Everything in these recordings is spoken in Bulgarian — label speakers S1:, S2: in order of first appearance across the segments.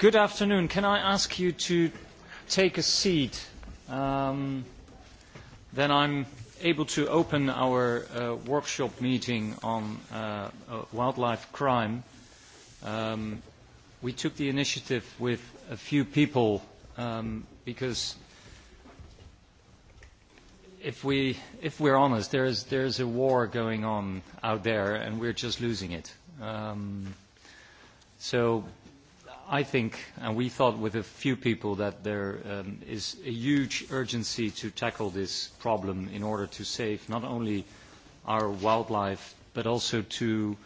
S1: Good afternoon. Can I ask you to take a seat? Um, then I'm able to open our uh, workshop meeting on uh, uh, wildlife crime. Um, we took the initiative with a few people um, because if we if we're honest, there is there is a war going on out there, and we're just losing it. Um, so I think, and we thought with a few people, that there is a huge urgency to tackle this problem in order to save not only our wildlife, but also to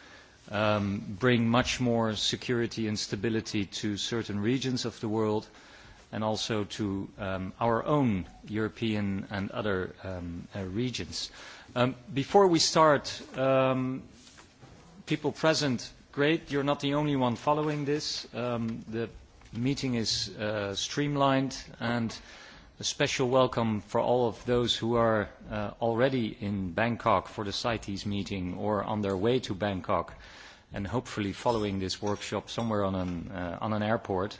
S1: um bring much more security and stability to certain regions of the world and also to um our own European and other um uh regions. Um before we start, um people present Great, you're not the only one following this. The meeting is streamlined, and a special welcome for all of those who are already in Bangkok for the CITES meeting or on their way to Bangkok, and hopefully following this workshop somewhere on an on an airport.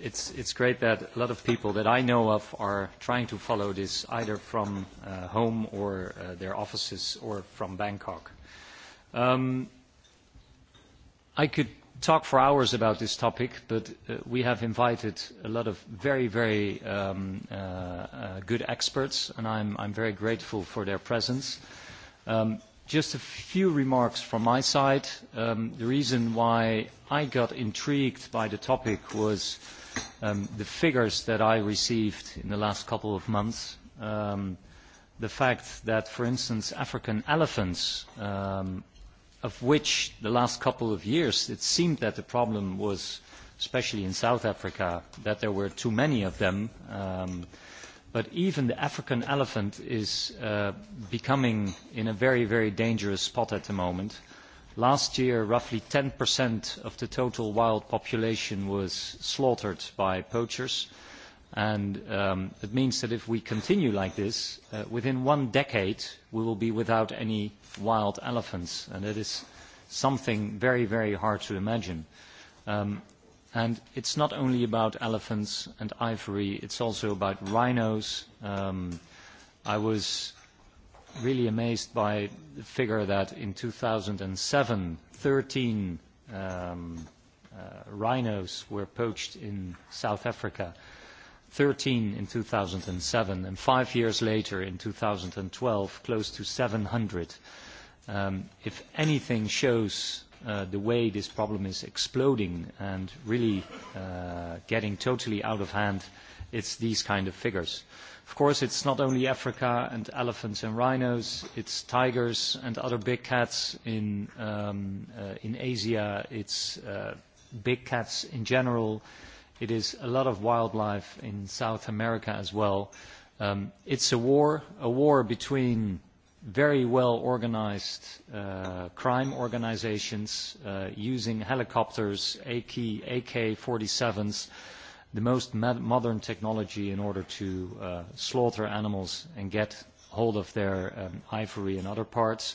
S1: It's it's great that a lot of people that I know of are trying to follow this either from home or their offices or from Bangkok. I could talk for hours about this topic, but we have invited a lot of very, very good experts, and I'm, I'm very grateful for their presence. just a few remarks from my side. the reason why I got intrigued by the topic was the figures that I received in the last couple of months. the fact that, for instance, African elephants of which the last couple of years it seemed that the problem was, especially in South Africa, that there were too many of them. but even the African elephant is becoming in a very, very dangerous spot at the moment. Last year, roughly 10% of the total wild population was slaughtered by poachers. Uh, And it means that if we continue like this, within one decade, we will be without any wild elephants. And that is something very, very hard to imagine. Um, and it's not only about elephants and ivory, it's also about rhinos. Um, I was really amazed by the figure that in 2007, 13 um, uh, rhinos were poached in South Africa – 13 in 2007, and five years later, in 2012, close to 700. If anything shows the way this problem is exploding and really getting totally out of hand, it's these kind of figures. Of course, it's not only Africa and elephants and rhinos, it's tigers and other big cats in Asia, it's big cats in general, It is a lot of wildlife in South America as well. Um, it's a war, a war between very well organized uh, crime organizations uh, using helicopters, AK, AK-47s, the most modern technology in order to uh, slaughter animals and get hold of their um, ivory and other parts,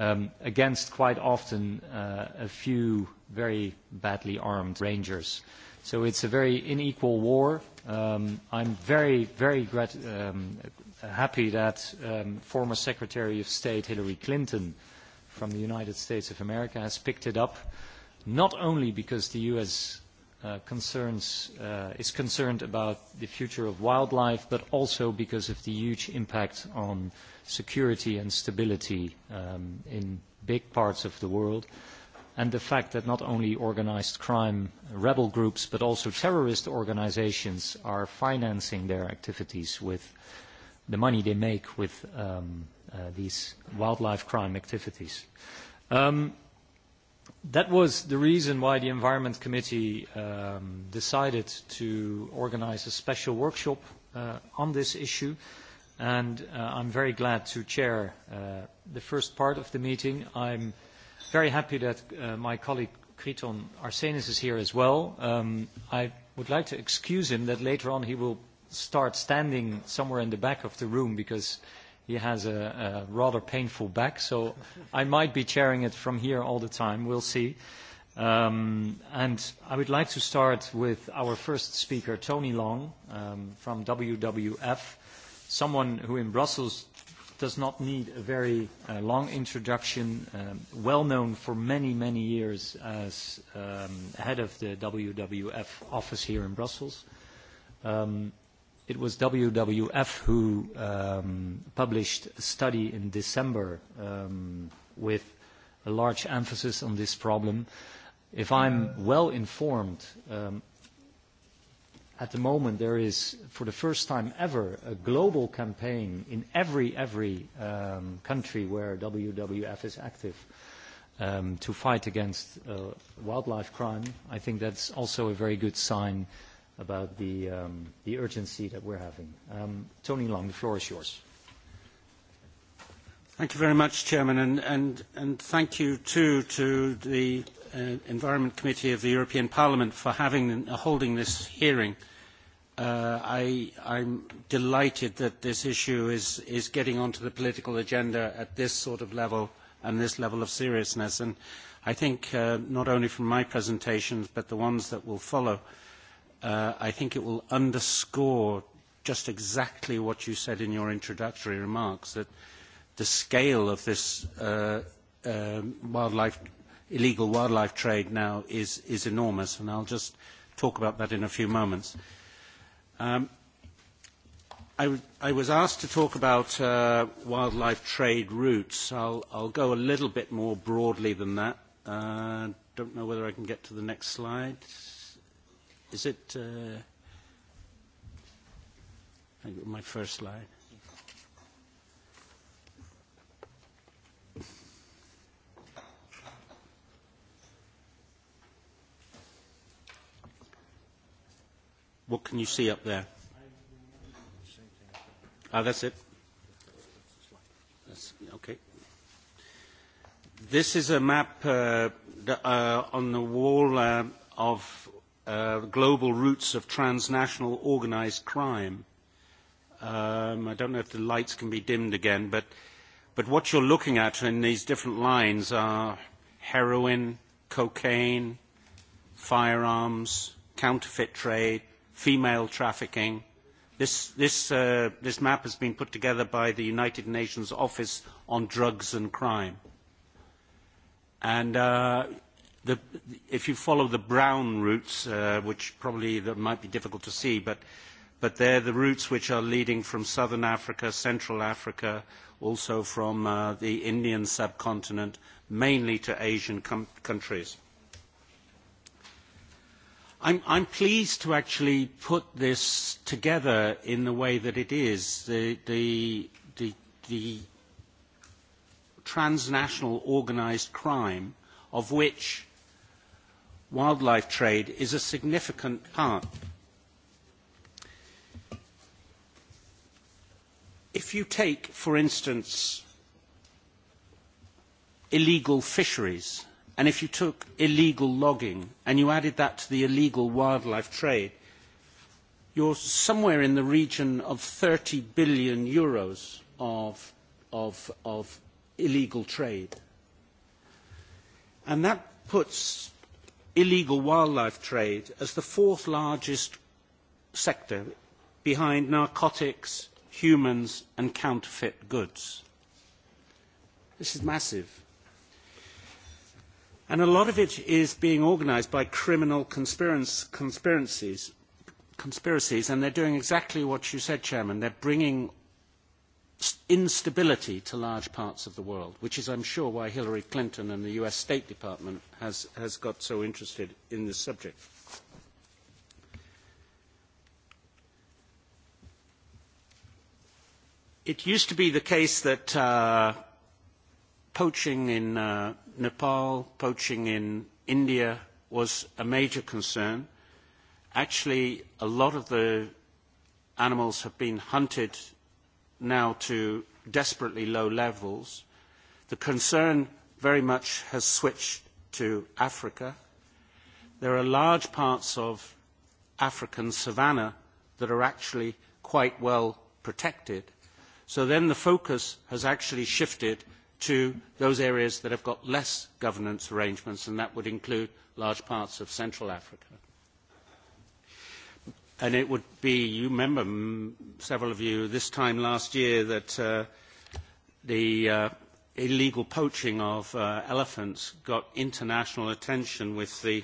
S1: um, against quite often uh, a few very badly armed rangers. So it's a very unequal war. Um, I'm very, very grat um, happy that um, former Secretary of State Hillary Clinton from the United States of America has picked it up, not only because the U.S. Uh, concerns, uh, is concerned about the future of wildlife, but also because of the huge impact on security and stability um, in big parts of the world and the fact that not only organised crime rebel groups but also terrorist organisations are financing their activities with the money they make with these wildlife crime activities. that was the reason why the Environment Committee decided to organise a special workshop on this issue, and I am very glad to chair the first part of the meeting. I'm very happy that uh, my colleague Kriton Arsenis is here as well. Um, I would like to excuse him that later on he will start standing somewhere in the back of the room because he has a, a rather painful back. So I might be chairing it from here all the time. We'll see. Um, and I would like to start with our first speaker, Tony Long um, from WWF, someone who in Brussels does not need a very uh, long introduction, um, well known for many, many years as um, head of the WWF office here in Brussels. Um, it was WWF who um, published a study in December um, with a large emphasis on this problem. If I'm well informed, um, at the moment there is, for the first time ever, a global campaign in every every um, country where WWF is active um, to fight against uh, wildlife crime. I think that's also a very good sign about the um, the urgency that we're having. Um, Tony Long, the floor is yours. Thank you very much, Chairman, and,
S2: and, and thank you too to the uh, Environment Committee of the European Parliament for having uh, holding this hearing. Uh, I, I'm delighted that this issue is, is getting onto the political agenda at this sort of level and this level of seriousness. And I think uh, not only from my presentations, but the ones that will follow, uh, I think it will underscore just exactly what you said in your introductory remarks, that – the scale of this wildlife, illegal wildlife trade now is, is enormous, and I'll just talk about that in a few moments. Um, I, I was asked to talk about uh, wildlife trade routes. I'll, I'll go a little bit more broadly than that. Uh, don't know whether I can get to the next slide. Is it uh, my first slide? What can you see up there? Ah, that's it. That's, okay. This is a map uh, uh, on the wall uh, of uh, global routes of transnational organized crime. Um, I don't know if the lights can be dimmed again, but, but what you're looking at in these different lines are heroin, cocaine, firearms, counterfeit trade, female trafficking. This, this, uh, this map has been put together by the United Nations Office on Drugs and Crime. And uh, the, if you follow the brown routes, uh, which probably that might be difficult to see, but, but they're the routes which are leading from southern Africa, central Africa, also from uh, the Indian subcontinent, mainly to Asian com countries I'm, I'm pleased to actually put this together in the way that it is. The, the, the, the transnational organised crime of which wildlife trade is a significant part. If you take, for instance, illegal fisheries, And if you took illegal logging and you added that to the illegal wildlife trade, you are somewhere in the region of EUR thirty billion of, illegal trade. And that puts illegal wildlife trade as the fourth largest sector behind narcotics, humans and counterfeit goods. This is massive And a lot of it is being organised by criminal conspiracies, and they're doing exactly what you said, Chairman. They're bringing instability to large parts of the world, which is, I'm sure, why Hillary Clinton and the US State Department has, has got so interested in this subject. It used to be the case that poaching in Nepal, poaching in India was a major concern. Actually, a lot of the animals have been hunted now to desperately low levels. The concern very much has switched to Africa. There are large parts of African savannah that are actually quite well protected. So then the focus has actually shifted to those areas that have got less governance arrangements, and that would include large parts of Central Africa. And it would be, you remember, several of you, this time last year that the illegal poaching of elephants got international attention with the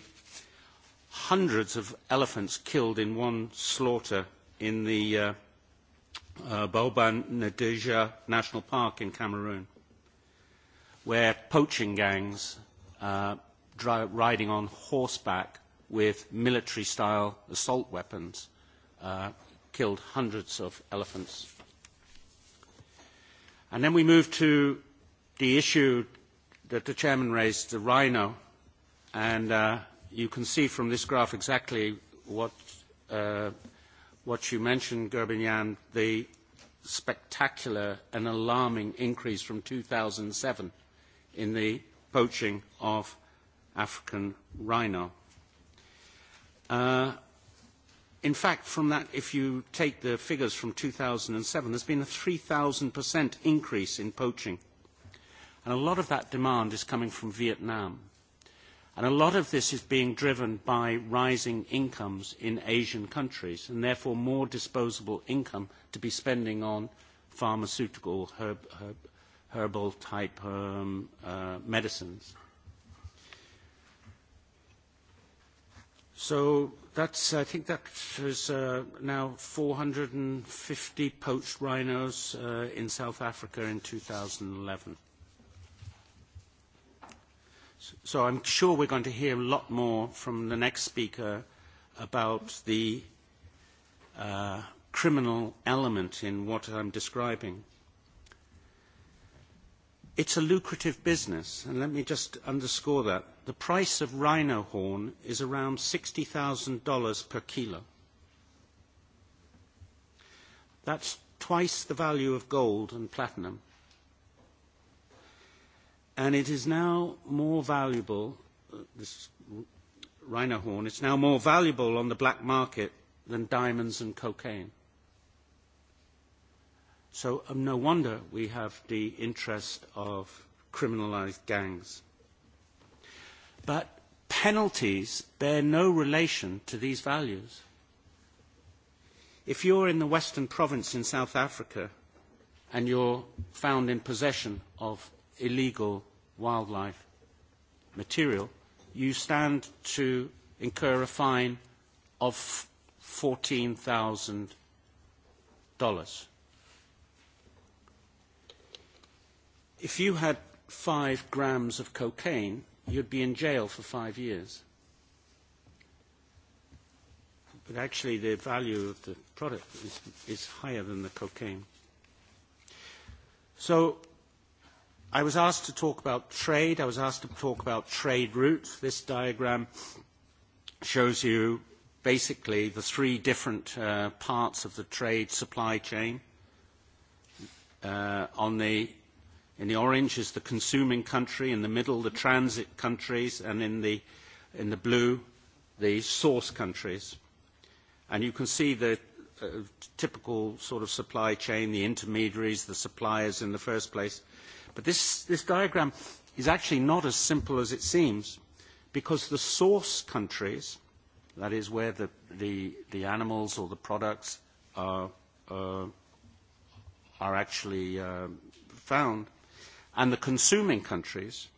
S2: hundreds of elephants killed in one slaughter in the Boban Nadeja National Park in Cameroon where poaching gangs uh, riding on horseback with military-style assault weapons uh, killed hundreds of elephants. And then we move to the issue that the chairman raised, the rhino, and uh, you can see from this graph exactly what uh, what you mentioned, Gerbinyan, the spectacular and alarming increase from 2007 in the poaching of African rhino. Uh, in fact, from that, if you take the figures from 2007, there's been a 3,000% increase in poaching. And a lot of that demand is coming from Vietnam. And a lot of this is being driven by rising incomes in Asian countries, and therefore more disposable income to be spending on pharmaceutical herb, herb, herbal type um, uh, medicines. So that's, I think that is uh, now 450 poached rhinos uh, in South Africa in 2011. So I'm sure we're going to hear a lot more from the next speaker about the uh, criminal element in what I'm describing. It's a lucrative business, and let me just underscore that. The price of rhino horn is around $60,000 per kilo. That's twice the value of gold and platinum. And it is now more valuable, this rhino horn, it's now more valuable on the black market than diamonds and cocaine. So um, no wonder we have the interest of criminalised gangs. But penalties bear no relation to these values. If you're in the Western province in South Africa and you're found in possession of illegal wildlife material, you stand to incur a fine of fourteen thousand dollars if you had five grams of cocaine, you'd be in jail for five years. But actually, the value of the product is, is higher than the cocaine. So I was asked to talk about trade. I was asked to talk about trade routes. This diagram shows you basically the three different uh, parts of the trade supply chain. Uh, on the In the orange is the consuming country, in the middle the transit countries, and in the, in the blue the source countries. And you can see the uh, typical sort of supply chain, the intermediaries, the suppliers in the first place. But this, this diagram is actually not as simple as it seems because the source countries, that is where the, the, the animals or the products are, uh, are actually uh, found, and the consuming countries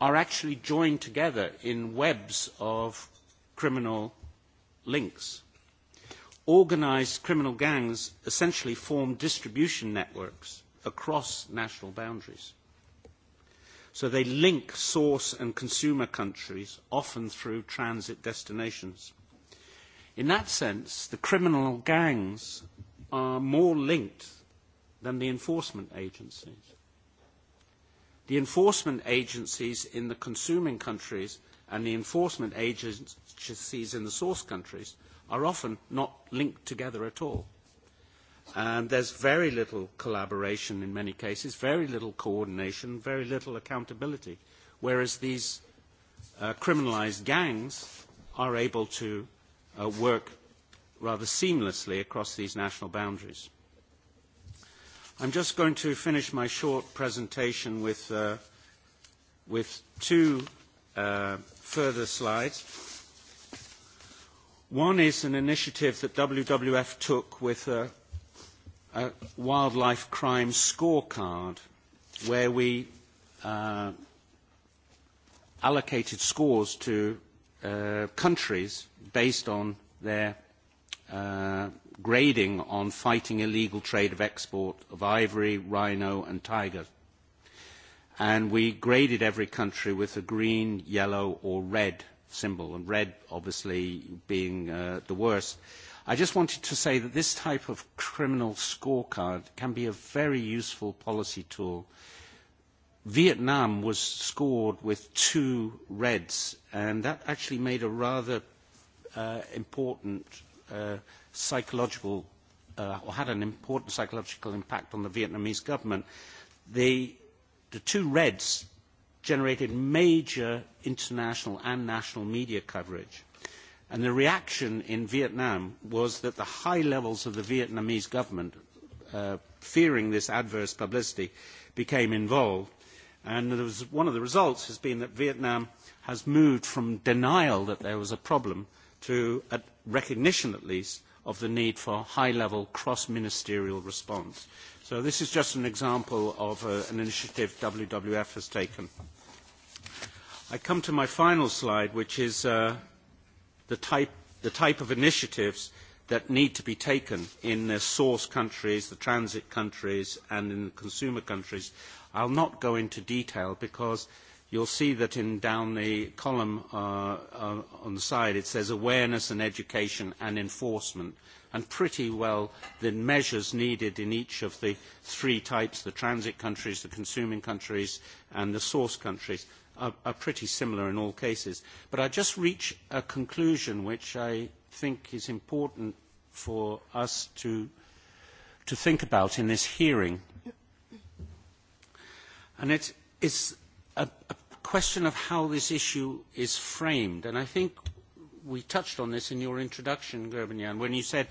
S2: are actually joined together in webs of criminal links. Organised criminal gangs essentially form distribution networks across national boundaries. So they link source and consumer countries, often through transit destinations. In that sense, the criminal gangs are more linked than the enforcement agencies the enforcement agencies in the consuming countries and the enforcement agencies in the source countries are often not linked together at all. And there's very little collaboration in many cases, very little coordination, very little accountability, whereas these uh, criminalized gangs are able to uh, work rather seamlessly across these national boundaries. I'm just going to finish my short presentation with, uh, with two uh, further slides. One is an initiative that WWF took with a, a wildlife crime scorecard where we uh, allocated scores to uh, countries based on their uh, grading on fighting illegal trade of export of ivory, rhino and tiger. And we graded every country with a green, yellow or red symbol, and red obviously being uh, the worst. I just wanted to say that this type of criminal scorecard can be a very useful policy tool. Vietnam was scored with two reds, and that actually made a rather uh, important psychological or had an important psychological impact on the Vietnamese government. The, the two Reds generated major international and national media coverage. And the reaction in Vietnam was that the high levels of the Vietnamese government, fearing this adverse publicity, became involved. And there was, one of the results has been that Vietnam has moved from denial that there was a problem to a recognition at least of the need for high-level cross-ministerial response. So this is just an example of an initiative WWF has taken. I come to my final slide, which is the, type, the type of initiatives that need to be taken in the source countries, the transit countries, and in the consumer countries. I'll not go into detail because you'll see that in down the column uh, uh, on the side it says awareness and education and enforcement and pretty well the measures needed in each of the three types, the transit countries, the consuming countries and the source countries are, are pretty similar in all cases. But I just reach a conclusion which I think is important for us to, to think about in this hearing. And it is a, a question of how this issue is framed, and I think we touched on this in your introduction, Gerbenjan, when you said,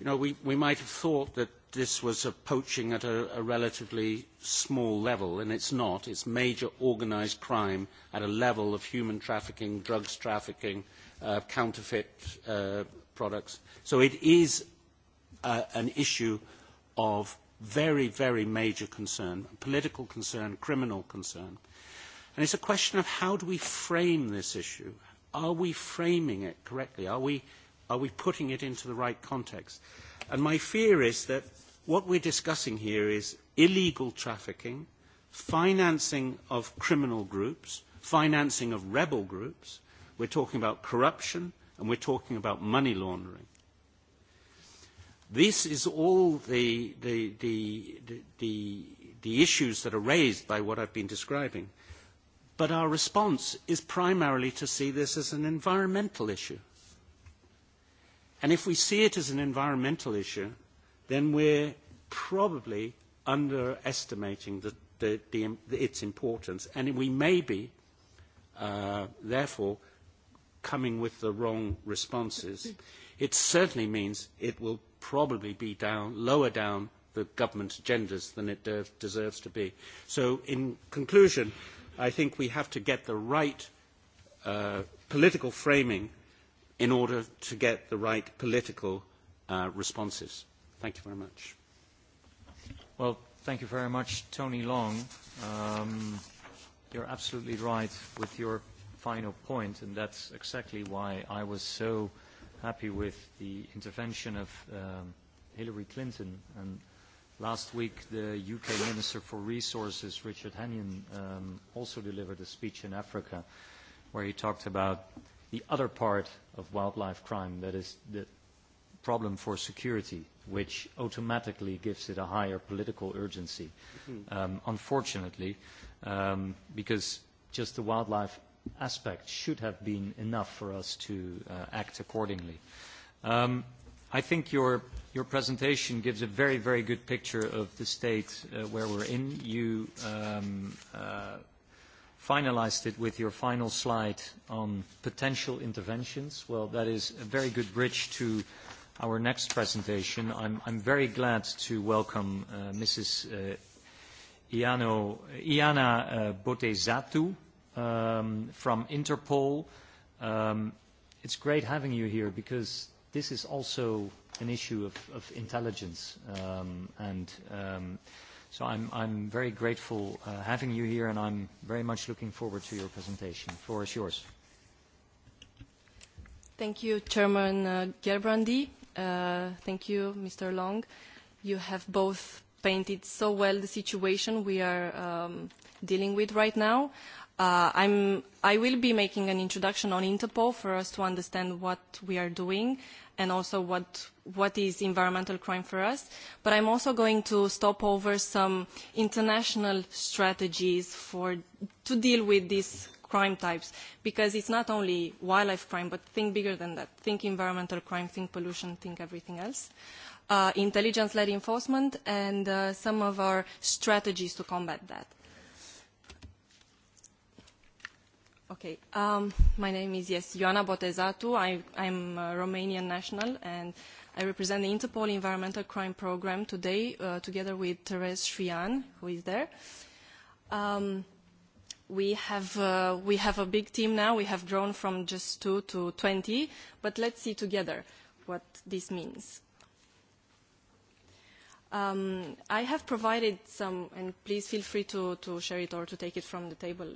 S2: you know, we, we might have thought that this was a poaching at a, a relatively small level, and it's not. It's major organised crime at a level of human trafficking, drugs trafficking, uh, counterfeit uh, products. So it is uh, an issue of very, very major concern, political concern, criminal concern. And it's a question of how do we frame this issue? Are we framing it correctly? Are we, are we putting it into the right context? And my fear is that what we're discussing here is illegal trafficking, financing of criminal groups, financing of rebel groups. We're talking about corruption and we're talking about money laundering. This is all the, the, the, the, the issues that are raised by what I've been describing. But our response is primarily to see this as an environmental issue. And if we see it as an environmental issue, then we're probably underestimating the, the, the, its importance. And we may be, uh, therefore, coming with the wrong responses. It certainly means it will probably be down, lower down the government agendas than it deserves to be. So in conclusion, I think we have to get the right uh, political framing in order to get the right political uh, responses. Thank you very much.
S1: Well, thank you very much, Tony Long. Um, you're absolutely right with your final point, and that's exactly why I was so happy with the intervention of um, Hillary Clinton and Last week, the UK Minister for Resources, Richard Hennion, um, also delivered a speech in Africa where he talked about the other part of wildlife crime, that is the problem for security, which automatically gives it a higher political urgency, um, unfortunately, um, because just the wildlife aspect should have been enough for us to uh, act accordingly. Um, I think your Your presentation gives a very, very good picture of the state uh, where we're in. You um, uh, finalized it with your final slide on potential interventions. Well, that is a very good bridge to our next presentation. I'm, I'm very glad to welcome uh, Mrs. Uh, Iano, Iana uh, Botezatu um, from Interpol. Um, it's great having you here because this is also an issue of, of intelligence. Um, and um, so I'm, I'm very grateful uh, having you here, and I'm very much looking forward to your presentation. The floor is yours.
S3: Thank you, Chairman uh, Gerbrandy. Uh, thank you, Mr. Long. You have both painted so well the situation we are um, dealing with right now. Uh, I'm, I will be making an introduction on Interpol for us to understand what we are doing and also what, what is environmental crime for us. But I'm also going to stop over some international strategies for, to deal with these crime types because it's not only wildlife crime, but think bigger than that. Think environmental crime, think pollution, think everything else. Uh, Intelligence-led enforcement and uh, some of our strategies to combat that. Okay. Um, my name is, yes, Ioana Botezatu. I, I'm a Romanian national, and I represent the Interpol Environmental Crime Program today, uh, together with Therese Shrian, who is there. Um, we have, uh, we have a big team now. We have grown from just two to 20, but let's see together what this means. Um, I have provided some, and please feel free to, to share it or to take it from the table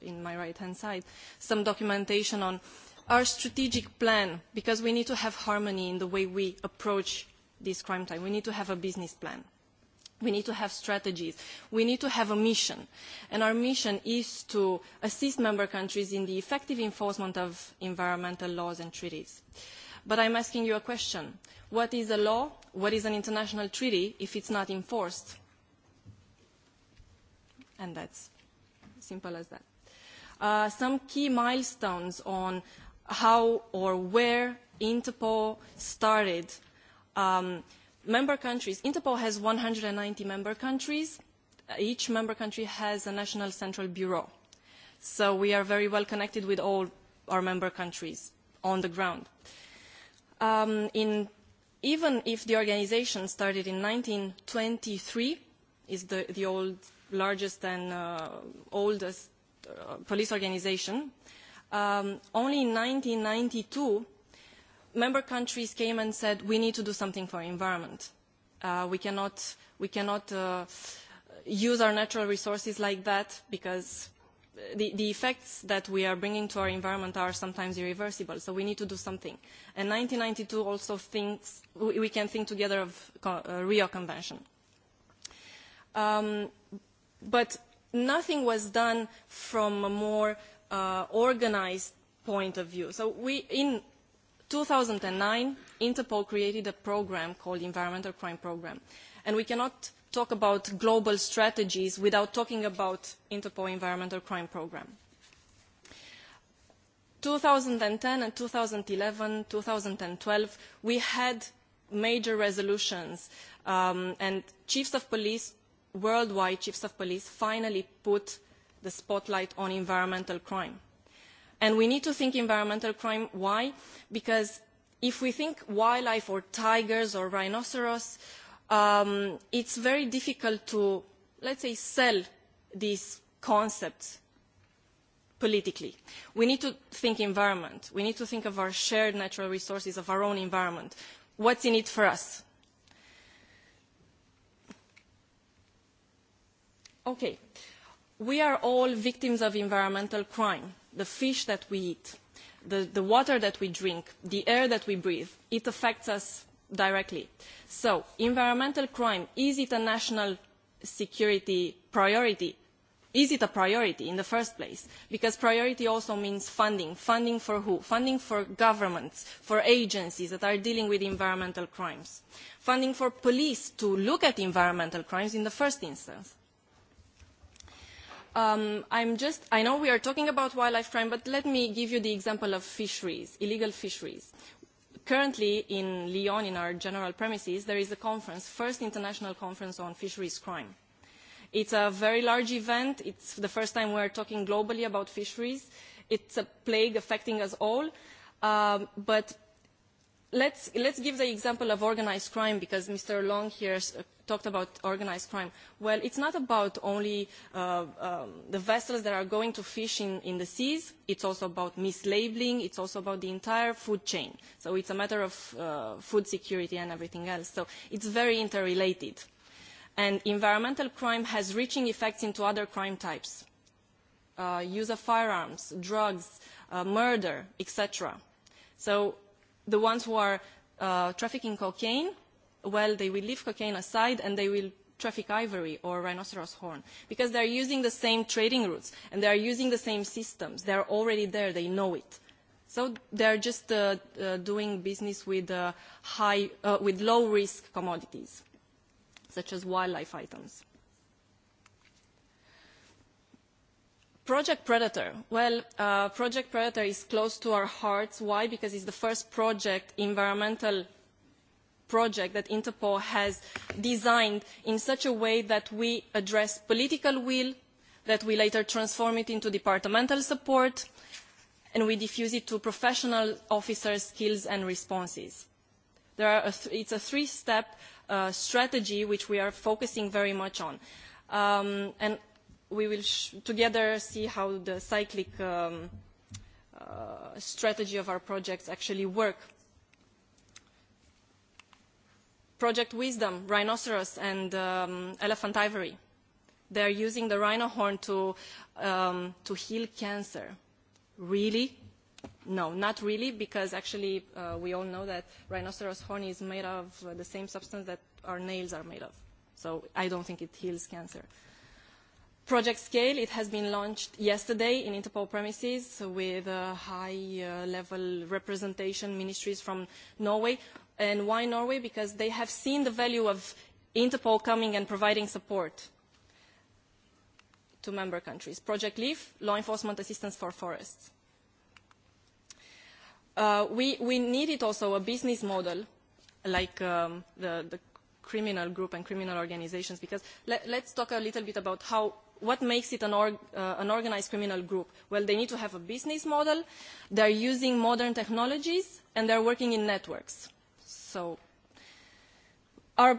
S3: in my right-hand side, some documentation on our strategic plan, because we need to have harmony in the way we approach this crime time. We need to have a business plan. We need to have strategies. We need to have a mission. And our mission is to assist member countries in the effective enforcement of environmental laws and treaties. Uh, But I am asking you a question. What is a law? What is an international treaty if it is not enforced? And that's simple as that. Uh, some key milestones on how or where Interpol started. Um, member countries, Interpol has one hundred and ninety member countries. Each member country has a national central bureau. So we are very well connected with all our member countries on the ground. Uh, Um, in, even if the organization started in 1923, is the, the old, largest and uh, oldest uh, police organization, um, only in 1992, member countries came and said, we need to do something for environment. Uh, we cannot, we cannot uh, use our natural resources like that because the, the effects that we are bringing to our environment are sometimes irreversible, so we need to do something. And ninety two also thinks, we, we can think together of uh, Rio Convention. Um, but nothing was done from a more uh, organized point of view. So we, in 2009, Interpol created a program called Environmental Crime Program. And we cannot talk about global strategies without talking about Interpol environmental crime program. 2010 and 2011, 2012, we had major resolutions um, and chiefs of police, worldwide chiefs of police, finally put the spotlight on environmental crime. And we need to think environmental crime. Why? Because if we think wildlife or tigers or rhinoceros, um, it's very difficult to, let's say, sell these concepts politically. We need to think environment. We need to think of our shared natural resources, of our own environment. What's in it for us? Okay. We are all victims of environmental crime. The fish that we eat, the, the water that we drink, the air that we breathe, it affects us directly. So environmental crime, is it a national security priority? Is it a priority in the first place? Because priority also means funding. Funding for who? Funding for governments, for agencies that are dealing with environmental crimes. Funding for police to look at environmental crimes in the first instance. Um, I'm just, I know we are talking about wildlife crime, but let me give you the example of fisheries, illegal fisheries. Currently, in Lyon, in our general premises, there is a conference, first international conference on fisheries crime. It's a very large event. It's the first time we're talking globally about fisheries. It's a plague affecting us all. but let's let's give the example of organised crime because Mr. Long here talked about organised crime. Well, it's not about only uh, um, the vessels that are going to fish in, in the seas. It's also about mislabeling. It's also about the entire food chain. So it's a matter of uh, food security and everything else. So it's very interrelated. And environmental crime has reaching effects into other crime types. Uh, use of firearms, drugs, uh, murder, etc. So the ones who are uh, trafficking cocaine, well, they will leave cocaine aside and they will traffic ivory or rhinoceros horn because they're using the same trading routes and they're using the same systems. They're already there. They know it. So they're just uh, uh, doing business with, uh, high, uh, with low risk commodities such as wildlife items. Project Predator. Well, uh, Project Predator is close to our hearts. Why? Because it's the first project, environmental project that Interpol has designed in such a way that we address political will, that we later transform it into departmental support, and we diffuse it to professional officers' skills and responses. There are a th it's a three-step uh, strategy which we are focusing very much on. Um, and we will sh together see how the cyclic um, uh, strategy of our projects actually work. Project Wisdom, Rhinoceros and um, Elephant Ivory. They are using the rhino horn to, um, to heal cancer. Really? No, not really, because actually uh, we all know that rhinoceros horn is made of the same substance that our nails are made of. So I don't think it heals cancer. Uh, Project Scale, it has been launched yesterday in Interpol premises with a high-level representation ministries from Norway. And why Norway? Because they have seen the value of Interpol coming and providing support to member countries. Project LEAF, Law Enforcement Assistance for Forests. Uh, we, we needed also a business model like um, the, the criminal group and criminal organizations because let's talk a little bit about how what makes it an, org, uh, an organized criminal group? Well, they need to have a business model, they're using modern technologies, and they're working in networks. So our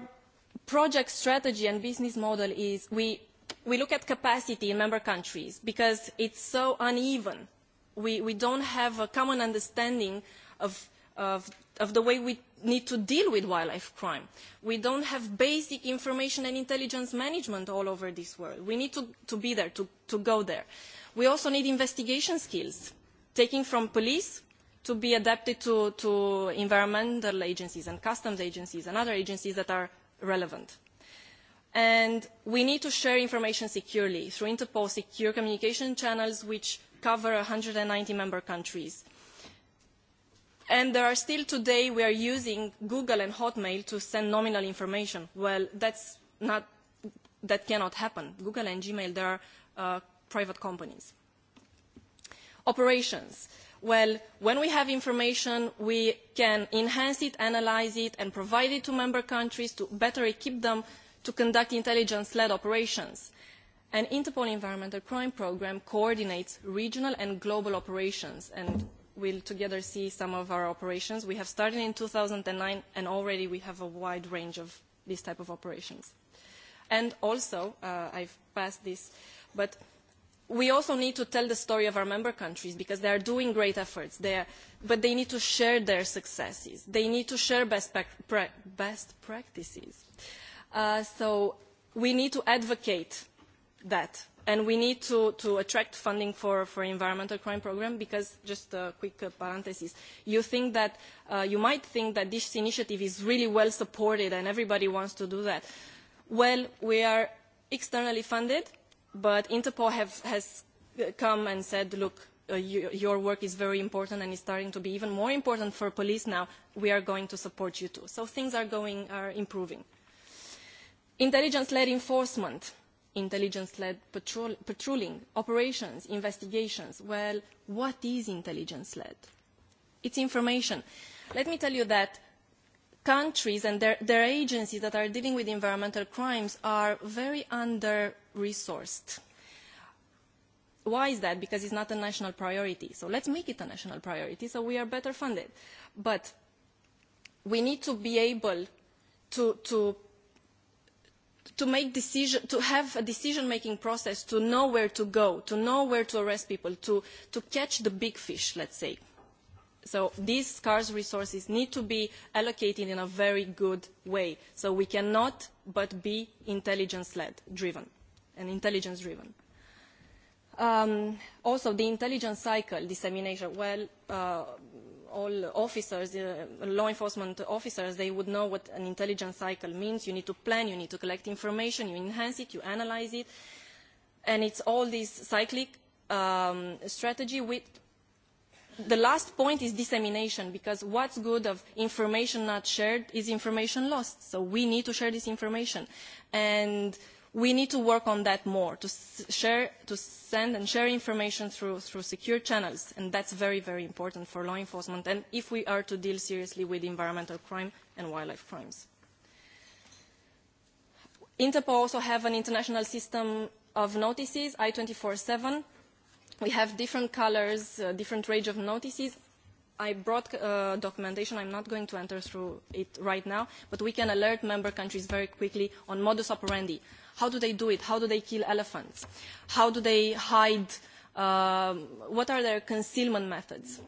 S3: project strategy and business model is we, we look at capacity in member countries because it's so uneven. We, we don't have a common understanding of, of, of the way we need to deal with wildlife crime. We don't have basic information and intelligence management all over this world. We need to, to be there, to, to go there. We also need investigation skills, taking from police to be adapted to, to environmental agencies and customs agencies and other agencies that are relevant. And we need to share information securely through Interpol secure communication channels which cover one hundred and ninety member countries and there are still today we are using Google and Hotmail to send nominal information. Well, that's not, that cannot happen. Google and Gmail, they are uh, private companies. Operations. Well, when we have information, we can enhance it, analyze it, and provide it to member countries to better equip them to conduct intelligence-led operations. An Interpol Environmental Crime Programme coordinates regional and global operations, and will together see some of our operations. We have started in 2009, and already we have a wide range of these type of operations. And also, I've passed this, but we also need to tell the story of our member countries because they are doing great efforts are but they need to share their successes. They need to share best, practices. so we need to advocate that And we need to, to attract funding for, for environmental crime program because, just a quick parenthesis, you think that, uh, you might think that this initiative is really well supported and everybody wants to do that. Well, we are externally funded, but Interpol have, has come and said, look, uh, you, your work is very important and is starting to be even more important for police now. We are going to support you too. So things are going, are improving. Intelligence-led enforcement intelligence-led patrol, patrolling, operations, investigations. Well, what is intelligence-led? It's information. Let me tell you that countries and their, their agencies that are dealing with environmental crimes are very under-resourced. Why is that? Because it's not a national priority. So let's make it a national priority so we are better funded. But we need to be able to, to to make decision to have a decision making process to know where to go to know where to arrest people to to catch the big fish let's say so these scarce resources need to be allocated in a very good way so we cannot but be intelligence led driven and intelligence driven um, also the intelligence cycle dissemination well uh, all officers, uh, law enforcement officers, they would know what an intelligence cycle means. You need to plan, you need to collect information, you enhance it, you analyze it. And it's all this cyclic um, strategy with the last point is dissemination because what's good of information not shared is information lost. So we need to share this information. And uh, we need to work on that more to share to send and share information through through secure channels and that's very very important for law enforcement and if we are to deal seriously with environmental crime and wildlife crimes interpol also have an international system of notices i 24 7 we have different colors uh, different range of notices I brought uh, documentation. I'm not going to enter through it right now, but we can alert member countries very quickly on modus operandi. How do they do it? How do they kill elephants? How do they hide? Uh, what are their concealment methods?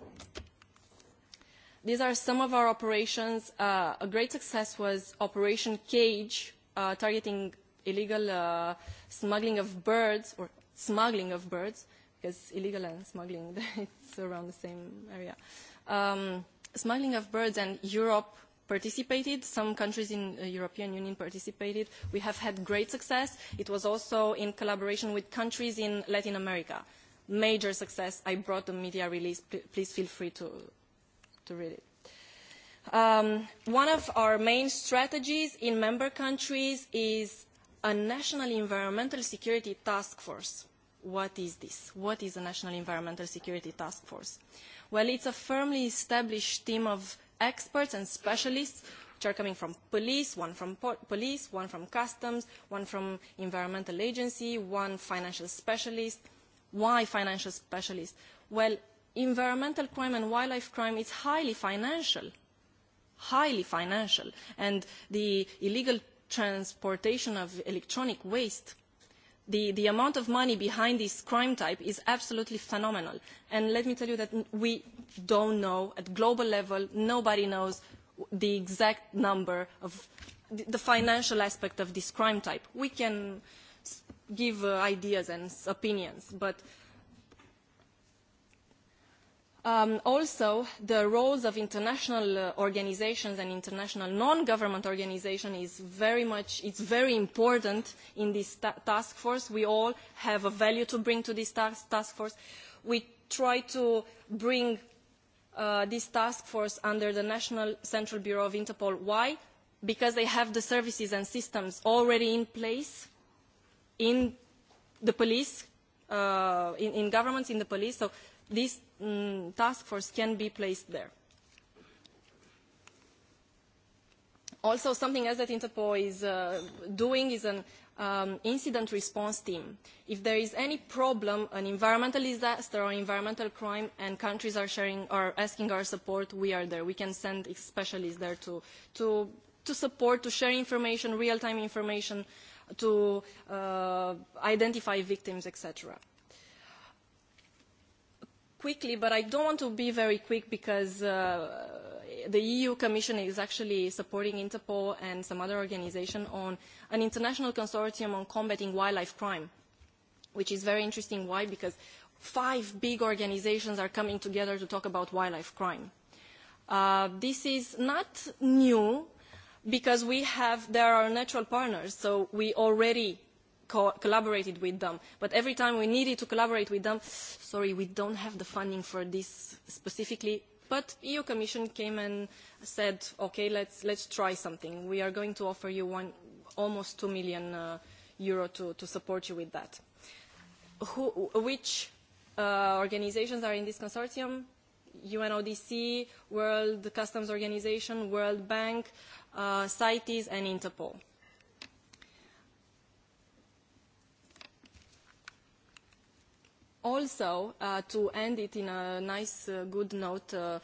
S3: These are some of our operations. Uh, a great success was Operation Cage, uh, targeting illegal uh, smuggling of birds or smuggling of birds because illegal and smuggling it's around the same area. Uh, Um, Smiling of Birds and Europe participated. Some countries in the European Union participated. We have had great success. It was also in collaboration with countries in Latin America. Major success. I brought the media release. Please feel free to, to read it. Um, one of our main strategies in member countries is a national environmental security task force. What is this? What is a national environmental security task force? Uh, Well, it's a firmly established team of experts and specialists which are coming from police, one from police, one from customs, one from environmental agency, one financial specialist. Why financial specialist? Well, environmental crime and wildlife crime is highly financial, highly financial. And the illegal transportation of electronic waste the, the amount of money behind this crime type is absolutely phenomenal. And let me tell you that we don't know at global level, nobody knows the exact number of the financial aspect of this crime type. We can give uh, ideas and opinions, but also, the roles of international organisations and international non-government organisations is very much, it's very important in this task force. We all have a value to bring to this task, force. We try to bring this task force under the National Central Bureau of Interpol. Why? Because they have the services and systems already in place in the police, in, in governments, in the police. So This um, task force can be placed there. Also, something else that Interpol is uh, doing is an um, incident response team. If there is any problem, an environmental disaster or environmental crime, and countries are sharing or asking our support, we are there. We can send specialists there to, to, to support, to share information, real-time information, to uh, identify victims, etc quickly, but I don't want to be very quick because uh, the EU Commission is actually supporting Interpol and some other organization on an international consortium on combating wildlife crime, which is very interesting. Why? Because five big organizations are coming together to talk about wildlife crime. Uh, this is not new because we have, there are natural partners, so we already co collaborated with them. But every time we needed to collaborate with them, sorry, we don't have the funding for this specifically. But EU Commission came and said, okay, let's, let's try something. We are going to offer you one, almost two million uh, euro to, to support you with that. Who, which uh, organizations are in this consortium? UNODC, World Customs Organization, World Bank, uh, CITES, and Interpol also, uh, to end it in a nice, uh, good note, uh,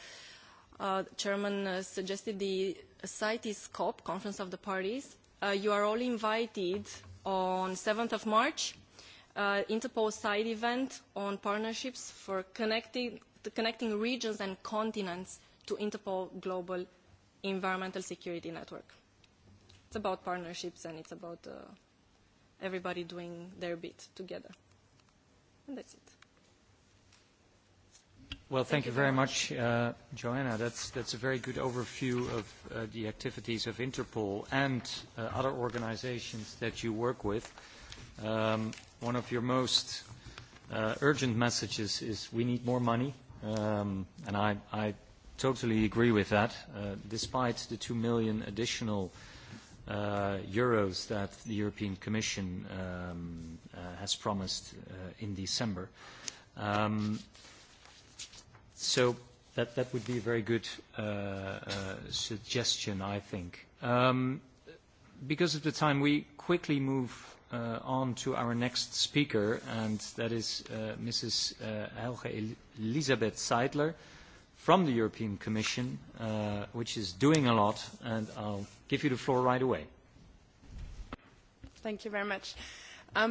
S3: uh, Chairman uh, suggested the CITES COP, Conference of the Parties. Uh, you are all invited on 7th of March, uh, Interpol side event on partnerships for connecting, connecting regions and continents to Interpol Global Environmental Security Network. It's about partnerships and it's about uh, everybody doing their bit together. And that's it.
S1: Well, thank you very much, uh, Joanna. That's, that's a very good overview of uh, the activities of Interpol and uh, other organizations that you work with. Um, one of your most uh, urgent messages is we need more money, um, and I, I totally agree with that. Uh, despite the 2 million additional uh, euros that the European Commission um, uh, has promised uh, in December, um, So that, that would be a very good uh, uh, suggestion, I think. Um, because of the time, we quickly move uh, on to our next speaker, and that is uh, Mrs. Uh, Helge Elisabeth Seidler from the European Commission, uh, which is doing a lot, and I'll give you the floor right away.
S4: Thank you very much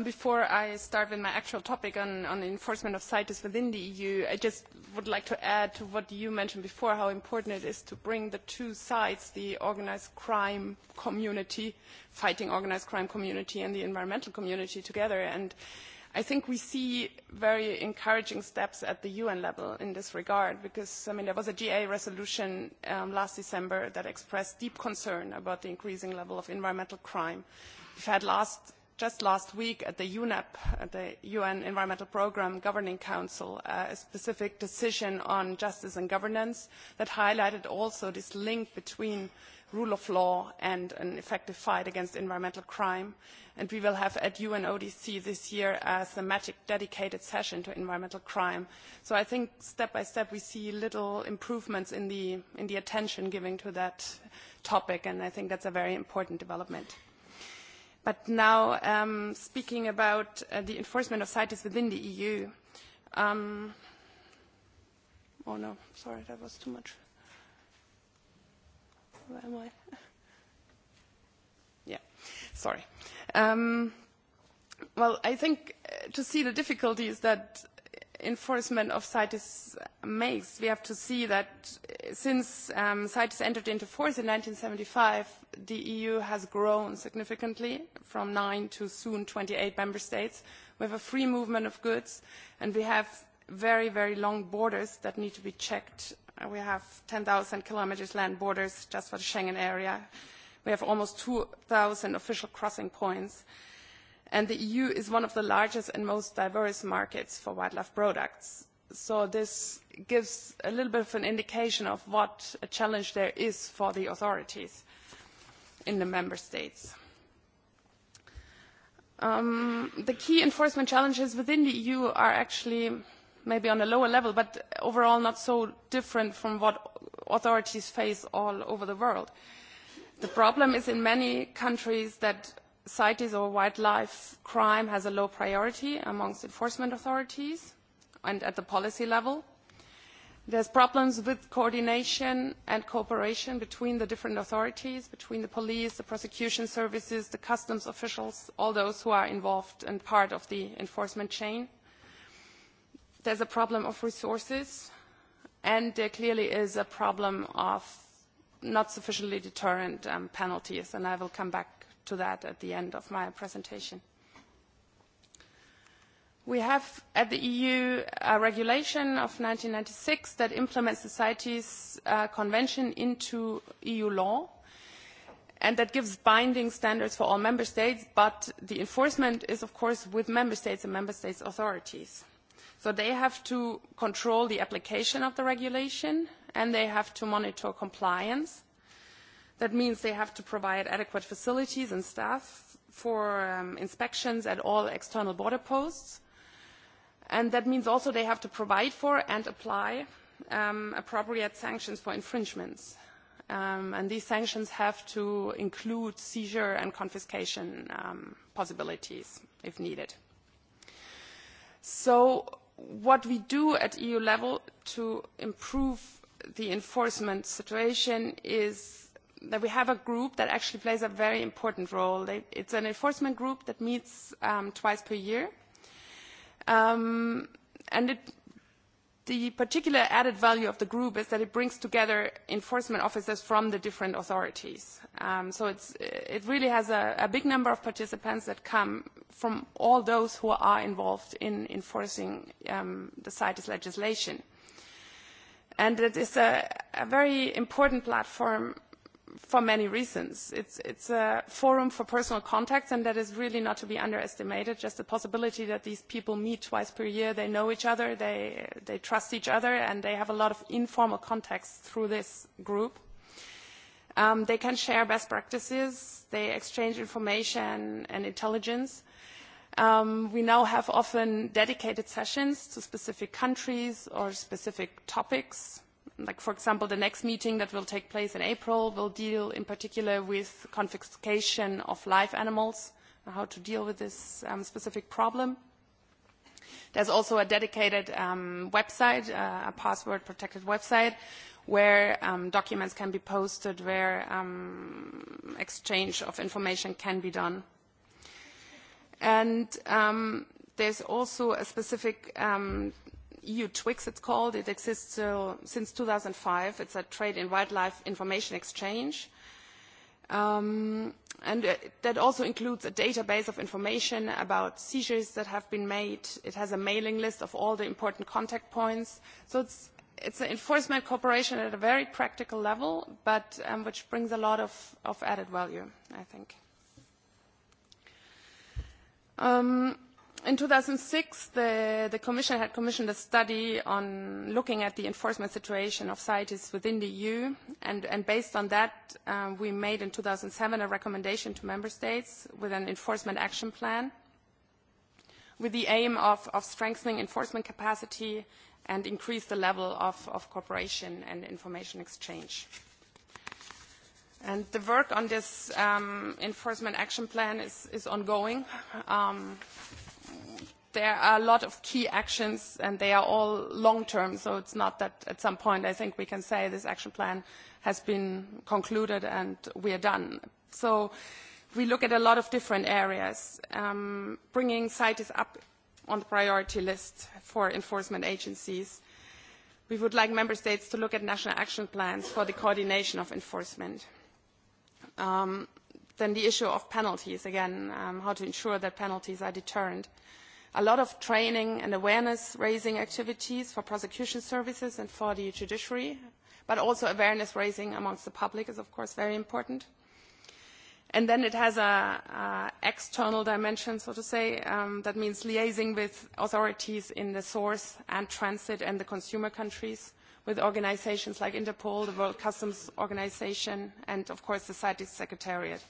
S4: before I start with my actual topic on, on enforcement of CITES within the EU, I just would like to add to what you mentioned before, how important it is to bring the two sides, the organised crime community, fighting organised crime community and the environmental community together. And I think we see very encouraging steps at the UN level in this regard because, I mean, there was a GA resolution um, last December that expressed deep concern about the increasing level of environmental crime. We've had last just last week at the UNEP, at the UN Environmental Programme Governing Council, a specific decision on justice and governance that highlighted also this link between rule of law and an effective fight against environmental crime. And we will have at UNODC this year a thematic dedicated session to environmental crime. So I think step by step we see little improvements in the, in the attention given to that topic, and I think that's a very important development. But now, um, speaking about uh, the enforcement of CITES within the EU, um, oh no, sorry, that was too much. Where am I? Yeah, sorry. Um, well, I think to see the difficulties that enforcement of CITES makes, we have to see that since um, CITES entered into force in 1975, the EU has grown significantly from nine to soon 28 member states. We have a free movement of goods, and we have very, very long borders that need to be checked. We have 10,000 kilometers land borders just for the Schengen area. We have almost 2,000 official crossing points and the EU is one of the largest and most diverse markets for wildlife products. So this gives a little bit of an indication of what a challenge there is for the authorities in the member states. the key enforcement challenges within the EU are actually maybe on a lower level, but overall not so different from what authorities face all over the world. The problem is in many countries that CITES or wildlife crime has a low priority amongst enforcement authorities and at the policy level. There's problems with coordination and cooperation between the different authorities, between the police, the prosecution services, the customs officials, all those who are involved and part of the enforcement chain. There's a problem of resources, and there clearly is a problem of not sufficiently deterrent um, penalties, and I will come back to that at the end of my presentation. We have at the EU a regulation of ninety six that implements the CITES convention into EU law and that gives binding standards for all member states, but the enforcement is of course with member states and member states authorities. So they have to control the application of the regulation and they have to monitor compliance That means they have to provide adequate facilities and staff for um, inspections at all external border posts. And that means also they have to provide for and apply um, appropriate sanctions for infringements. Um, and these sanctions have to include seizure and confiscation um, possibilities if needed. So what we do at EU level to improve the enforcement situation is that we have a group that actually plays a very important role. They, it's an enforcement group that meets um, twice per year. Um, and it, the particular added value of the group is that it brings together enforcement officers from the different authorities. Um, so it's, it really has a, a big number of participants that come from all those who are involved in enforcing um, the CITES legislation. And it is a, a very important platform for many reasons. It's, it's a forum for personal contacts, and that is really not to be underestimated. Just the possibility that these people meet twice per year, they know each other, they, they trust each other, and they have a lot of informal contacts through this group. Um, they can share best practices, they exchange information and intelligence. Um, we now have often dedicated sessions to specific countries or specific topics like for example, the next meeting that will take place in April will deal in particular with confiscation of live animals, and how to deal with this um, specific problem. There's also a dedicated um, website, uh, a password-protected website, where um, documents can be posted, where um, exchange of information can be done. And um, there's also a specific um, EU TWIX, it's called. It exists since 2005. It's a trade in wildlife information exchange. Um, and that also includes a database of information about seizures that have been made. It has a mailing list of all the important contact points. So it's, it's an enforcement cooperation at a very practical level, but um, which brings a lot of, of added value, I think in 2006, the, the Commission had commissioned a study on looking at the enforcement situation of CITES within the EU, and, and based on that, um, we made in 2007 a recommendation to Member States with an enforcement action plan with the aim of, of strengthening enforcement capacity and increase the level of, of cooperation and information exchange. And the work on this um, enforcement action plan is, is ongoing. Um, there are a lot of key actions, and they are all long-term, so it's not that at some point I think we can say this action plan has been concluded and we are done. So we look at a lot of different areas. Um, bringing CITES up on the priority list for enforcement agencies. We would like member states to look at national action plans for the coordination of enforcement. Um, Then the issue of penalties, again, um, how to ensure that penalties are deterrent. A lot of training and awareness-raising activities for prosecution services and for the judiciary, but also awareness-raising amongst the public is, of course, very important. And then it has an external dimension, so to say. that means liaising with authorities in the source and transit and the consumer countries, with organisations like Interpol, the World Customs Organisation, and, of course, the CITES Secretariat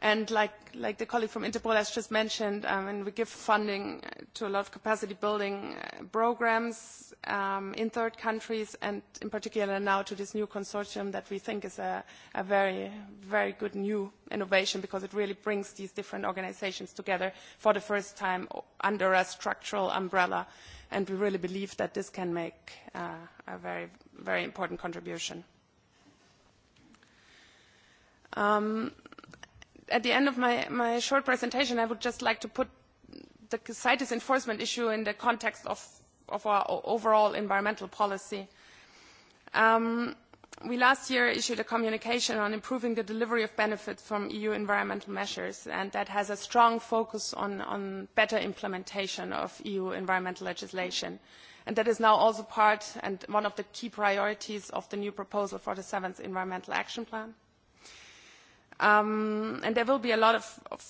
S4: And like, like the colleague from Interpol has just mentioned, um, and we give funding to a lot of capacity building programs um, in third countries and in particular now to this new consortium that we think is a, a very, very good new innovation because it really brings these different organizations together for the first time under a structural umbrella. And we really believe that this can make uh, a very, very important contribution. Um, at the end of my, my short presentation, I would just like to put the CITES enforcement issue in the context of, of our overall environmental policy. Um, we last year issued a communication on improving the delivery of benefits from EU environmental measures, and that has a strong focus on, on better implementation of EU environmental legislation. And that is now also part and one of the key priorities of the new proposal for the seventh Environmental Action Plan. Um, and there will be a lot of, of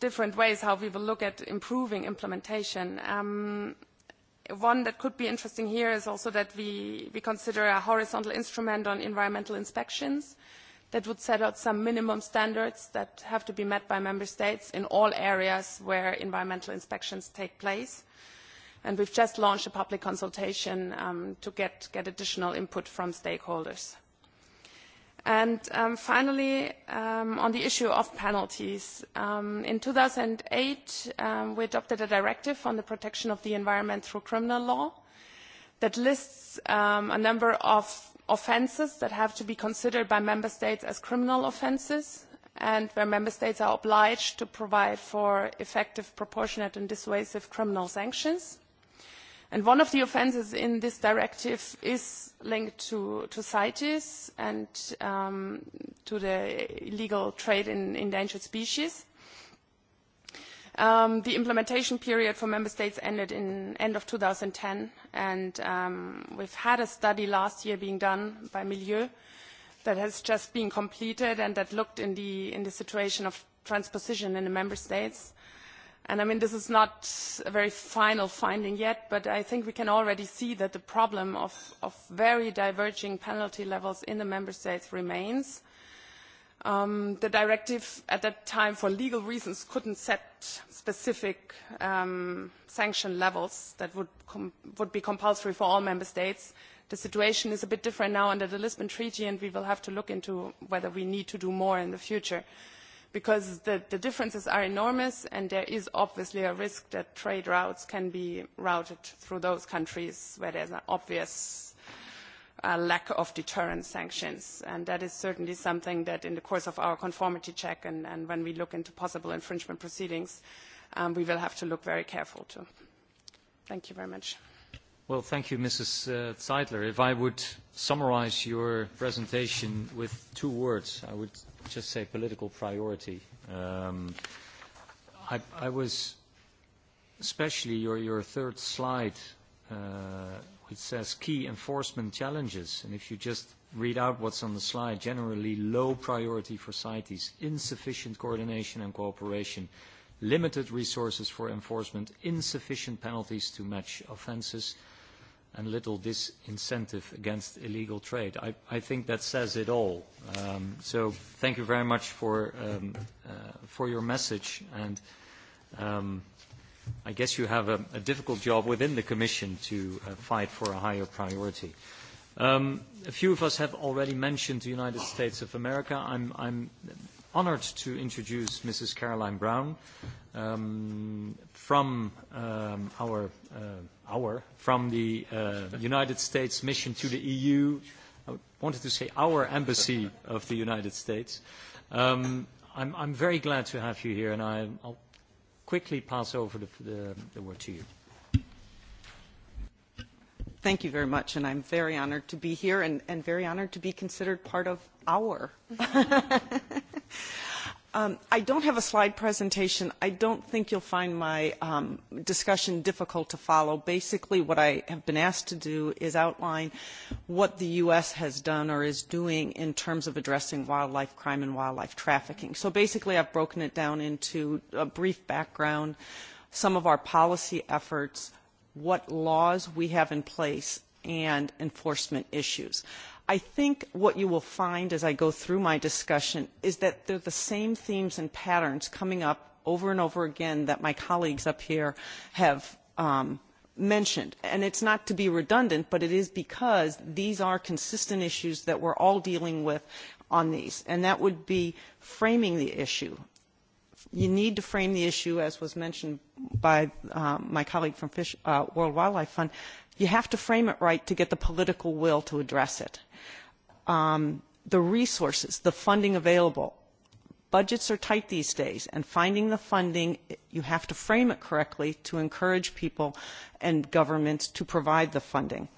S4: different ways how we will look at improving implementation. Um, one that could be interesting here is also that we, we consider a horizontal instrument on environmental inspections that would set out some minimum standards that have to be met by member states in all areas where environmental inspections take place. And we've just launched a public consultation um, to get, get additional input from stakeholders. And Finally, on the issue of penalties. In 2008, we adopted a directive on the protection of the environment through criminal law that lists a number of offences that have to be considered by member states as criminal offences and where member states are obliged to provide for effective, proportionate, and dissuasive criminal sanctions one of the offences in this directive is linked to, CITES and to the illegal trade in endangered species. the implementation period for member states ended in end of thousand and and we've had a study last year being done by Milieu that has just been completed and that looked in the, in the situation of transposition in the member states I mean, this is not a very final finding yet, but I think we can already see that the problem of, very diverging penalty levels in the member states remains. the directive at that time, for legal reasons, could not set specific sanction levels that would, be compulsory for all member states. The situation is a bit different now under the Lisbon Treaty, and we will have to look into whether we need to do more in the future because the, the differences are enormous and there is obviously a risk that trade routes can be routed through those countries where there's an obvious uh, lack of deterrent sanctions. And that is certainly something that in the course of our conformity check and, and when we look into possible infringement proceedings, um, we will have to look very careful to. Thank you very much.
S1: Well, thank you, Mrs. Zeidler. If I would summarize your presentation with two words, I would just say political priority. Um, I, I was especially your, your third slide, uh, which says key enforcement challenges. And if you just read out what's on the slide, generally low priority for CITES, insufficient coordination and cooperation, limited resources for enforcement, insufficient penalties to match offences, and little disincentive against illegal trade. I, I think that says it all. Um, so thank you very much for, um, uh, for your message. And um, I guess you have a, a difficult job within the Commission to uh, fight for a higher priority. Um, a few of us have already mentioned the United States of America. I'm, I'm honored to introduce Mrs. Caroline Brown um, from um, our uh, our, from the uh, United States mission to the EU. I wanted to say our embassy of the United States. Um, I'm, I'm very glad to have you
S5: here, and I, I'll quickly pass over the, the, the word to you. Thank you very much, and I'm very honored to be here and, and very honored to be considered part of our. Um, I don't have a slide presentation. I don't think you'll find my um, discussion difficult to follow. Basically, what I have been asked to do is outline what the U.S. has done or is doing in terms of addressing wildlife crime and wildlife trafficking. So basically, I've broken it down into a brief background, some of our policy efforts, what laws we have in place, and enforcement issues. I think what you will find as I go through my discussion is that there are the same themes and patterns coming up over and over again that my colleagues up here have um, mentioned. And it's not to be redundant, but it is because these are consistent issues that we're all dealing with on these. And that would be framing the issue. You need to frame the issue, as was mentioned by um, my colleague from Fish, uh, World Wildlife Fund. You have to frame it right to get the political will to address it um, the resources, the funding available. Budgets are tight these days, and finding the funding, you have to frame it correctly to encourage people and governments to provide the funding.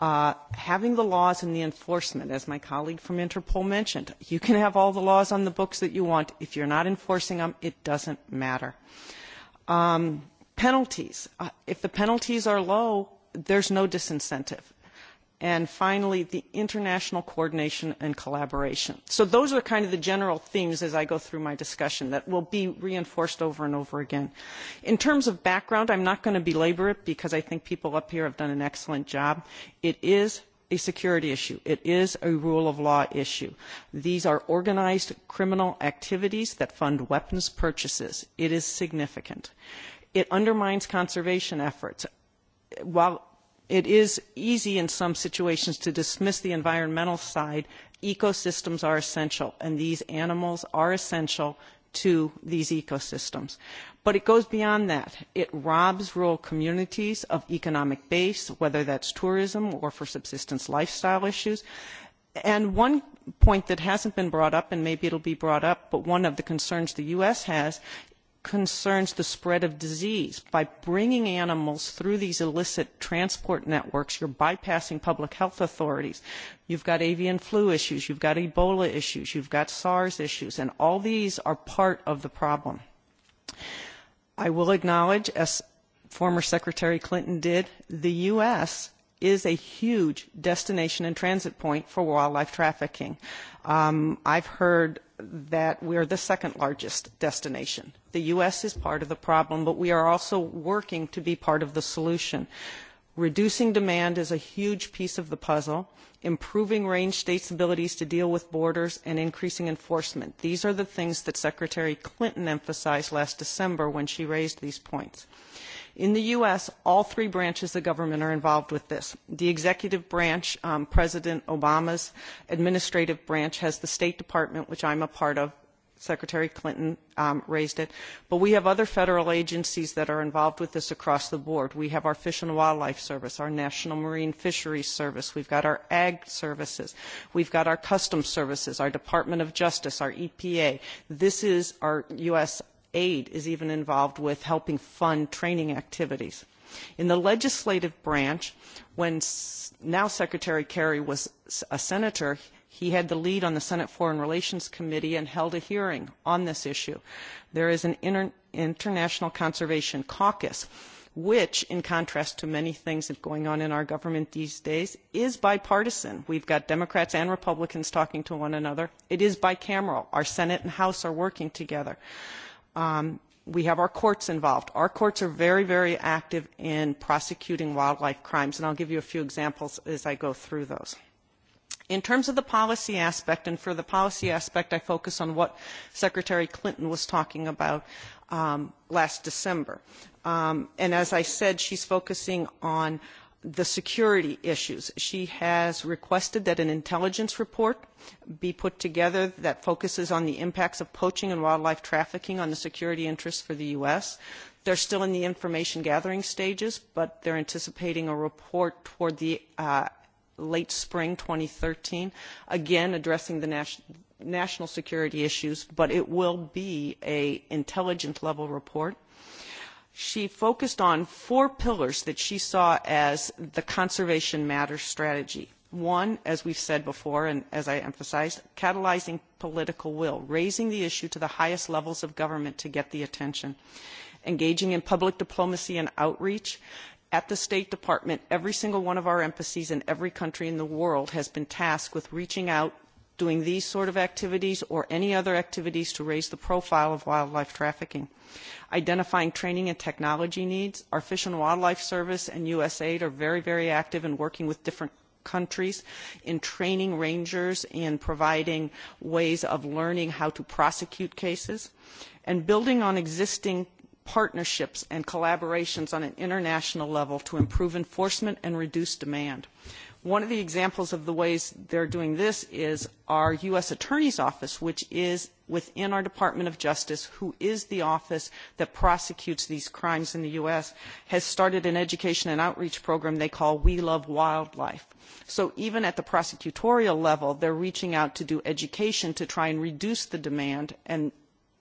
S5: Uh, having the laws and the enforcement, as my colleague from Interpol mentioned, you can have all the laws on the books that you want. If you're not enforcing them, it doesn't matter. Um, penalties. Uh, if the penalties are low, there's no disincentive and finally the international coordination and collaboration. So those are kind of the general themes as I go through my discussion that will be reinforced over and over again. In terms of background, I'm not going to belabor it because I think people up here have done an excellent job. It is a security issue. It is a rule of law issue. These are organized criminal activities that fund weapons purchases. It is significant. It undermines conservation efforts. While it is easy in some situations to dismiss the environmental side. Ecosystems are essential, and these animals are essential to these ecosystems. But it goes beyond that. It robs rural communities of economic base, whether that's tourism or for subsistence lifestyle issues. And one point that hasn't been brought up, and maybe it'll be brought up, but one of the concerns the U.S. has concerns the spread of disease. By bringing animals through these illicit transport networks, you're bypassing public health authorities. You've got avian flu issues, you've got Ebola issues, you've got SARS issues, and all these are part of the problem. I will acknowledge, as former Secretary Clinton did, the U.S is a huge destination and transit point for wildlife trafficking. Um, I've heard that we're the second largest destination. The U.S. is part of the problem, but we are also working to be part of the solution. Reducing demand is a huge piece of the puzzle. Improving range states' abilities to deal with borders and increasing enforcement. These are the things that Secretary Clinton emphasized last December when she raised these points. In the U.S., all three branches of government are involved with this. The executive branch, um, President Obama's administrative branch, has the State Department, which I'm a part of, Secretary Clinton um, raised it. But we have other federal agencies that are involved with this across the board. We have our Fish and Wildlife Service, our National Marine Fisheries Service. We've got our Ag Services. We've got our Customs Services, our Department of Justice, our EPA. This is our U.S aid is even involved with helping fund training activities. In the legislative branch, when now Secretary Kerry was a senator, he had the lead on the Senate Foreign Relations Committee and held a hearing on this issue. There is an International Conservation Caucus, which, in contrast to many things that are going on in our government these days, is bipartisan. We've got Democrats and Republicans talking to one another. It is bicameral. Our Senate and House are working together. Um, we have our courts involved. Our courts are very, very active in prosecuting wildlife crimes, and I'll give you a few examples as I go through those. In terms of the policy aspect, and for the policy aspect, I focus on what Secretary Clinton was talking about um, last December. Um, and as I said, she's focusing on the security issues. She has requested that an intelligence report be put together that focuses on the impacts of poaching and wildlife trafficking on the security interests for the U.S. They're still in the information gathering stages, but they're anticipating a report toward the uh, late spring 2013, again addressing the national national security issues, but it will be an intelligence level report. Uh, she focused on four pillars that she saw as the conservation matter strategy. One, as we've said before and as I emphasized, catalyzing political will, raising the issue to the highest levels of government to get the attention, engaging in public diplomacy and outreach. At the State Department, every single one of our embassies in every country in the world has been tasked with reaching out doing these sort of activities or any other activities to raise the profile of wildlife trafficking. Identifying training and technology needs. Our Fish and Wildlife Service and USAID are very, very active in working with different countries in training rangers and providing ways of learning how to prosecute cases and building on existing partnerships and collaborations on an international level to improve enforcement and reduce demand. One of the examples of the ways they're doing this is our U.S. Attorney's Office, which is within our Department of Justice, who is the office that prosecutes these crimes in the U.S., has started an education and outreach program they call We Love Wildlife. So even at the prosecutorial level, they're reaching out to do education to try and reduce the demand and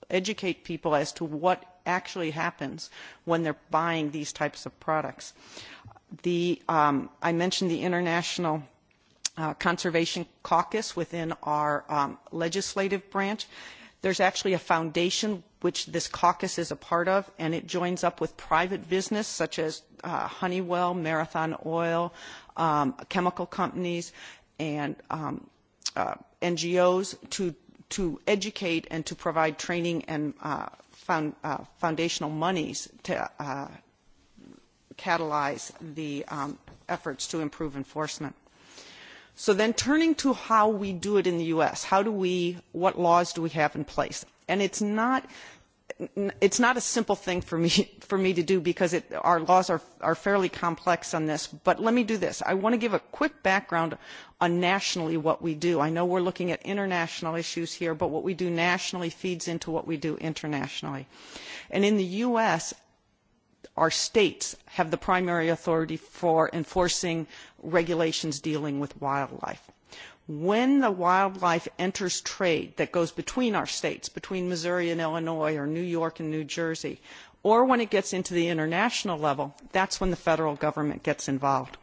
S5: educate people as to what actually happens when they're buying these types of products. Uh, the, um, I mentioned the International uh, Conservation Caucus within our um, legislative branch. There's actually a foundation which this caucus is a part of, and it joins up with private business such as uh, Honeywell, Marathon Oil, um, chemical companies, and um, uh, NGOs to to educate and to provide training and uh, found, uh, foundational monies to uh, catalyze the efforts to improve enforcement. So then turning to how we do it in the U.S., how do we, what laws do we have in place? And it's not, it's not a simple thing for me, for me to do because it, our laws are, are fairly complex on this. But let me do this. I want to give a quick background on nationally what we do. I know we're looking at international issues here, but what we do nationally feeds into what we do internationally. And in the U.S., our states have the primary authority for enforcing regulations dealing with wildlife. When the wildlife enters trade that goes between our states, between Missouri and Illinois or New York and New Jersey, or when it gets into the international level, that's when the federal government gets involved.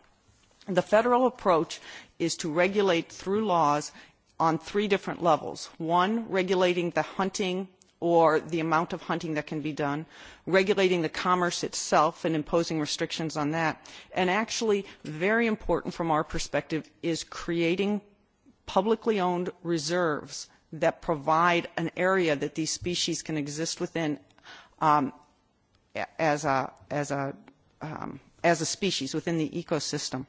S5: The federal approach is to regulate through laws on three different levels. One, regulating the hunting or the amount of hunting that can be done, regulating the commerce itself and imposing restrictions on that. And actually, very important from our perspective is creating publicly owned reserves that provide an area that these species can exist within um, as, a, as, a, um, as a species within the ecosystem.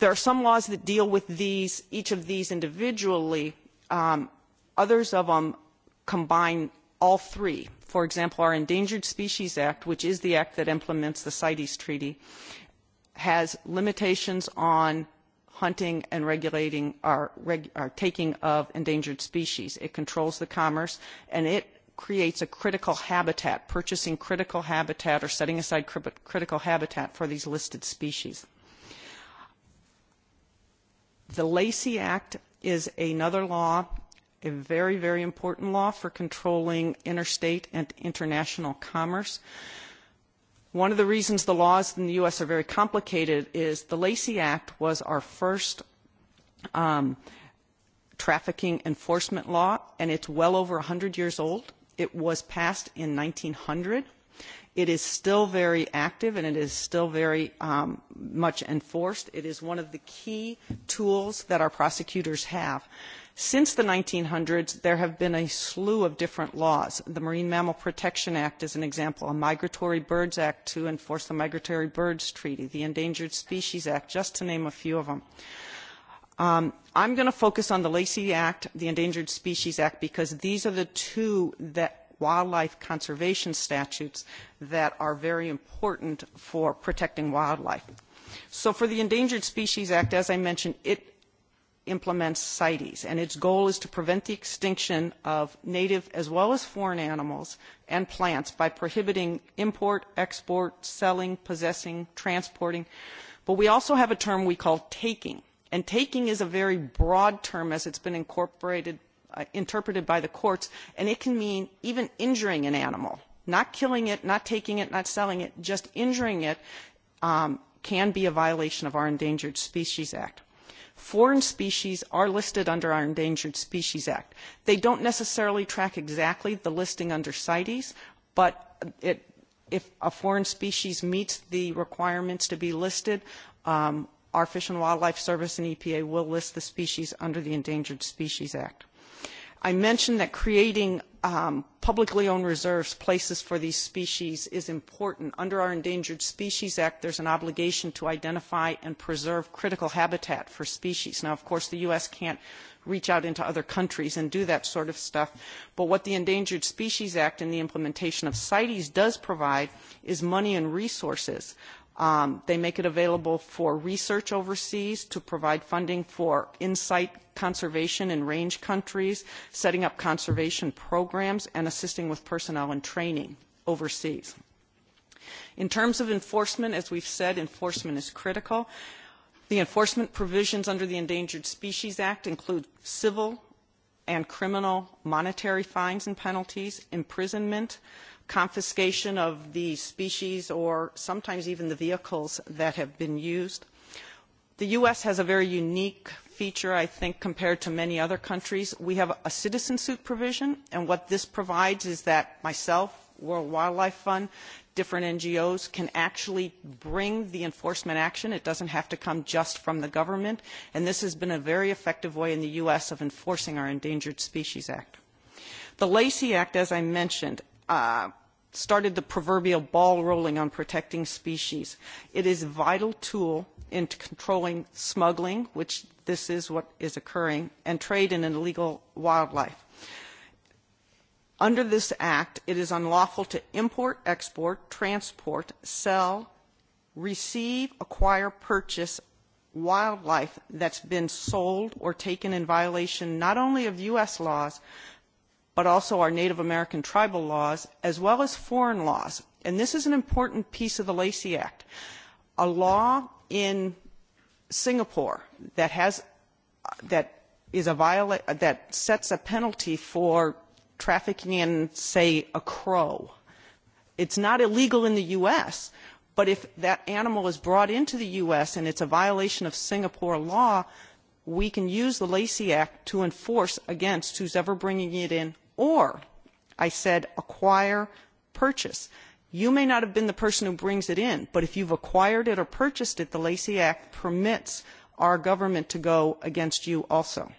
S5: There are some laws that deal with these, each of these individually. Um, others of them combine all three. For example, our Endangered Species Act, which is the act that implements the CITES Treaty, has limitations on hunting and regulating our, taking of endangered species. It controls the commerce, and it creates a critical habitat, purchasing critical habitat or setting aside critical habitat for these listed species. The Lacey Act is another law a very, very important law for controlling interstate and international commerce. One of the reasons the laws in the U.S. are very complicated is the Lacey Act was our first um, trafficking enforcement law, and it's well over 100 years old. It was passed in 1900. It is still very active and it is still very um, much enforced. It is one of the key tools that our prosecutors have Since the 1900s, there have been a slew of different laws. The Marine Mammal Protection Act is an example, a Migratory Birds Act to enforce the Migratory Birds Treaty, the Endangered Species Act, just to name a few of them. Um, I'm going to focus on the Lacey Act, the Endangered Species Act, because these are the two that wildlife conservation statutes that are very important for protecting wildlife. So for the Endangered Species Act, as I mentioned, it implements CITES, and its goal is to prevent the extinction of native as well as foreign animals and plants by prohibiting import, export, selling, possessing, transporting. But we also have a term we call taking, and taking is a very broad term as it's been incorporated, uh, interpreted by the courts, and it can mean even injuring an animal. Not killing it, not taking it, not selling it, just injuring it um, can be a violation of our Endangered Species Act foreign species are listed under our Endangered Species Act. They don't necessarily track exactly the listing under CITES, but it, if a foreign species meets the requirements to be listed, um, our Fish and Wildlife Service and EPA will list the species under the Endangered Species Act. I mentioned that creating publicly owned reserves, places for these species, is important. Under our Endangered Species Act, there is an obligation to identify and preserve critical habitat for species. Now, of course, the U.S. can't reach out into other countries and do that sort of stuff, but what the Endangered Species Act and the implementation of CITES does provide is money and resources Um, they make it available for research overseas to provide funding for insight conservation in range countries, setting up conservation programs, and assisting with personnel and training overseas. In terms of enforcement, as we've said, enforcement is critical. The enforcement provisions under the Endangered Species Act include civil and criminal monetary fines and penalties, imprisonment, confiscation of the species or sometimes even the vehicles that have been used. The U.S. has a very unique feature, I think, compared to many other countries. We have a citizen suit provision, and what this provides is that myself, World Wildlife Fund, different NGOs can actually bring the enforcement action. It doesn't have to come just from the government, and this has been a very effective way in the U.S. of enforcing our Endangered Species Act. The Lacey Act, as I mentioned, started the proverbial ball rolling on protecting species. It is a vital tool in controlling smuggling, which this is what is occurring, and trade in illegal wildlife. Under this Act, it is unlawful to import, export, transport, sell, receive, acquire, purchase wildlife that's been sold or taken in violation not only of U.S. laws, but also our Native American tribal laws, as well as foreign laws. And this is an important piece of the Lacey Act. A law in Singapore that has that is a viola- that sets a penalty for trafficking in, say, a crow. It's not illegal in the U.S., but if that animal is brought into the U.S. and it's a violation of Singapore law, we can use the Lacey Act to enforce against who's ever bringing it in Or, I said, acquire, purchase. You may not have been the person who brings it in, but if you've acquired it or purchased it, the Lacey Act permits our government to go against you also.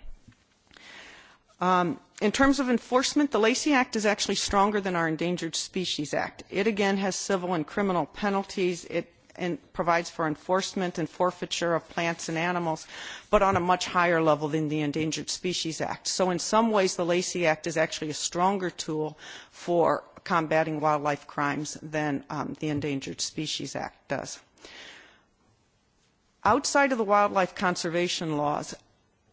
S5: in terms of enforcement, the Lacey Act is actually stronger than our Endangered Species Act. It again has civil and criminal penalties. It and provides for enforcement and forfeiture of plants and animals, but on a much higher level than the Endangered Species Act. So in some ways, the Lacey Act is actually a stronger tool for combating wildlife crimes than the Endangered Species Act does. Outside of the wildlife conservation laws,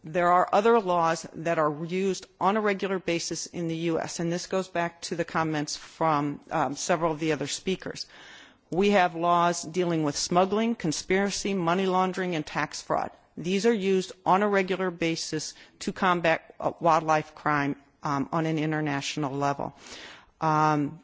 S5: there are other laws that are used on a regular basis in the U.S., and this goes back to the comments from several of the other speakers. We have laws dealing with smuggling, conspiracy, money laundering, and tax fraud. These are used on a regular basis to combat wildlife crime um, on an international level. Um,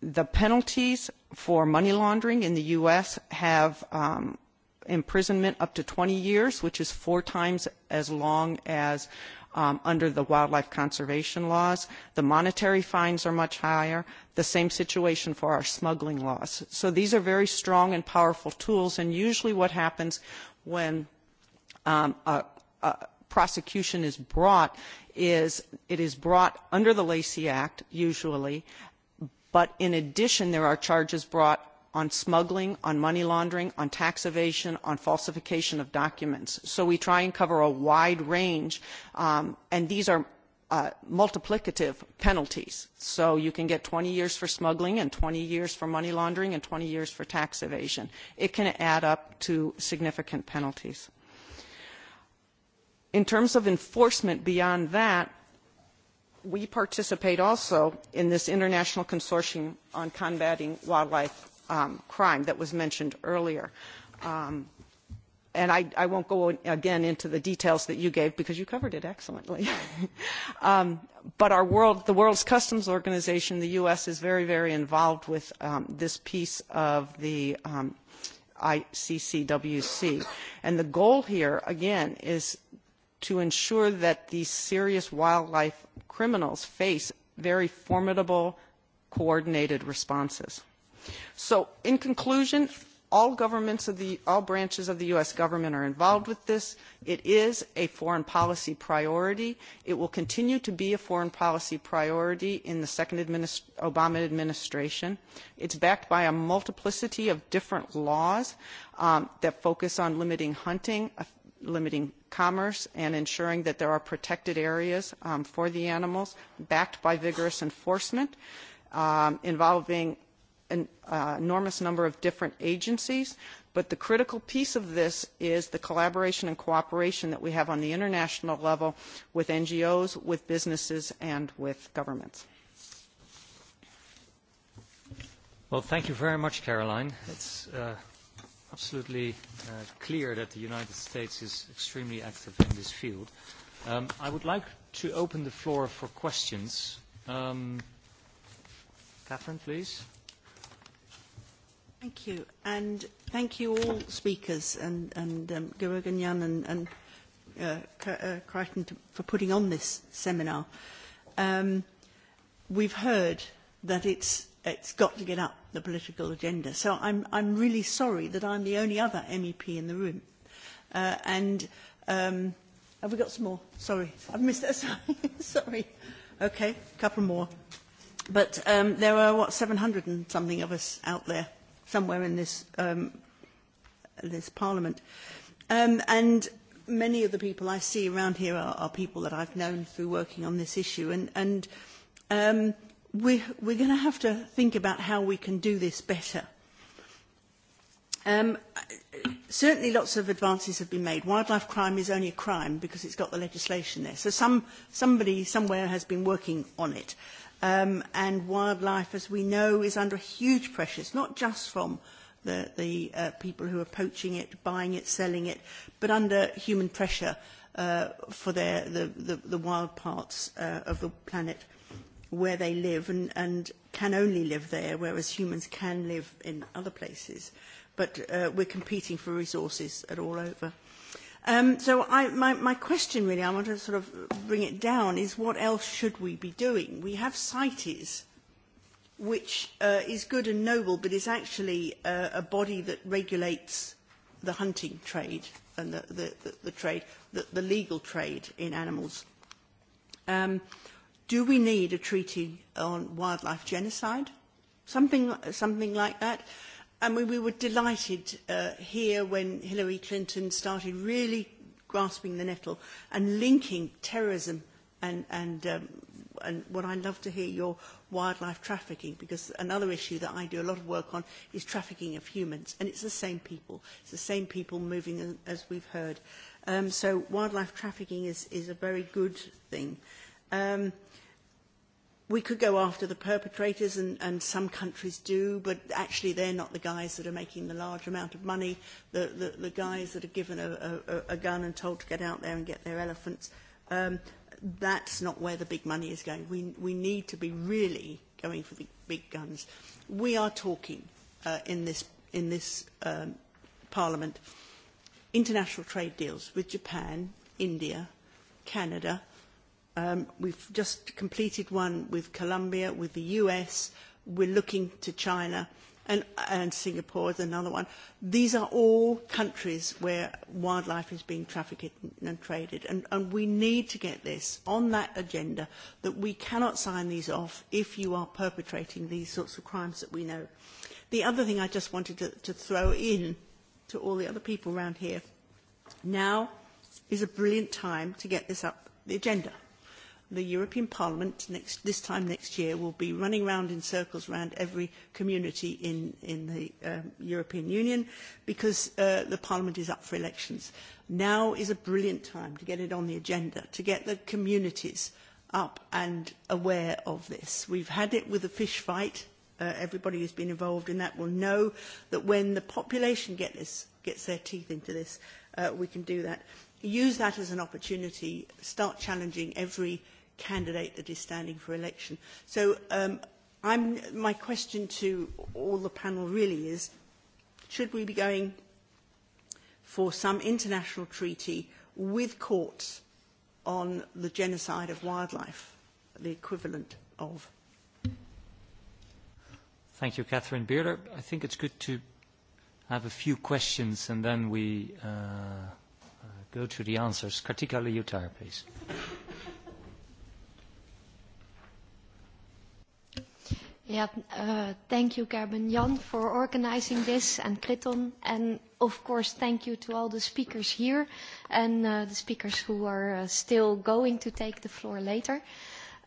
S5: the penalties for money laundering in the U.S. have um, imprisonment up to 20 years, which is four times as long as um, under the wildlife conservation laws. The monetary fines are much higher the same situation for our smuggling laws. So these are very strong and powerful tools, and usually what happens when um, a, a prosecution is brought is it is brought under the Lacey Act, usually, but in addition, there are charges brought on smuggling, on money laundering, on tax evasion, on falsification of documents. So we try and cover a wide range, um, and these are multiplicative penalties. So you can get twenty years for smuggling and twenty years for money laundering and twenty years for tax evasion. It can add up to significant penalties. In terms of enforcement beyond that, we participate also in this international consortium on combating wildlife crime that was mentioned earlier. Um, and I, I won't go again into the details that you gave because you covered it excellently. um, but our world, the World's Customs Organization, the U.S. is very, very involved with um, this piece of the um, ICCWC. And the goal here, again, is to ensure that these serious wildlife criminals face very formidable coordinated responses. So in conclusion, all governments of the, all branches of the U.S. government are involved with this. It is a foreign policy priority. It will continue to be a foreign policy priority in the second Obama administration. It's backed by a multiplicity of different laws that focus on limiting hunting, limiting commerce, and ensuring that there are protected areas for the animals, backed by vigorous enforcement involving an enormous number of different agencies. But the critical piece of this is the collaboration and cooperation that we have on the international level with NGOs, with businesses, and with governments.
S1: Well, thank you very much, Caroline. It's uh, absolutely uh, clear that the United States is extremely active in this field. Um, I would like to open the floor for questions. Um,
S6: Catherine, please. Thank you, and thank you all speakers and, and um, Gerogan Jan and, and uh, uh, Crichton for putting on this seminar. Um, we've heard that it's, it's got to get up the political agenda, so I'm, I'm really sorry that I'm the only other MEP in the room. Uh, and um, have we got some more? Sorry, I've missed that. Sorry. sorry. Okay, a couple more. But um, there are, what, 700 and something of us out there somewhere in this, um, this parliament. Um, and many of the people I see around here are, are people that I've known through working on this issue. And, and um, we, we're going to have to think about how we can do this better. Um, certainly lots of advances have been made. Wildlife crime is only a crime because it's got the legislation there. So some, somebody somewhere has been working on it. Um, and wildlife, as we know, is under huge pressures, not just from the, the uh, people who are poaching it, buying it, selling it, but under human pressure uh, for their, the, the, the wild parts uh, of the planet where they live and, and can only live there, whereas humans can live in other places. But uh, we're competing for resources at all over. Um, so I, my, my question really, I want to sort of bring it down, is what else should we be doing? We have CITES, which uh, is good and noble, but is actually uh, a body that regulates the hunting trade and the, the, the, the trade, the, the legal trade in animals. Um, do we need a treaty on wildlife genocide? Something, something like that I mean, we were delighted uh, here when Hillary Clinton started really grasping the nettle and linking terrorism and, and, um, and what I love to hear your wildlife trafficking, because another issue that I do a lot of work on is trafficking of humans, and it's the same people. It's the same people moving, as we've heard. Um, so wildlife trafficking is, is a very good thing. Um, we could go after the perpetrators, and, and some countries do, but actually they're not the guys that are making the large amount of money. The, the, the guys that are given a, a, a gun and told to get out there and get their elephants, um, that's not where the big money is going. We, we need to be really going for the big guns. We are talking uh, in this, in this um, parliament international trade deals with Japan, India, Canada – Um, we've just completed one with Colombia, with the US. We're looking to China and, and Singapore is another one. These are all countries where wildlife is being trafficked and traded. And, and we need to get this on that agenda that we cannot sign these off if you are perpetrating these sorts of crimes that we know. The other thing I just wanted to, to throw in to all the other people around here, now is a brilliant time to get this up the agenda the European Parliament next, this time next year will be running round in circles around every community in, in the um, European Union because uh, the Parliament is up for elections. Now is a brilliant time to get it on the agenda, to get the communities up and aware of this. We've had it with the fish fight. Uh, everybody who's been involved in that will know that when the population get this, gets their teeth into this, uh, we can do that. Use that as an opportunity. Start challenging every candidate that is standing for election. So um, I'm, my question to all the panel really is, should we be going for some international treaty with courts on the genocide of wildlife, the equivalent of?
S1: Thank you, Catherine Bearder. I think it's good to have a few questions and then we uh, uh, go to the answers. Kartika Liutar, please.
S7: Yeah, uh, thank you, Gerben Jan, for organizing this, and Kriton, and of course, thank you to all the speakers here and uh, the speakers who are uh, still going to take the floor later.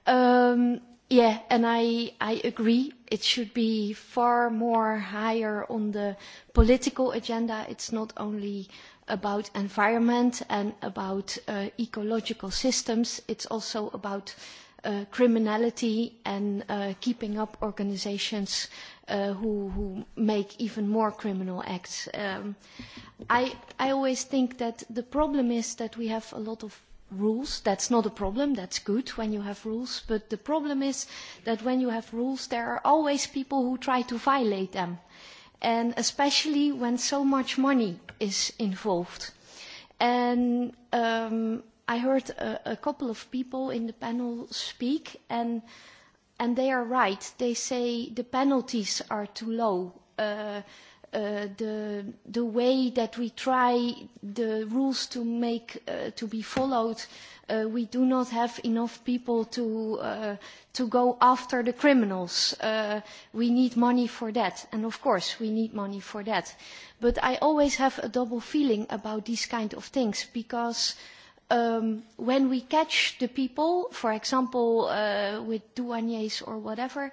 S7: Um, yeah, and I, I agree. It should be far more higher on the political agenda. It's not only about environment and about uh, ecological systems. It's also about uh, criminality and keeping up organisations who, make even more criminal acts. I, I always think that the problem is that we have a lot of rules. That's not a problem. That's good when you have rules. But the problem is that when you have rules, there are always people who try to violate them. And especially when so much money is involved. And I heard a, a couple of people in the panel speak, and and they are right. They say the penalties are too low. Uh, uh, the the way that we try the rules to make uh, to be followed, uh, we do not have enough people to uh, to go after the criminals. Uh, we need money for that, and of course we need money for that. But I always have a double feeling about these kind of things because when we catch the people, for example, uh, with douaniers or whatever,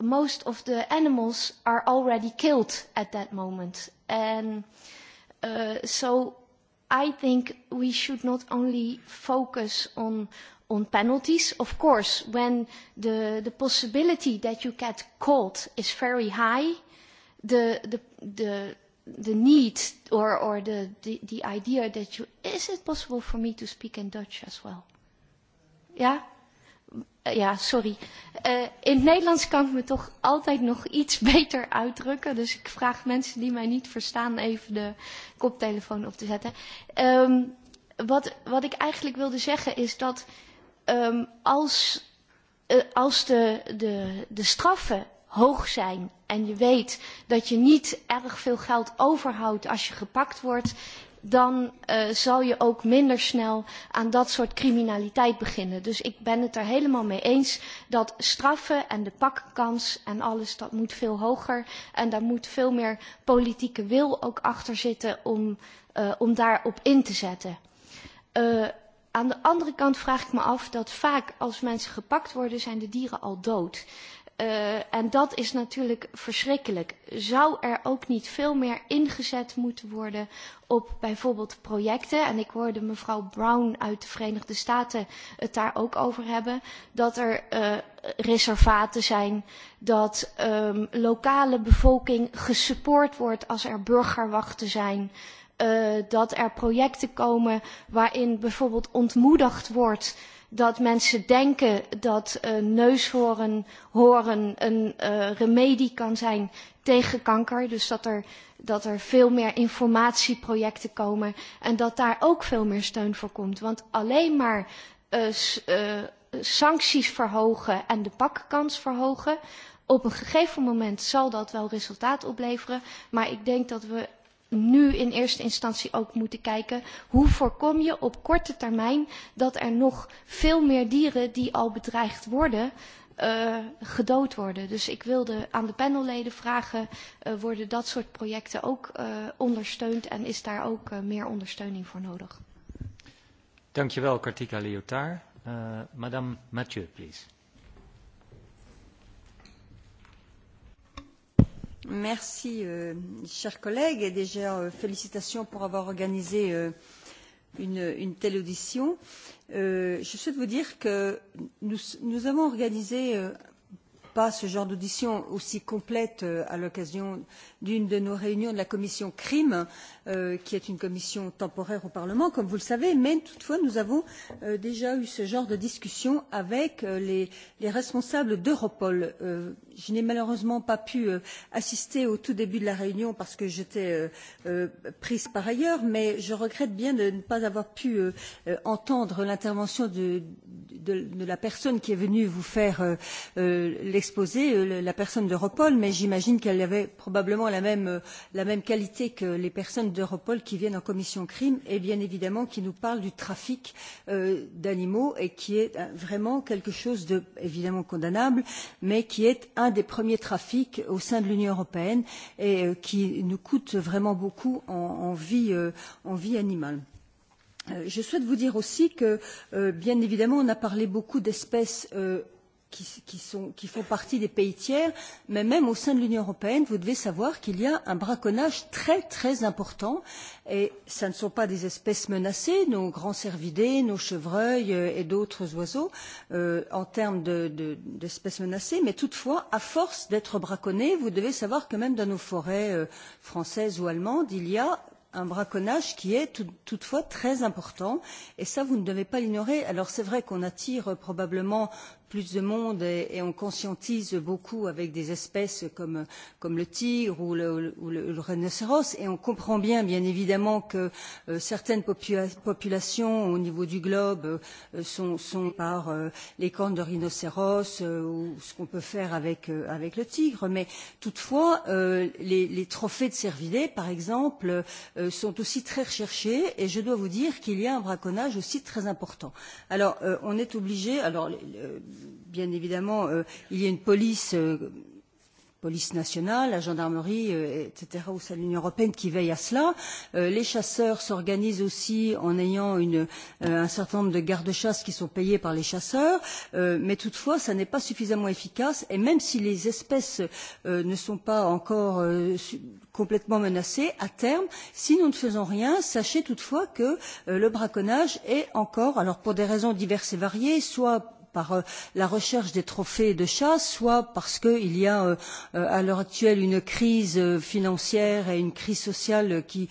S7: most of the animals are already killed at that moment. And uh, so I think we should not only focus on on penalties. Of course, when the, the possibility that you get caught is very high, the, the, the the need or, or the, the, the idea that you, is it possible for me to speak in Dutch as well? Ja? Ja, sorry. Uh, in het Nederlands kan ik me toch altijd nog iets beter uitdrukken. Dus ik vraag mensen die mij niet verstaan even de koptelefoon op te zetten. Um, wat, wat ik eigenlijk wilde zeggen is dat um, als, uh, als de, de, de straffen hoog zijn en je weet dat je niet erg veel geld overhoudt als je gepakt wordt, dan zal je ook minder snel aan dat soort criminaliteit beginnen. Dus ik ben het er helemaal mee eens dat straffen en de pakkans en alles, dat moet veel hoger. En daar moet veel meer politieke wil ook achter zitten om, om daarop in te zetten. aan de andere kant vraag ik me af dat vaak als mensen gepakt worden, zijn de dieren al dood en dat is natuurlijk verschrikkelijk. Zou er ook niet veel meer ingezet moeten worden op bijvoorbeeld projecten? En ik hoorde mevrouw Brown uit de Verenigde Staten het daar ook over hebben. Dat er reservaten zijn, dat lokale bevolking gesupport wordt als er burgerwachten zijn dat er projecten komen waarin bijvoorbeeld ontmoedigd wordt dat mensen denken dat uh, neushoorn horen een uh, remedie kan zijn tegen kanker. Dus dat er, dat er veel meer informatieprojecten komen en dat daar ook veel meer steun voor komt. Want alleen maar uh, uh, sancties verhogen en de pakkans verhogen, op een gegeven moment zal dat wel resultaat opleveren. Maar ik denk dat we nu in eerste instantie ook moeten kijken hoe voorkom je op korte termijn dat er nog veel meer dieren die al bedreigd worden gedood worden. Dus ik wilde aan de panelleden vragen, worden dat soort projecten ook ondersteund en is daar ook meer ondersteuning voor nodig?
S1: Dankjewel, Kartika Leotard. Madame Mathieu, please.
S8: Merci, euh, chers collègues, et déjà euh, félicitations pour avoir organisé euh, une, une telle audition. Euh, je souhaite vous dire que nous, nous avons organisé euh, pas ce genre d'audition aussi complète euh, à l'occasion euh, d'une de nos réunions de la commission crime, qui est une commission temporaire au Parlement, comme vous le savez, mais toutefois nous avons déjà eu ce genre de discussion avec les, responsables d'Europol. je n'ai malheureusement pas pu assister au tout début de la réunion parce que j'étais prise par ailleurs, mais je regrette bien de ne pas avoir pu entendre l'intervention de, la personne qui est venue vous faire l'exposé, la personne d'Europol, mais j'imagine qu'elle avait probablement la même, la même qualité que les personnes d'Europol qui viennent en commission crime et bien évidemment qui nous parlent du trafic d'animaux et qui est vraiment quelque chose de évidemment condamnable, mais qui est un des premiers trafics au sein de l'Union européenne et qui nous coûte vraiment beaucoup en, en, vie, en vie animale. Je souhaite vous dire aussi que, bien évidemment, on a parlé beaucoup d'espèces qui, font partie des pays tiers, mais même au sein de l'Union européenne, vous devez savoir qu'il y a un braconnage très très important et ce ne sont pas des espèces menacées, nos grands cervidés, nos chevreuils et d'autres oiseaux en termes d'espèces menacées, mais toutefois, à force d'être braconnés, vous devez savoir que même dans nos forêts françaises ou allemandes, il y a un braconnage qui est tout, toutefois très important et ça vous ne devez pas l'ignorer. Alors c'est vrai qu'on attire probablement plus de monde et, on conscientise beaucoup avec des espèces comme, le tigre ou le, rhinocéros et on comprend bien bien évidemment que certaines populations au niveau du globe sont, par les cornes de rhinocéros ou ce qu'on peut faire avec, le tigre mais toutefois les, trophées de cervidés par exemple sont aussi très recherchés et je dois vous dire qu'il y a un braconnage aussi très important. Alors on est obligé alors bien évidemment, il y a une police, police nationale, la gendarmerie, etc., au sein de l'Union européenne qui veille à cela. les chasseurs s'organisent aussi en ayant un certain nombre de gardes chasse qui sont payés par les chasseurs, mais toutefois, ça n'est pas suffisamment efficace. Et même si les espèces ne sont pas encore complètement menacées, à terme. Si nous ne faisons rien, sachez toutefois que le braconnage est encore, alors pour des raisons diverses et variées, soit par la recherche des trophées de chasse, soit parce qu'il y a à l'heure actuelle une crise financière et une crise sociale qui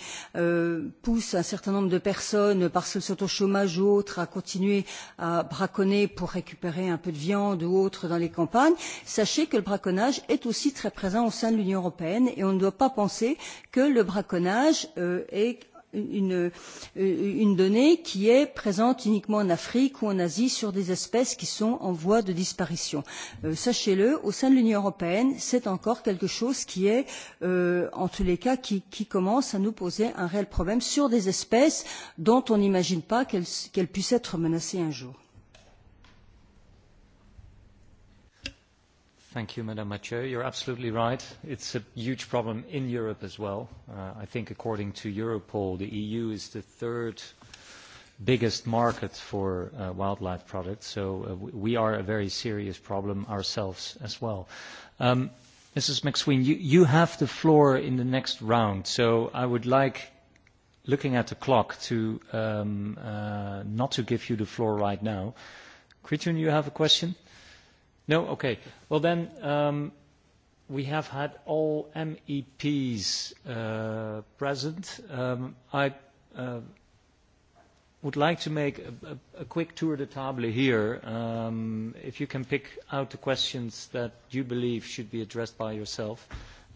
S8: poussent un certain nombre de personnes, parce qu'elles sont au chômage ou autres, à continuer à braconner pour récupérer un peu de viande ou autre dans les campagnes. Sachez que le braconnage est aussi très présent au sein de l'Union européenne et on ne doit pas penser que le braconnage est une, une donnée qui est présente uniquement en Afrique ou en Asie sur des espèces qui sont en voie de disparition. Euh, Sachez-le, au sein de l'Union européenne, c'est encore quelque chose qui est, euh, en tous les cas, qui, qui commence à nous poser un réel problème sur des espèces dont on n'imagine pas qu'elles qu puissent être menacées un jour.
S1: Thank you, Madam Mathieu. You're absolutely right. It's a huge problem in Europe as well. Uh, I think according to Europol, the EU is the third biggest market for uh, wildlife products, so uh, we are a very serious problem ourselves as well. Um, Mrs. McSween, you, you have the floor in the next round, so I would like, looking at the clock, to um, uh, not to give you the floor right now. Christian, you have a question? No? Okay. Well, then, um, we have had all MEPs uh, present. Um, I uh, would like to make a, a, quick tour de table here. Um, if you can pick out the questions that you believe should be addressed by yourself,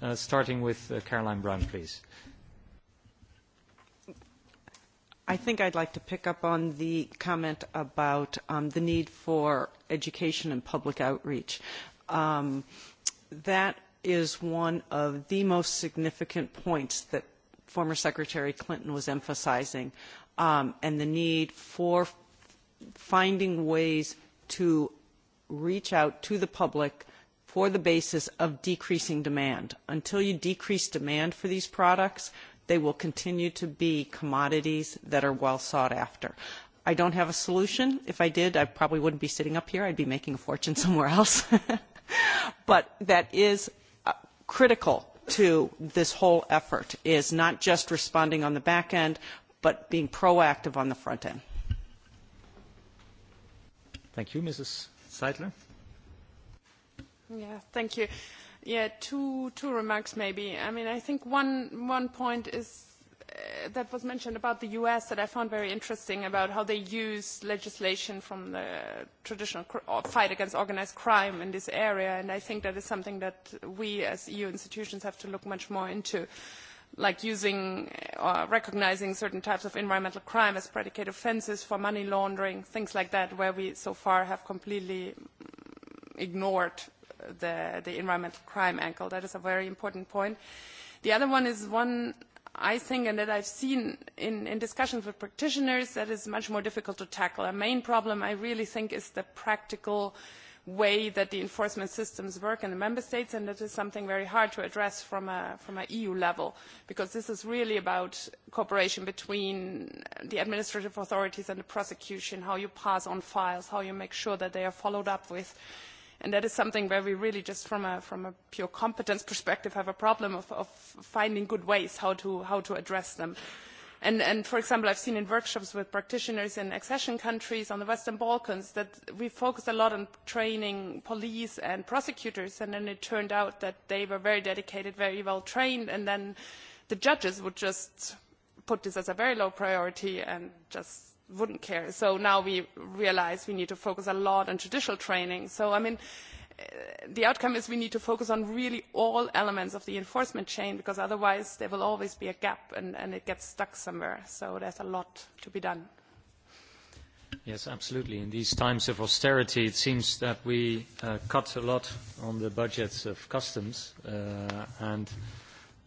S1: uh, starting with uh, Caroline Brown, please.
S5: I think I'd like to pick up on the comment about um, the need for education and public outreach. Um, that is one of the most significant points that former Secretary Clinton was emphasizing, um, and the need for finding ways to reach out to the public for the basis of decreasing demand. Until you decrease demand for these products, They will continue to be commodities that are well sought after. I don't have a solution. If I did, I probably wouldn't be sitting up here. I'd be making a fortune somewhere else. but that is critical to this whole effort is not just responding on the back end, but being proactive on the front end. Thank you, Mrs. Seidler.
S4: Yeah, thank you. Yeah, two two remarks maybe. I mean, I think one one point is that was mentioned about the U.S. that I found very interesting about how they use legislation from the traditional fight against organized crime in this area, and I think that is something that we as EU institutions have to look much more into, like using or recognizing certain types of environmental crime as predicate offenses for money laundering, things like that, where we so far have completely ignored the, the environmental crime angle. That is a very important point. The other one is one I think and that I've seen in, in discussions with practitioners that is much more difficult to tackle. A main problem I really think is the practical way that the enforcement systems work in the member states and that is something very hard to address from a from an EU level because this is really about cooperation between the administrative authorities and the prosecution, how you pass on files, how you make sure that they are followed up with and that is something where we really just from a from a pure competence perspective have a problem of, of finding good ways how to how to address them and and for example i've seen in workshops with practitioners in accession countries on the western balkans that we focused a lot on training police and prosecutors and then it turned out that they were very dedicated very well trained and then the judges would just put this as a very low priority and just wouldn't care. So now we realize we need to focus a lot on judicial training. So, I mean, the outcome is we need to focus on really all elements of the enforcement chain because otherwise there will always be a gap and, and it gets stuck somewhere. So there's a lot to be done.
S1: Yes, absolutely. In these times of austerity, it seems that we uh, cut a lot on the budgets of customs. Uh, and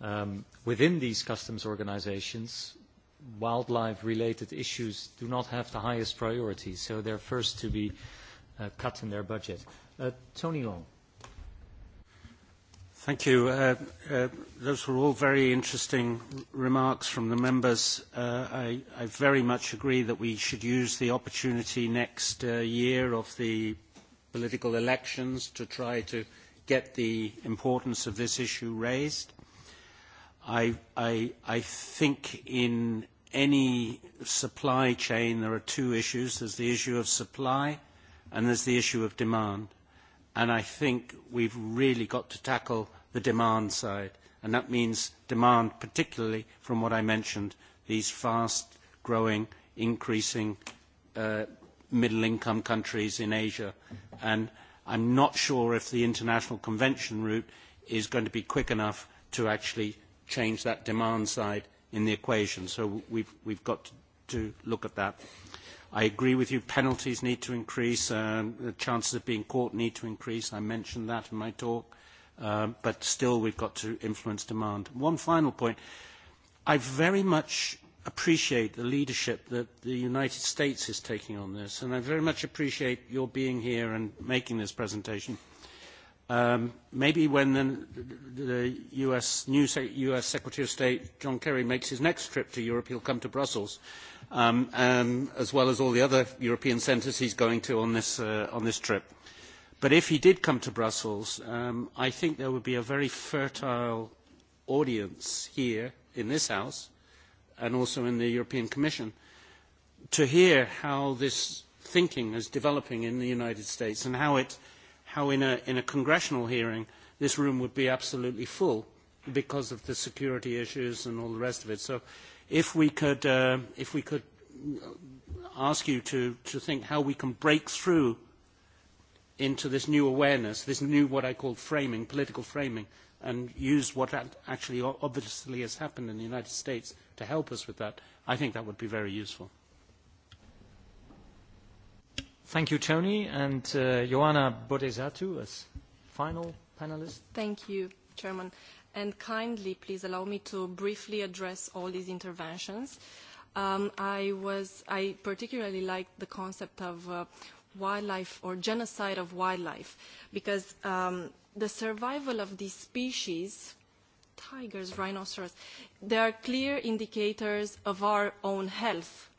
S1: um, within these customs organizations, wildlife-related issues do not have the highest priority, so they're first to be uh, cut in their budget. Uh, Tony Long. Thank you. Uh, uh, those were all very interesting remarks
S2: from the members. Uh, I, I very much agree that we should use the opportunity next uh, year of the political elections to try to get the importance of this issue raised. I, I, I think in any supply chain, there are two issues. There's the issue of supply and there's the issue of demand. And I think we've really got to tackle the demand side. And that means demand, particularly from what I mentioned, these fast-growing, increasing middle-income countries in Asia. And I'm not sure if the international convention route is going to be quick enough to actually change that demand side in the equation. So we've, we've got to, look at that. I agree with you, penalties need to increase, the chances of being caught need to increase. I mentioned that in my talk. but still, we've got to influence demand. One final point. I very much appreciate the leadership that the United States is taking on this, and I very much appreciate your being here and making this presentation Um maybe when the, the US, new US Secretary of State John Kerry makes his next trip to Europe, he'll come to Brussels, as well as all the other European centres he's going to on this, uh on this trip. But if he did come to Brussels, um I think there would be a very fertile audience here in this House and also in the European Commission to hear how this thinking is developing in the United States and how it – how in a, in a congressional hearing this room would be absolutely full because of the security issues and all the rest of it. So if we could, uh, if we could ask you to, to think how we can break through into this new awareness, this new what I call framing, political framing, and use what actually obviously has happened in the United States
S1: to help us with that, I think that would be very useful. Thank you, Tony. And uh, Joanna Bodezatu as
S3: final panelist. Thank you, Chairman. And kindly, please allow me to briefly address all these interventions. Um, I, was, I particularly liked the concept of uh, wildlife or genocide of wildlife because um, the survival of these species tigers, rhinoceros, they are clear indicators of our own health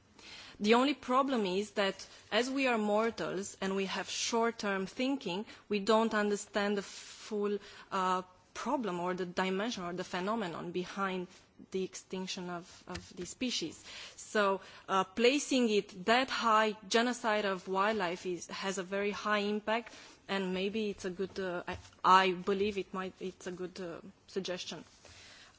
S3: The only problem is that as we are mortals and we have short-term thinking, we don't understand the full uh, problem or the dimension or the phenomenon behind the extinction of, of the species. So uh, placing it that high, genocide of wildlife is, has a very high impact and maybe it's a good, uh, I, I believe it might, it's a good uh, suggestion.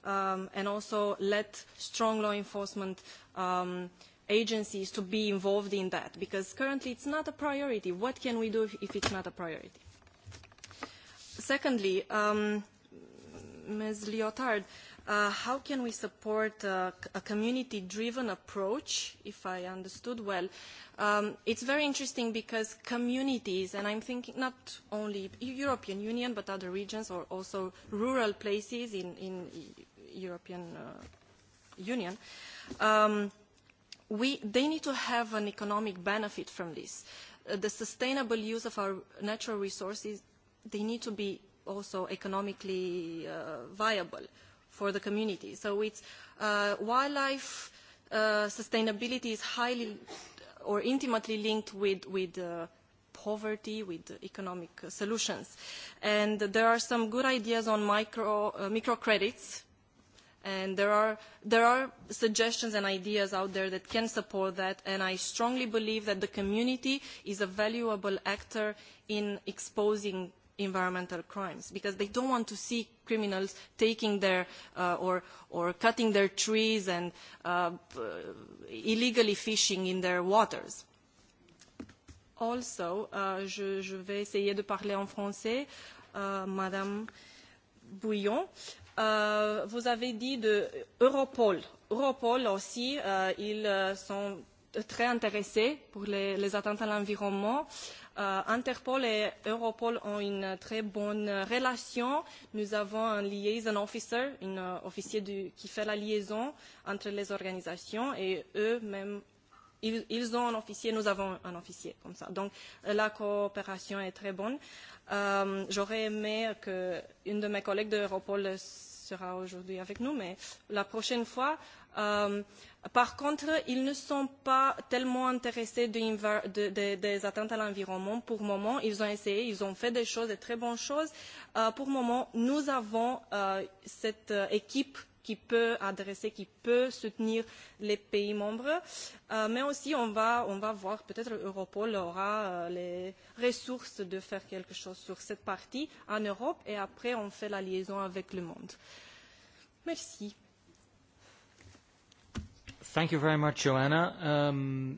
S3: Um, and also let strong law enforcement um, uh, agencies to be involved in that because currently it's not a priority. What can we do if, if it's not a priority? Secondly, um, Ms. Lyotard, uh, how can we support uh, a community-driven approach, if I understood well? Um, it's very interesting because communities, and I'm thinking not only European Union, but other regions or also rural places in, in European uh, Union, um, we, they need to have an economic benefit from this. the sustainable use of our natural resources, they need to be also economically uh, viable for the community. So it's uh, wildlife uh, sustainability is highly or intimately linked with, with uh, poverty, with economic solutions. And there are some good ideas on micro, uh, microcredits And there are, there are suggestions and ideas out there that can support that, and I strongly believe that the community is a valuable actor in exposing environmental crimes because they don't want to see criminals taking their uh, or or cutting their trees and uh, illegally fishing in their waters. Also, uh je, je vais essayer de parler en français, uh Madame Bouillon vous avez dit de Europol. Europol aussi, ils sont très intéressés pour les, attentes à l'environnement. Interpol et Europol ont une très bonne relation. Nous avons un liaison officer, un officier qui fait la liaison entre les organisations et eux-mêmes. Ils, ont un officier, nous avons un officier comme ça. Donc la coopération est très bonne. J'aurais aimé qu'une de mes collègues d'Europol sera aujourd'hui avec nous, mais la prochaine fois. par contre, ils ne sont pas tellement intéressés des atteintes à l'environnement pour le moment. Ils ont essayé, ils ont fait des choses, de très bonnes choses. pour le moment, nous avons cette équipe qui peut adresser, qui peut soutenir les pays membres. Euh, mais aussi, on va, on va voir, peut-être Europol aura euh, les ressources de faire quelque chose sur cette partie en Europe et après, on fait la liaison avec le monde. Merci.
S1: Thank you very much, Joanna. Um,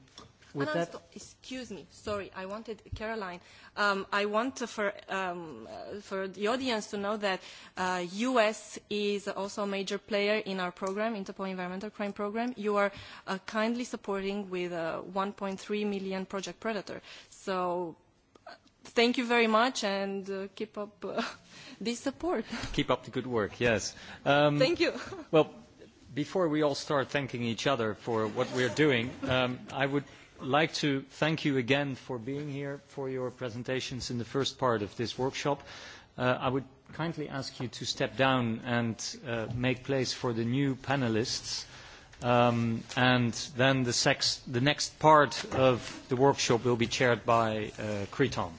S1: With that...
S3: excuse me, sorry, I wanted Caroline. Um, I want for um, for the audience to know that uh, U.S. is also a major player in our program, Interpol Environmental Crime Program. You are uh, kindly supporting with uh, 1.3 million Project Predator. So thank you very much and uh, keep up uh, this support.
S1: Keep up the good work, yes. Um, thank you. Well, before we all start thanking each other for what we're doing, um, I would like to thank you again for being here, for your presentations in the first part of this workshop. I would kindly ask you to step down and make place for the new panelists. and then the, sex the next part of the workshop will be chaired by Creton.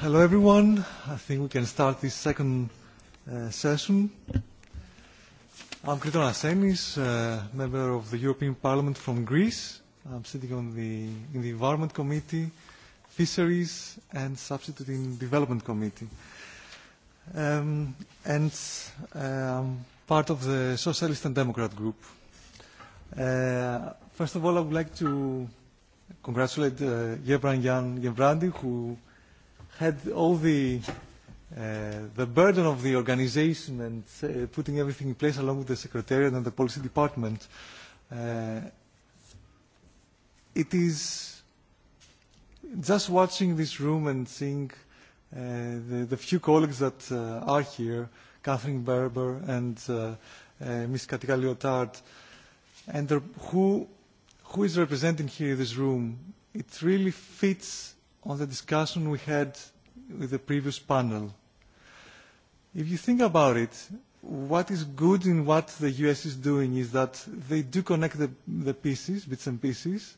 S9: Hello, everyone. I think we can start this second uh, session. I'm Kriton Asenis, uh, member of the European Parliament from Greece. I'm sitting on the, in the Environment Committee, Fisheries, and Substitute in Development Committee. Um, and uh, I'm part of the Socialist and Democrat group. Uh, first of all, I would like to congratulate uh, Jebran Jan Jebrandi, who had all the uh, the burden of the organization and uh, putting everything in place along with the secretariat and the policy department. Uh, it is just watching this room and seeing uh, the, the few colleagues that uh, are here, Catherine Berber and uh, uh, Ms. Katika Lyotard, and the, who, who is representing here in this room, it really fits on the discussion we had with the previous panel. If you think about it, what is good in what the US is doing is that they do connect the, the pieces, bits and pieces.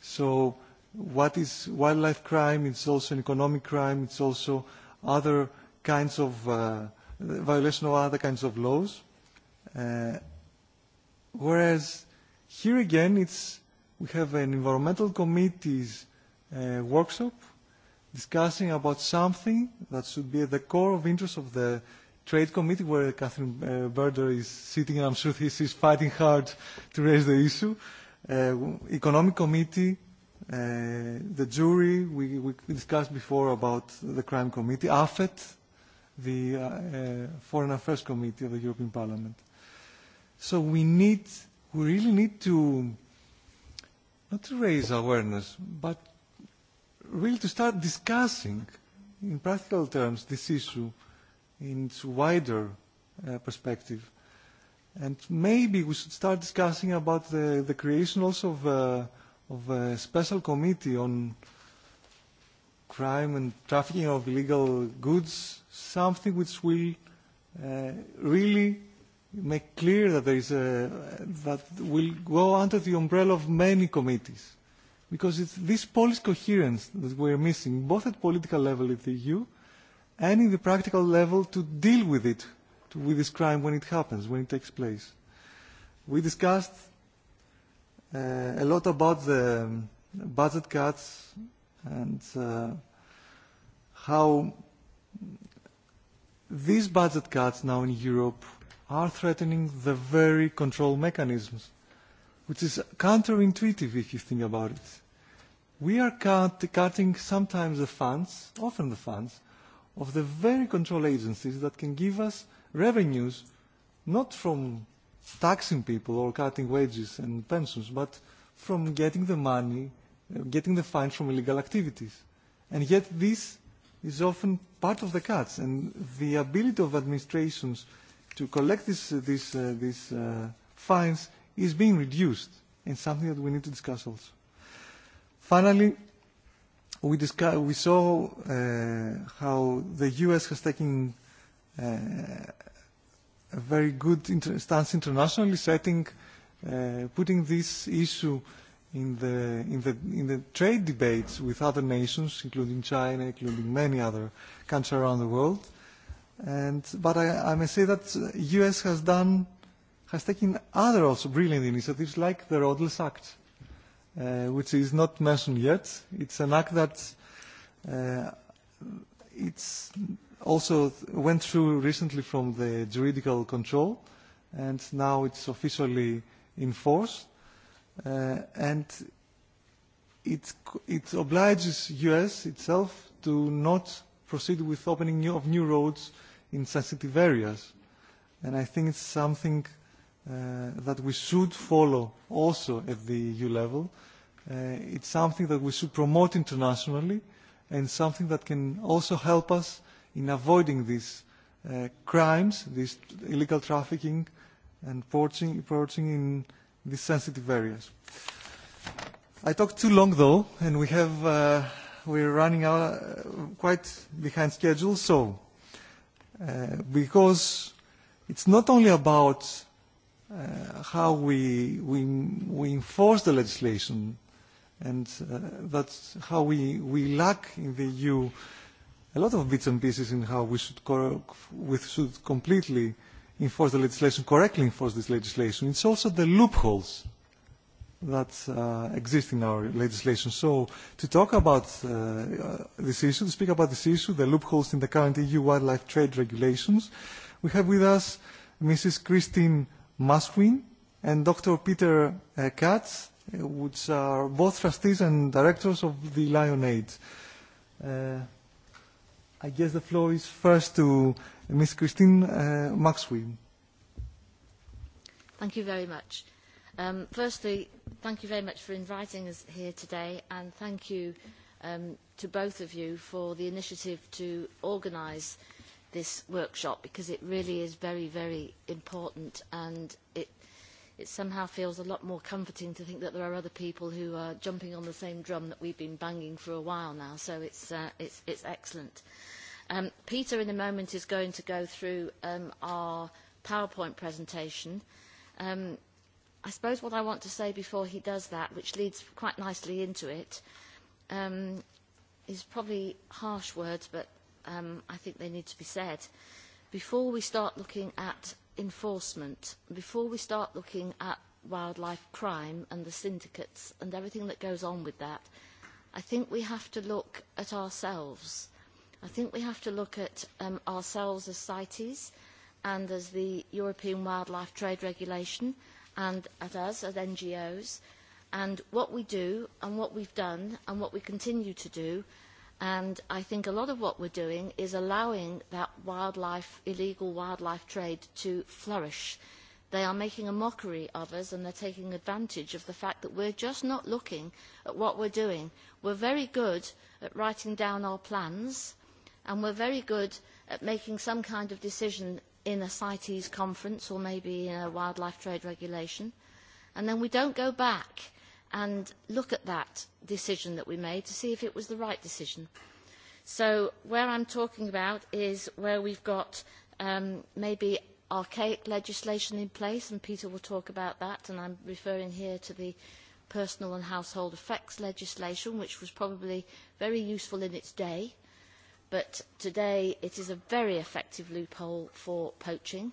S9: So what is wildlife crime, it's also an economic crime, it's also other kinds of uh, violation of other kinds of laws. Uh, whereas here again, it's, we have an environmental committees uh, workshop discussing about something that should be at the core of interest of the Trade Committee, where Catherine uh, Berder is sitting, and I'm sure he is fighting hard to raise the issue. Uh, economic Committee, uh, the jury, we, we discussed before about the Crime Committee, AFET, the uh, uh, Foreign Affairs Committee of the European Parliament. So we need, we really need to, not to raise awareness, but really to start discussing in practical terms this issue in its wider uh, perspective. And maybe we should start discussing about the, the creation also of, uh, of a special committee on crime and trafficking of illegal goods, something which will uh, really make clear that there is a, that will go under the umbrella of many committees because it's this policy coherence that we're missing, both at political level at the EU and in the practical level to deal with it, to, with this crime when it happens, when it takes place. We discussed uh, a lot about the budget cuts and uh, how these budget cuts now in Europe are threatening the very control mechanisms which is counterintuitive if you think about it. We are cut, cutting sometimes the funds, often the funds, of the very control agencies that can give us revenues, not from taxing people or cutting wages and pensions, but from getting the money, getting the fines from illegal activities. And yet this is often part of the cuts, and the ability of administrations to collect this, this, uh, these uh, fines is being reduced and something that we need to discuss also. Finally, we, discuss, we saw uh, how the U.S. has taken uh, a very good inter- stance internationally, setting, uh, putting this issue in the, in, the, in the trade debates with other nations, including China, including many other countries around the world. And, but I, I may say that the U.S. has done has taken other also brilliant initiatives like the Roadless Act, uh, which is not mentioned yet. It's an act that uh, it's also went through recently from the juridical control, and now it's officially in force. Uh, and it, it obliges U.S. itself to not proceed with opening new, of new roads in sensitive areas. And I think it's something that we should follow also at the EU level. Uh, it's something that we should promote internationally and something that can also help us in avoiding these uh, crimes, this illegal trafficking and poaching, poaching in these sensitive areas. I talked too long though, and we have, uh, we're running out, uh, quite behind schedule, so uh, because it's not only about uh, how we, we, we enforce the legislation and uh, that's how we, we lack in the EU a lot of bits and pieces in how we should, cor we should completely enforce the legislation, correctly enforce this legislation. It's also the loopholes that uh, exist in our legislation. So to talk about uh, this issue, to speak about this issue, the loopholes in the current EU wildlife trade regulations, we have with us Mrs. Christine Maswin and Dr. Peter uh, Katz, which are both trustees and directors of the Lion Aid. Uh, I guess the floor is first to Ms. Christine uh, Maxwin.
S10: Thank you very much. Um, firstly, thank you very much for inviting us here today, and thank you um, to both of you for the initiative to organize uh, this workshop because it really is very, very important and it, it somehow feels a lot more comforting to think that there are other people who are jumping on the same drum that we've been banging for a while now. So it's, uh, it's, it's excellent. Um, Peter in a moment is going to go through um, our PowerPoint presentation. Um, I suppose what I want to say before he does that, which leads quite nicely into it, um, is probably harsh words, but um, I think they need to be said. Before we start looking at enforcement, before we start looking at wildlife crime and the syndicates and everything that goes on with that, I think we have to look at ourselves. I think we have to look at um, ourselves as CITES and as the European Wildlife Trade Regulation and at us, as NGOs, and what we do and what we've done and what we continue to do And I think a lot of what we're doing is allowing that wildlife, illegal wildlife trade to flourish. They are making a mockery of us and they're taking advantage of the fact that we're just not looking at what we're doing. We're very good at writing down our plans and we're very good at making some kind of decision in a CITES conference or maybe in a wildlife trade regulation. And then we don't go back and look at that decision that we made to see if it was the right decision. So where I'm talking about is where we've got um, maybe archaic legislation in place, and Peter will talk about that, and I'm referring here to the personal and household effects legislation, which was probably very useful in its day, but today it is a very effective loophole for poaching.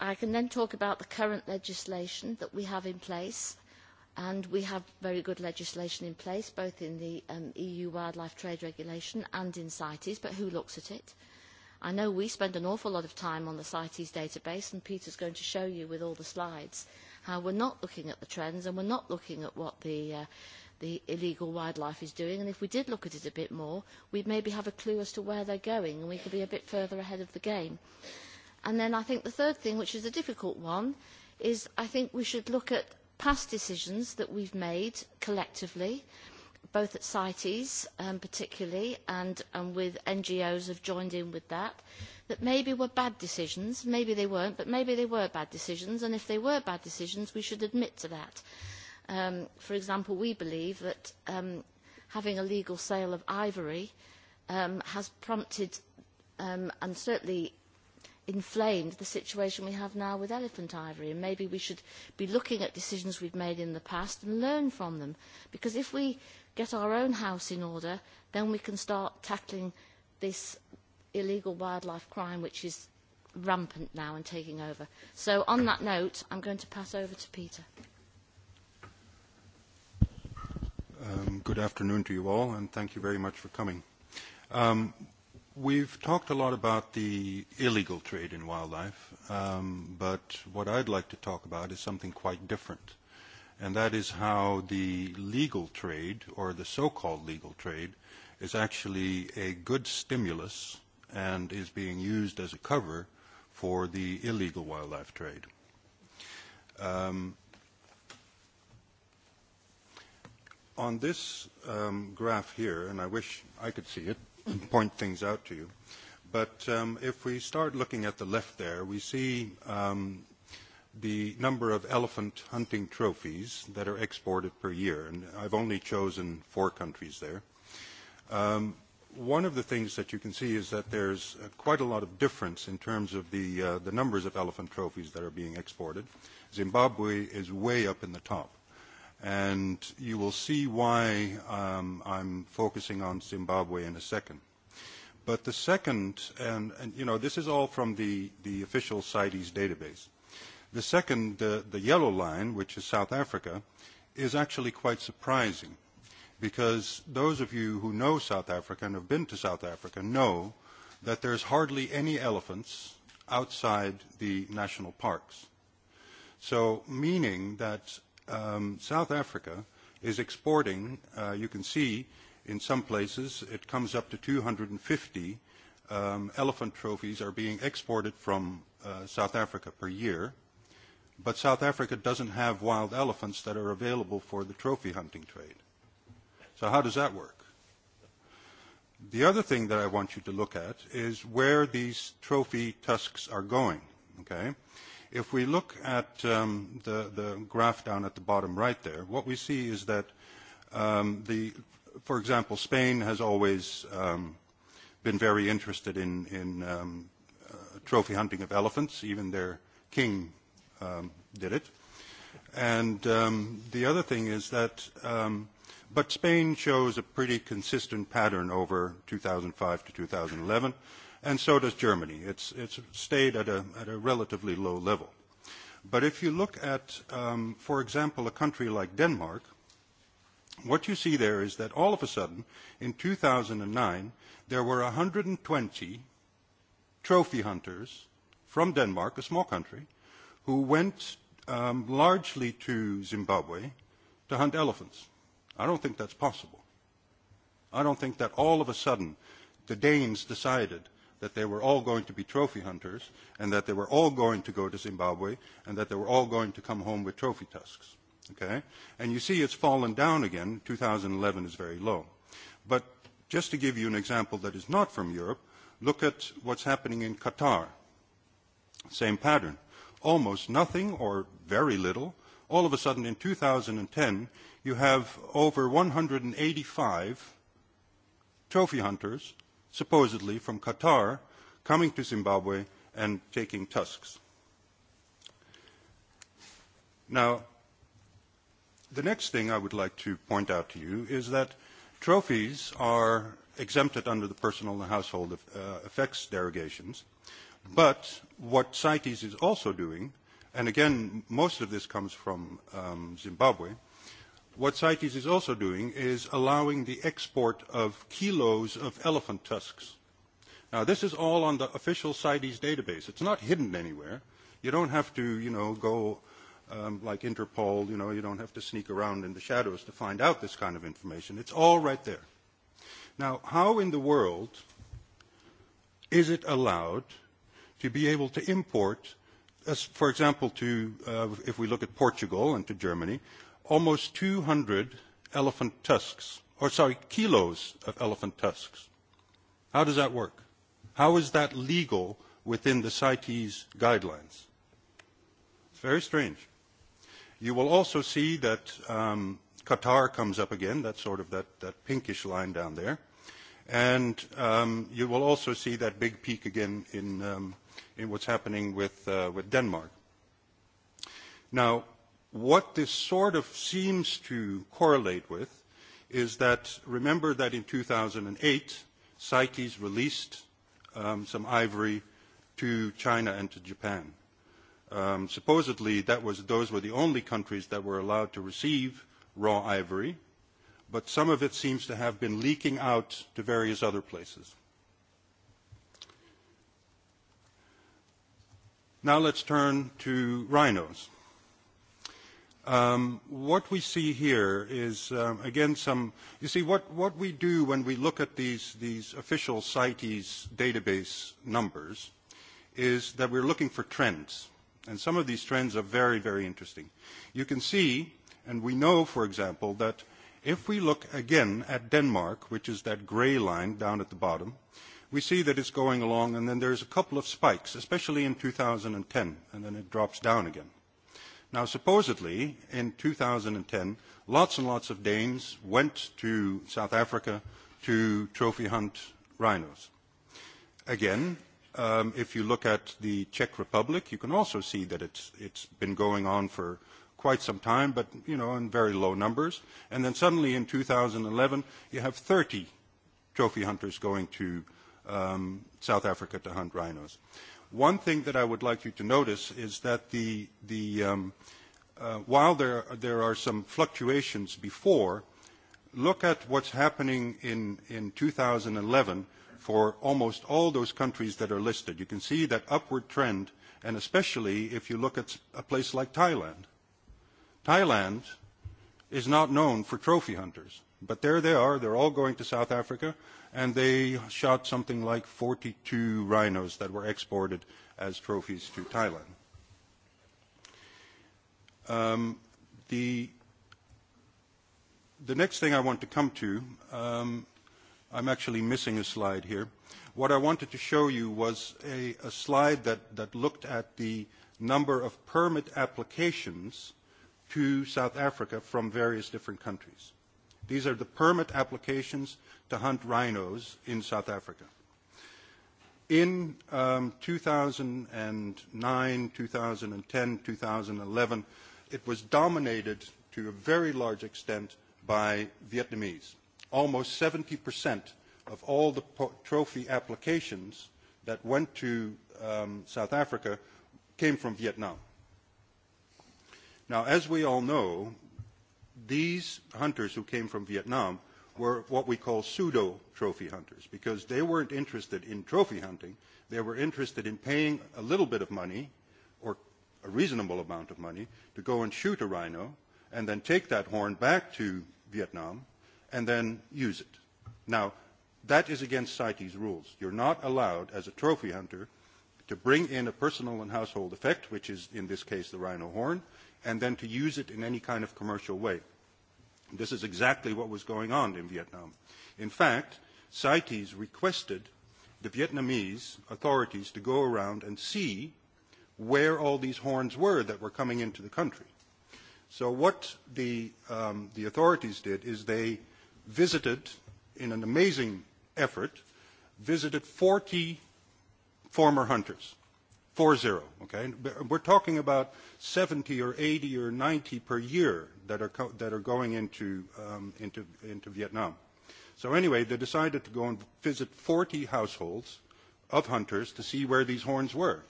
S10: I can then talk about the current legislation that we have in place, and we have very good legislation in place, both in the um, EU Wildlife Trade Regulation and in CITES, but who looks at it? I know we spend an awful lot of time on the CITES database, and Peter's going to show you with all the slides how we're not looking at the trends and we're not looking at what the, uh, the illegal wildlife is doing. And if we did look at it a bit more, we'd maybe have a clue as to where they're going and we could be a bit further ahead of the game. And then I think the third thing, which is a difficult one, is I think we should look at past decisions that we've made collectively, both at CITES particularly and, with NGOs have joined in with that, that maybe were bad decisions, maybe they weren't, but maybe they were bad decisions, and if they were bad decisions, we should admit to that. for example, we believe that having a legal sale of ivory has prompted and certainly inflamed the situation we have now with elephant ivory. And maybe we should be looking at decisions we've made in the past and learn from them. Because if we get our own house in order, then we can start tackling this illegal wildlife crime, which is rampant now and taking over. So on that note, I'm going to pass over to Peter.
S11: Um, good afternoon to you all, and thank you very much for coming. Um, We've talked a lot about the illegal trade in wildlife, um, but what I'd like to talk about is something quite different, and that is how the legal trade, or the so-called legal trade, is actually a good stimulus and is being used as a cover for the illegal wildlife trade. Um, on this um, graph here, and I wish I could see it, point things out to you. But um, if we start looking at the left there, we see um, the number of elephant hunting trophies that are exported per year, and I've only chosen four countries there. Um, one of the things that you can see is that there's quite a lot of difference in terms of the, uh, the numbers of elephant trophies that are being exported. Zimbabwe is way up in the top and you will see why um, I'm focusing on Zimbabwe in a second. But the second, and, and you know, this is all from the, the official CITES database. The second, the, the yellow line, which is South Africa, is actually quite surprising because those of you who know South Africa and have been to South Africa know that there's hardly any elephants outside the national parks. So meaning that um, South Africa is exporting, uh, you can see in some places it comes up to 250 um, elephant trophies are being exported from uh, South Africa per year. But South Africa doesn't have wild elephants that are available for the trophy hunting trade. So how does that work? The other thing that I want you to look at is where these trophy tusks are going. Okay? If we look at the graph down at the bottom right there, what we see is that, for example, Spain has always been very interested in trophy hunting of elephants. Even their king did it. And the other thing is that, but Spain shows a pretty consistent pattern over 2005 to 2011, and so does Germany. It's, it's stayed at a, at a relatively low level. But if you look at, um, for example, a country like Denmark, what you see there is that all of a sudden, in 2009, there were 120 trophy hunters from Denmark, a small country, who went um, largely to Zimbabwe to hunt elephants. I don't think that's possible. I don't think that all of a sudden the Danes decided that they were all going to be trophy hunters and that they were all going to go to Zimbabwe and that they were all going to come home with trophy tusks. Okay? And you see it's fallen down again. 2011 is very low. But just to give you an example that is not from Europe, look at what's happening in Qatar. Same pattern. Almost nothing or very little. All of a sudden in 2010, you have over 185 trophy hunters supposedly from Qatar, coming to Zimbabwe and taking tusks. Now, the next thing I would like to point out to you is that trophies are exempted under the personal and household effects derogations. But what CITES is also doing, and again, most of this comes from um, Zimbabwe, What CITES is also doing is allowing the export of kilos of elephant tusks. Now, this is all on the official CITES database. It's not hidden anywhere. You don't have to, you know, go um, like Interpol, you know, you don't have to sneak around in the shadows to find out this kind of information. It's all right there. Now, how in the world is it allowed to be able to import, as, for example, to, uh, if we look at Portugal and to Germany, almost 200 elephant tusks, or sorry, kilos of elephant tusks. How does that work? How is that legal within the CITES guidelines? It's very strange. You will also see that um, Qatar comes up again, that sort of that, that pinkish line down there. And um, you will also see that big peak again in, um, in what's happening with, uh, with Denmark. Now, What this sort of seems to correlate with is that, remember that in 2008, CITES released um, some ivory to China and to Japan. Um, supposedly, that was, those were the only countries that were allowed to receive raw ivory, but some of it seems to have been leaking out to various other places. Now let's turn to rhinos. Um, what we see here is, um, again, some, you see, what, what we do when we look at these, these official CITES database numbers is that we're looking for trends. And some of these trends are very, very interesting. You can see, and we know, for example, that if we look again at Denmark, which is that gray line down at the bottom, we see that it's going along, and then there's a couple of spikes, especially in 2010, and then it drops down again. Now, supposedly, in 2010, lots and lots of Danes went to South Africa to trophy hunt rhinos. Again, um, if you look at the Czech Republic, you can also see that it's, it's been going on for quite some time, but you know, in very low numbers. And then suddenly in 2011, you have 30 trophy hunters going to um, South Africa to hunt rhinos. One thing that I would like you to notice is that the, the, um, uh, while there, there are some fluctuations before, look at what's happening in, in 2011 for almost all those countries that are listed. You can see that upward trend, and especially if you look at a place like Thailand. Thailand is not known for trophy hunters. But there they are. They're all going to South Africa, and they shot something like 42 rhinos that were exported as trophies to Thailand. Um, the the next thing I want to come to, um, I'm actually missing a slide here. What I wanted to show you was a, a slide that, that looked at the number of permit applications to South Africa from various different countries. These are the permit applications to hunt rhinos in South Africa. In um, 2009, 2010, 2011, it was dominated to a very large extent by Vietnamese. Almost 70% of all the trophy applications that went to um, South Africa came from Vietnam. Now, as we all know, these hunters who came from Vietnam were what we call pseudo trophy hunters because they weren't interested in trophy hunting. They were interested in paying a little bit of money or a reasonable amount of money to go and shoot a rhino and then take that horn back to Vietnam and then use it. Now, that is against CITES rules. You're not allowed as a trophy hunter to bring in a personal and household effect, which is in this case the rhino horn, and then to use it in any kind of commercial way. This is exactly what was going on in Vietnam. In fact, CITES requested the Vietnamese authorities to go around and see where all these horns were that were coming into the country. So what the, um, the authorities did is they visited, in an amazing effort, visited 40 former hunters Four zero. Okay, we're talking about 70 or 80 or 90 per year that are co- that are going into um, into into Vietnam. So anyway, they decided to go and visit 40 households of hunters to see where these horns were,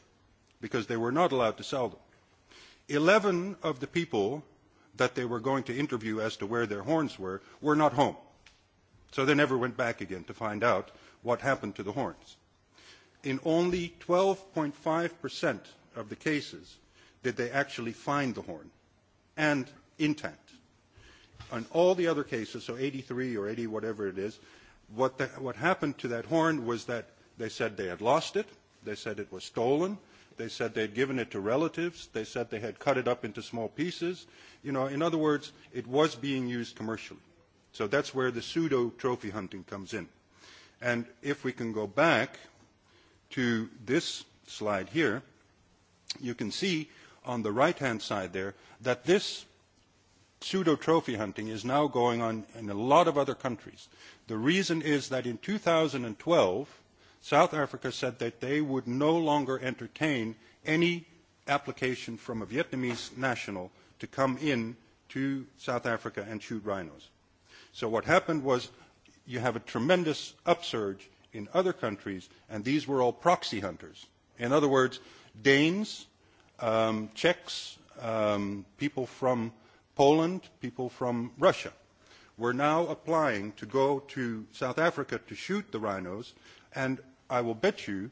S11: because they were not allowed to sell them. Eleven of the people that they were going to interview as to where their horns were were not home, so they never went back again to find out what happened to the horns in only 12.5% of the cases did they actually find the horn and intact. On all the other cases, so 83 or 80, whatever it is, what, the, what happened to that horn was that they said they had lost it, they said it was stolen, they said they had given it to relatives, they said they had cut it up into small pieces. You know, in other words, it was being used commercially. So that's where the pseudo trophy hunting comes in. And if we can go back to this slide here, you can see on the right-hand side there that this pseudo-trophy hunting is now going on in a lot of other countries. The reason is that in 2012, South Africa said that they would no longer entertain any application from a Vietnamese national to come in to South Africa and shoot rhinos. So what happened was you have a tremendous upsurge in other countries, and these were all proxy hunters. In other words, Danes, um, Czechs, um, people from Poland, people from Russia were now applying to go to South Africa to shoot the rhinos, and I will bet you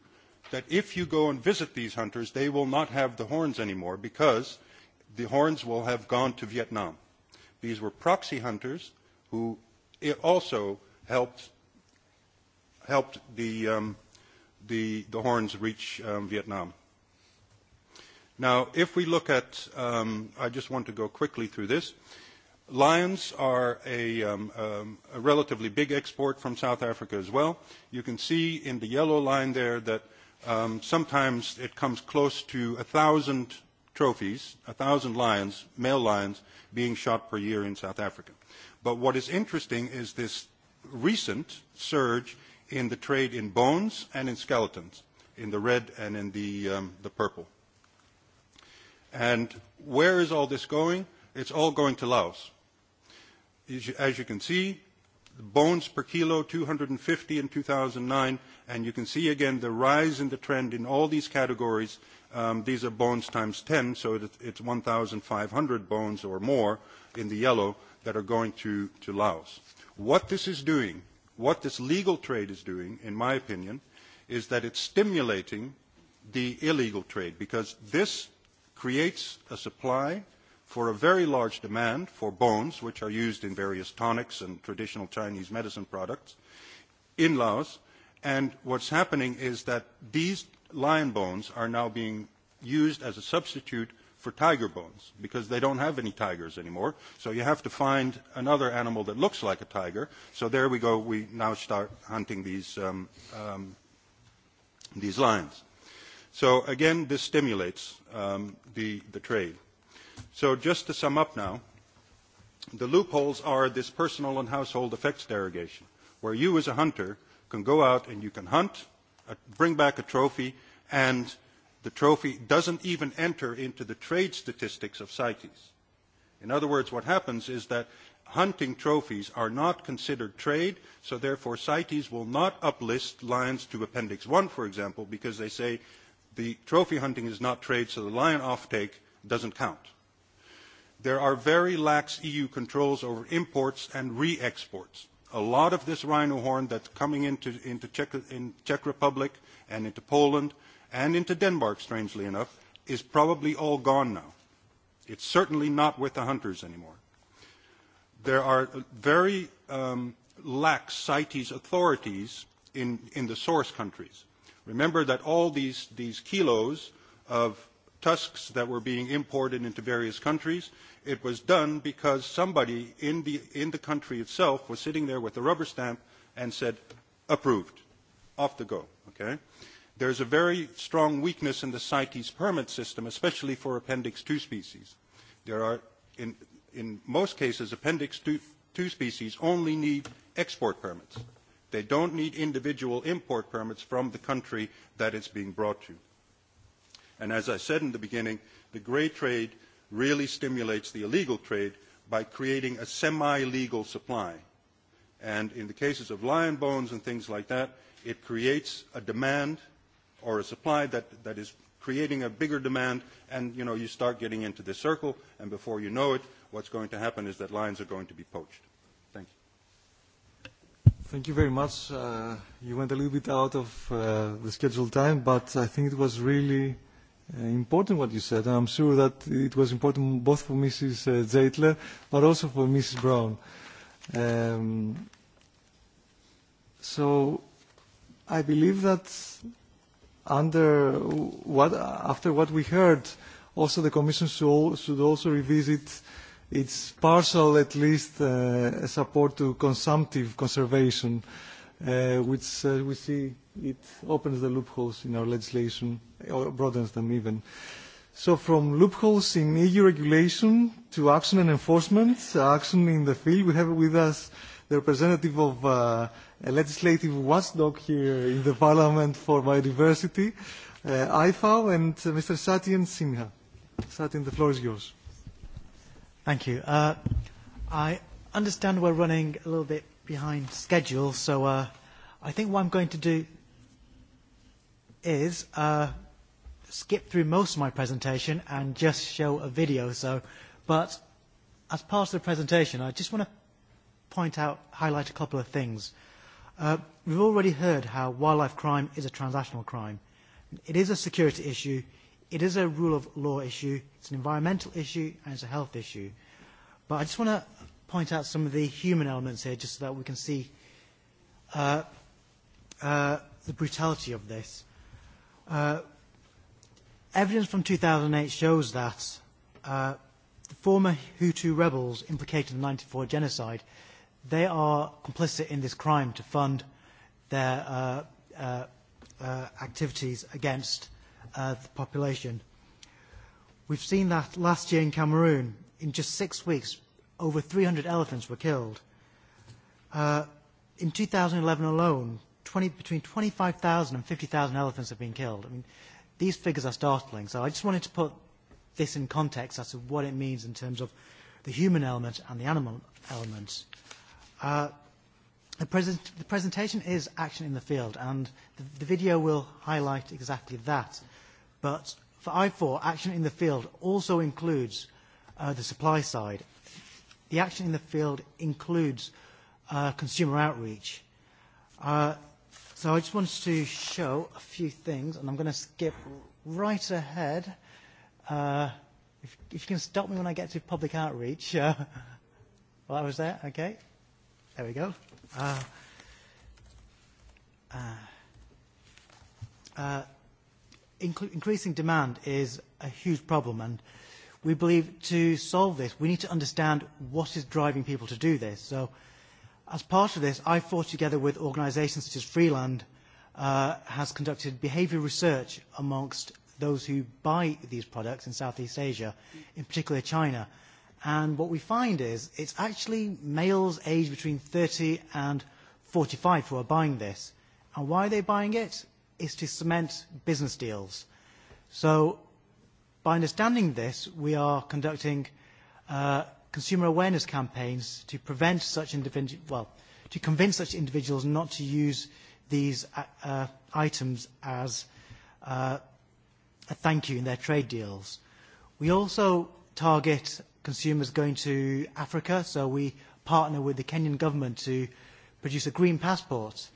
S11: that if you go and visit these hunters, they will not have the horns anymore because the horns will have gone to Vietnam. These were proxy hunters who also helped helped the, um, the, the horns reach um, Vietnam. Now, if we look at, um, I just want to go quickly through this. Lions are a, um, um, a relatively big export from South Africa as well. You can see in the yellow line there that um, sometimes it comes close to 1,000 trophies, 1,000 lions, male lions, being shot per year in South Africa. But what is interesting is this recent surge in the trade in bones and in skeletons, in the red and in the, um, the purple. And where is all this going? It's all going to Laos. As you, as you can see, bones per kilo, 250 in 2009, and you can see again the rise in the trend in all these categories. Um, these are bones times 10, so it, it's 1,500 bones or more in the yellow that are going to, to Laos. What this is doing What this legal trade is doing, in my opinion, is that it's stimulating the illegal trade because this creates a supply for a very large demand for bones, which are used in various tonics and traditional Chinese medicine products in Laos. And what's happening is that these lion bones are now being used as a substitute for tiger bones because they don't have any tigers anymore. So you have to find another animal that looks like a tiger. So there we go. We now start hunting these, um, um, these lions. So again, this stimulates um, the, the trade. So just to sum up now, the loopholes are this personal and household effects derogation, where you as a hunter can go out and you can hunt, uh, bring back a trophy, and – The trophy doesn't even enter into the trade statistics of CITES. In other words, what happens is that hunting trophies are not considered trade, so therefore CITES will not uplist lions to Appendix 1, for example, because they say the trophy hunting is not trade, so the lion offtake doesn't count. There are very lax EU controls over imports and re-exports. A lot of this rhino horn that's coming into, into Czech, in Czech Republic and into Poland – and into Denmark, strangely enough, is probably all gone now. It's certainly not with the hunters anymore. There are very um, lax CITES authorities in, in the source countries. Remember that all these, these kilos of tusks that were being imported into various countries, it was done because somebody in the, in the country itself was sitting there with a rubber stamp and said, approved, off the go, okay? There is a very strong weakness in the CITES permit system, especially for Appendix 2 species. There are, in, in most cases, Appendix 2, 2 species only need export permits. They don't need individual import permits from the country that it's being brought to. And as I said in the beginning, the grey trade really stimulates the illegal trade by creating a semi-legal supply. And in the cases of lion bones and things like that, it creates a demand – or a supply that, that is creating a bigger demand and you know you start getting into this circle and before you know it what's going to happen is that lines are going to be poached thank you
S9: thank you very much uh, you went a little bit out of uh, the scheduled time but i think it was really uh, important what you said and i'm sure that it was important both for mrs uh, zeitler but also for mrs brown um, so i believe that under what, after what we heard, also the Commission should also revisit its partial, at least, uh, support to consumptive conservation, uh, which uh, we see it opens the loopholes in our legislation, or broadens them even. So from loopholes in EU regulation to action and enforcement, action in the field, we have with us the representative of uh, a legislative watchdog here in the Parliament for biodiversity, uh, IFAO, and uh, Mr. Satyan Sinha. Satyan, the floor is yours.
S12: Thank you. Uh, I understand we're running a little bit behind schedule, so uh, I think what I'm going to do is uh, skip through most of my presentation and just show a video. So, but as part of the presentation, I just want to point out, highlight a couple of things. Uh, we've already heard how wildlife crime is a transnational crime. It is a security issue, it is a rule of law issue, it's an environmental issue, and it's a health issue. But I just want to point out some of the human elements here just so that we can see uh, uh, the brutality of this. Uh, evidence from 2008 shows that uh, the former Hutu rebels implicated in the 94 genocide they are complicit in this crime to fund their uh, uh, uh, activities against uh, the population. We've seen that last year in Cameroon, in just six weeks, over 300 elephants were killed. Uh, in 2011 alone, 20, between 25,000 and 50,000 elephants have been killed. I mean, these figures are startling. So I just wanted to put this in context as to what it means in terms of the human element and the animal element. Uh, the, present, the presentation is Action in the Field, and the, the video will highlight exactly that. But for I4, Action in the Field also includes uh, the supply side. The action in the field includes uh, consumer outreach. Uh, so I just wanted to show a few things, and I'm going to skip right ahead. Uh, if, if you can stop me when I get to public outreach. Uh, well, I was there, okay. There we go. Uh, uh, uh, inc- increasing demand is a huge problem, and we believe to solve this, we need to understand what is driving people to do this. So, as part of this, I fought together with organisations such as Freeland, uh, has conducted behaviour research amongst those who buy these products in Southeast Asia, in particular China And what we find is it's actually males aged between 30 and 45 who are buying this. And why are they buying it? It's to cement business deals. So by understanding this, we are conducting uh, consumer awareness campaigns to prevent such individuals well, to convince such individuals not to use these uh, items as uh, a thank you in their trade deals. We also target consumers going to Africa, so we partner with the Kenyan government to produce a green passport.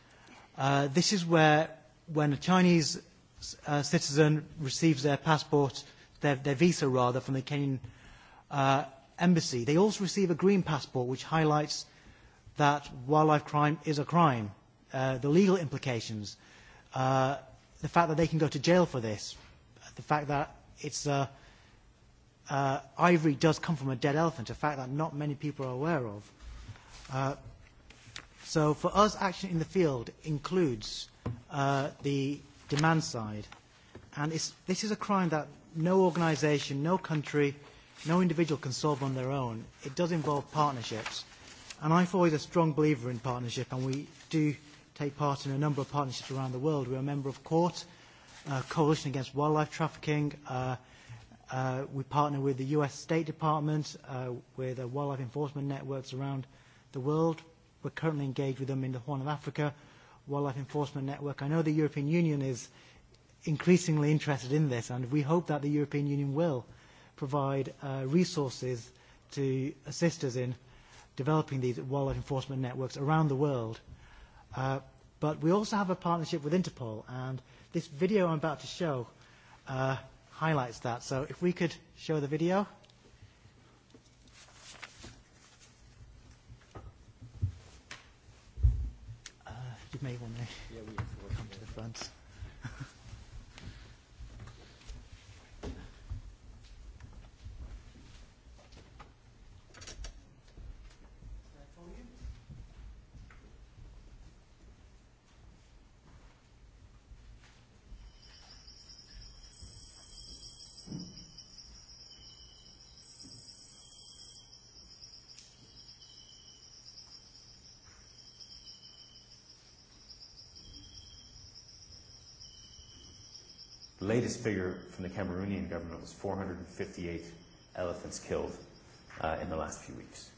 S12: Uh, this is where, when a Chinese uh, citizen receives their passport, their, their visa rather, from the Kenyan uh, embassy, they also receive a green passport which highlights that wildlife crime is a crime, uh, the legal implications, uh, the fact that they can go to jail for this, the fact that it's a uh, ivory does come from a dead elephant, a fact that not many people are aware of. Uh, so for us, action in the field includes uh, the demand side. And it's, this is a crime that no organisation, no country, no individual can solve on their own. It does involve partnerships. And I'm always a strong believer in partnership, and we do take part in a number of partnerships around the world. We're a member of COURT, uh, Coalition Against Wildlife Trafficking, uh, Uh, we partner with the US State Department, uh, with uh, wildlife enforcement networks around the world. We're currently engaged with them in the Horn of Africa Wildlife Enforcement Network. I know the European Union is increasingly interested in this, and we hope that the European Union will provide uh, resources to assist us in developing these wildlife enforcement networks around the world. Uh, but we also have a partnership with Interpol, and this video I'm about to show uh, highlights that. So if we could show the video. Uh, you may want to come to the front.
S1: latest figure from the Cameroonian government was 458 elephants killed uh, in the last few weeks.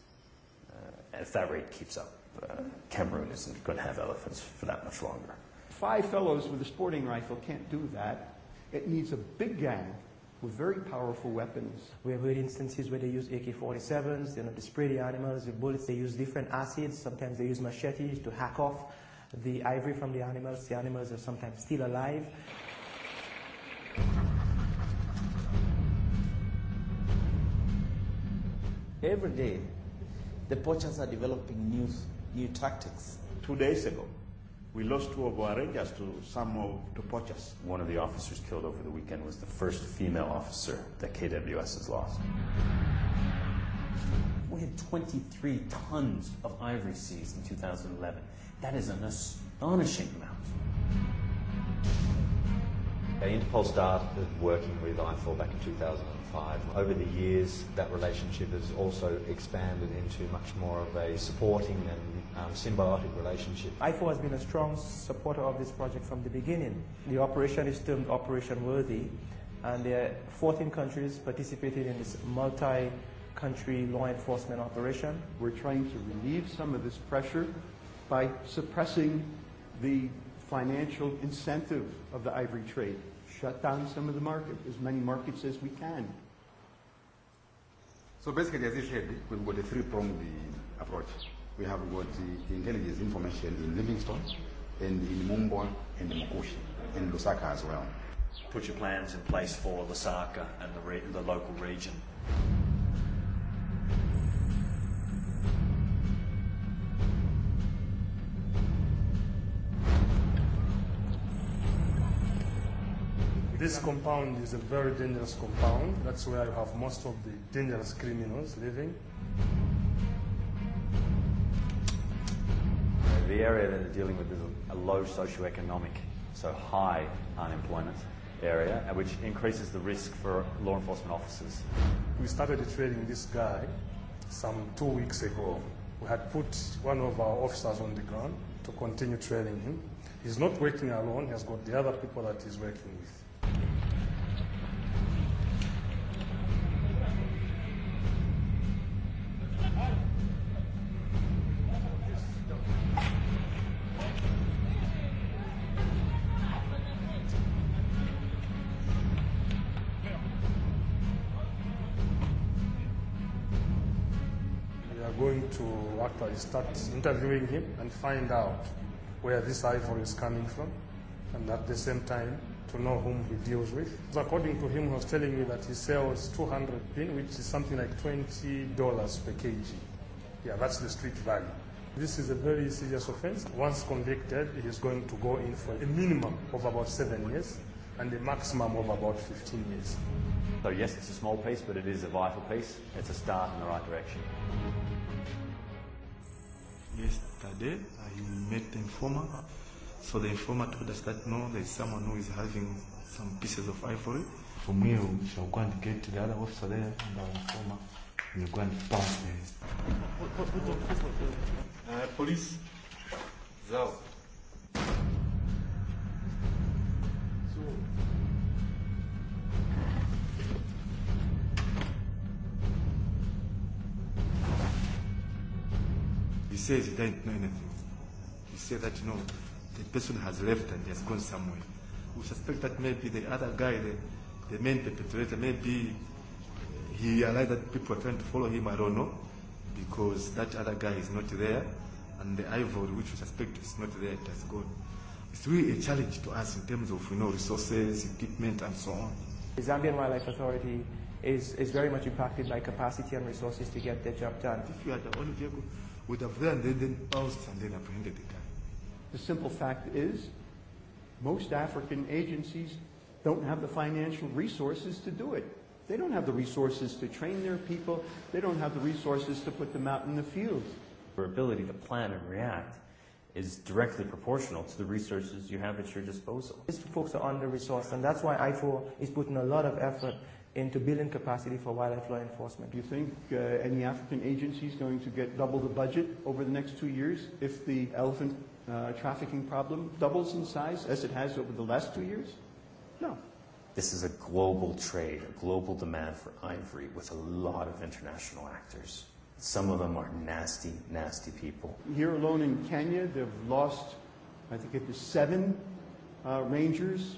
S1: Uh, and if that rate keeps up, uh, Cameroon isn't going to have elephants for that much longer.
S13: Five fellows with a sporting rifle can't do that. It needs a big gang with very powerful weapons. We have heard instances where they use AK-47s, you know, they spray the animals with bullets, they use different acids, sometimes they use machetes to
S12: hack off the ivory from the animals. The animals are sometimes still alive.
S2: Every day, the poachers are developing new, new tactics. Two days ago, we lost two of our rangers to some of the poachers. One of the officers killed over the weekend was the first female officer that KWS has lost.
S1: We had 23 tons of ivory seized in 2011.
S2: That is an astonishing amount.
S12: Interpol started working with IFOR back in 2005. Over the years, that relationship has also expanded into much more of a supporting and um, symbiotic
S13: relationship. IFOR has been a strong supporter of this project from the beginning. The operation is termed Operation Worthy, and there are 14 countries participating in this multi country law enforcement operation. We're trying to relieve some of this pressure by suppressing the financial incentive of the ivory trade shut down some of the market, as many markets as we can. So
S14: basically, as you said, we've got a three-pronged approach. We have got the intelligence information in Livingston, and in Mumbo, and in Mokushi, and Lusaka as well.
S12: Put your plans in place for Lusaka and the, re- the local region.
S9: This compound is a very dangerous compound. That's where you have most of the dangerous criminals living.
S1: The area that they're dealing with is a low socioeconomic, so high unemployment area, which increases the risk for law enforcement officers.
S9: We started training this guy some two weeks ago. We had put one of our officers on the ground to continue training him. He's not working alone, he has got the other people that he's working with. I start interviewing him and find out where this ivory is coming from, and at the same time, to know whom he deals with. So According to him, he was telling me that he sells 200 pin, which is something like $20 per kg. Yeah, that's the street value. This is a very serious offense. Once convicted, he is going to go in for a minimum of about seven years and a maximum of about 15 years.
S1: So yes, it's a small piece, but it is a vital piece. It's a start
S9: in the right direction yesterday. I met the informer. So the informer told us that no, there is someone who is having some pieces of ivory. From here, we shall go and get to the other officer there and our informer.
S12: We'll go and pass there.
S9: uh, police. Zao. says he doesn't know anything. He said that, you know, the person has left and he has gone somewhere. We suspect that maybe the other guy, the, the main perpetrator, maybe he realized that people are trying to follow him, I don't know, because that other guy is not there, and the ivory, which we suspect is not there, it has gone. It's really a challenge to us in terms of, you know, resources, equipment, and so on.
S13: The Zambian Wildlife Authority is, is very much impacted by capacity and resources to get their job done. If you are the only vehicle, would have then, they
S9: then ousted and then apprehended the
S13: guy. The simple fact is, most African agencies don't have the financial resources to do it. They don't have the resources to train their people. They don't have the resources to put them out in the field. Your ability to plan and react is directly proportional to the resources you have at your disposal. These folks are under-resourced, and that's why IFO is putting a lot of effort into building capacity for wildlife law enforcement. Do you think uh, any African agency is going to get double the budget over the next two years if the elephant uh, trafficking problem doubles in size as it has over the last two years?
S1: No. This is a global trade, a global demand for ivory with a lot of international actors. Some of them are nasty, nasty people.
S13: Here alone in Kenya, they've lost, I think it was seven uh, rangers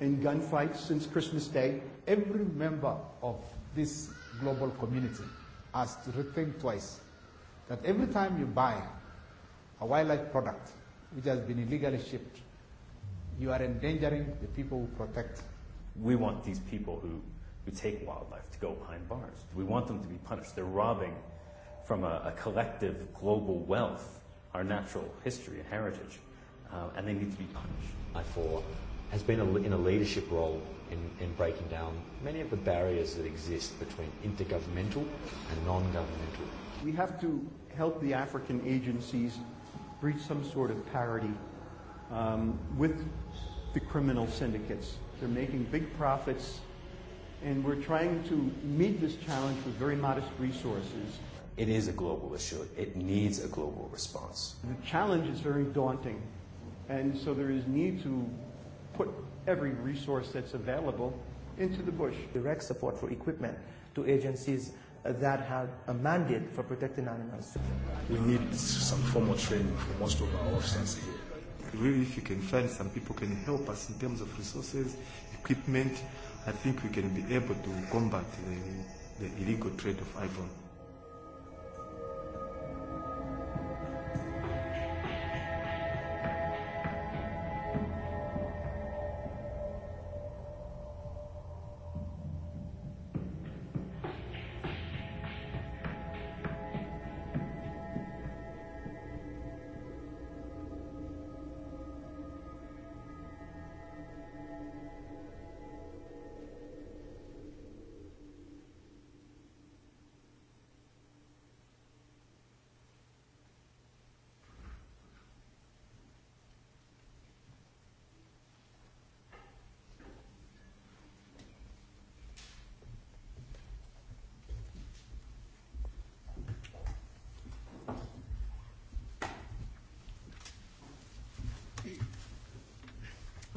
S13: in gunfights since Christmas Day every member of this global community has to rethink twice that every time you buy a wildlife product which has been illegally shipped, you are endangering the people who protect.
S1: We want these people who, who take wildlife to go behind bars. We want them to be punished. They're robbing from a, a collective global wealth our natural history and heritage, uh, and they need to be punished. I4 has been a, in a leadership role in, in breaking down many of the barriers that exist between intergovernmental and non-governmental.
S13: We have to help the African agencies reach some sort of parity um, with the criminal syndicates. They're making big profits, and we're trying to meet this challenge with very modest resources.
S1: It is a global issue. It needs a global response.
S13: The challenge is very daunting, and so there is need to put every resource that's available into the bush. Direct support for equipment to agencies that had a mandate for protecting animals.
S9: We need some formal training for most of our officers here. Really, if you can find some people can help us in terms of resources, equipment, I think we can be able to combat the, the illegal trade of ivory.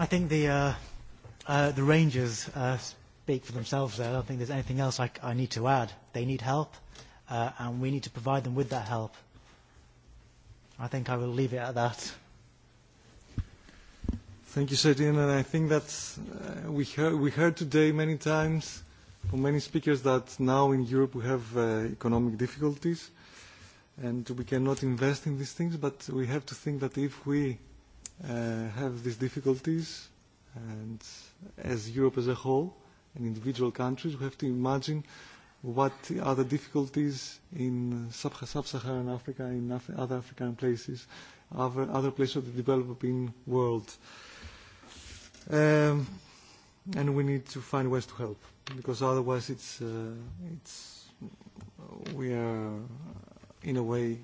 S12: I think the, uh, uh, the Rangers uh, speak for themselves there. I don't think there's anything else I, I need to add. They need help, uh, and we need to provide them with that help. I think I will leave it at that.
S9: Thank you, Sergin. And I think that uh, we, heard, we heard today many times from many speakers that now in Europe we have uh, economic difficulties and we cannot invest in these things, but we have to think that if we uh, have these difficulties, and as Europe as a whole and individual countries, we have to imagine what are the difficulties in sub-Saharan Africa, in Af other African places, other, other places of the developing world. Um, and we need to find ways to help, because otherwise it's, uh, it's, we are, in a way,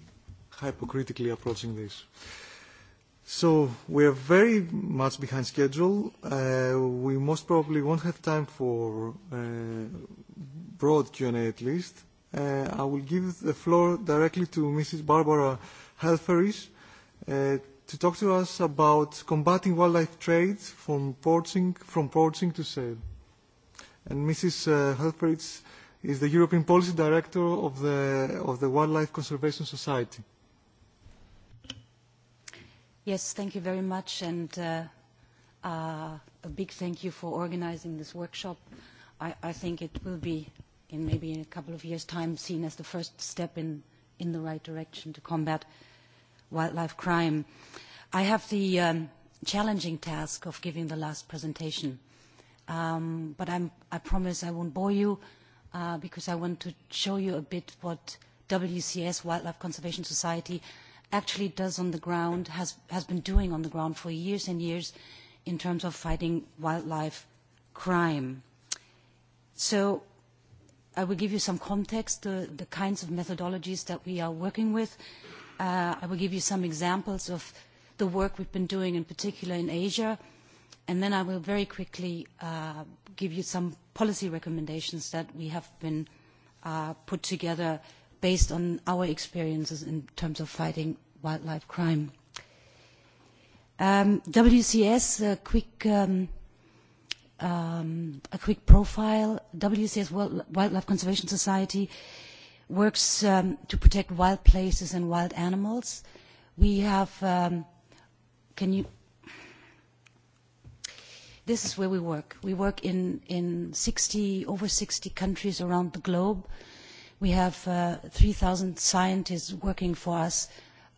S9: hypocritically approaching this. Uh, So we are very much behind schedule. Uh, we most probably won't have time for uh, broad Q&A at least. Uh, I will give the floor directly to Mrs. Barbara Helferis uh, to talk to us about combating wildlife trade from poaching, from poaching to sale. And Mrs. Uh, is the European Policy Director of the, of the Wildlife Conservation Society.
S14: Yes, thank you very much, and uh, uh, a big thank you for organizing this workshop. I, I think it will be, in maybe in a couple of years' time, seen as the first step in, in the right direction to combat wildlife crime. I have the um, challenging task of giving the last presentation, um, but I'm, I promise I won't bore you uh, because I want to show you a bit what WCS, Wildlife Conservation Society, actually does on the ground, has, has been doing on the ground for years and years in terms of fighting wildlife crime. So I will give you some context, the, the kinds of methodologies that we are working with. Uh, I will give you some examples of the work we've been doing, in particular in Asia, and then I will very quickly uh, give you some policy recommendations that we have been uh, put together uh, based on our experiences in terms of fighting wildlife crime. Um, WCS, a quick, um, um, a quick profile. WCS, World Wildlife Conservation Society, works um, to protect wild places and wild animals. We have, um, can you, this is where we work. We work in, in 60, over 60 countries around the globe. We have uh, 3,000 scientists working for us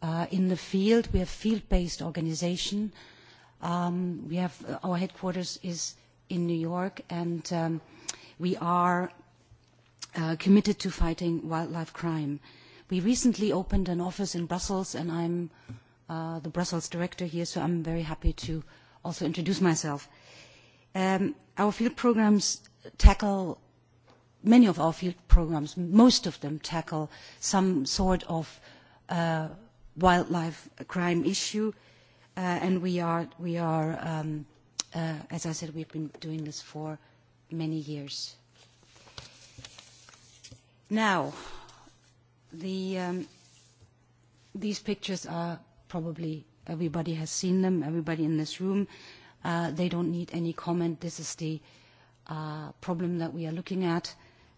S14: uh, in the field. We have field-based organization. Um, we have uh, our headquarters is in New York, and um, we are uh, committed to fighting wildlife crime. We recently opened an office in Brussels, and I'm uh, the Brussels director here, so I'm very happy to also introduce myself. Um, our field programs tackle many of our field programmes, most of them tackle some sort of uh, wildlife crime issue, uh, and we are, we are um, uh, as I said, we've been doing this for many years. Now, the, um, these pictures are probably everybody has seen them, everybody in this room. Uh, they don't need any comment. This is the uh, problem that we are looking at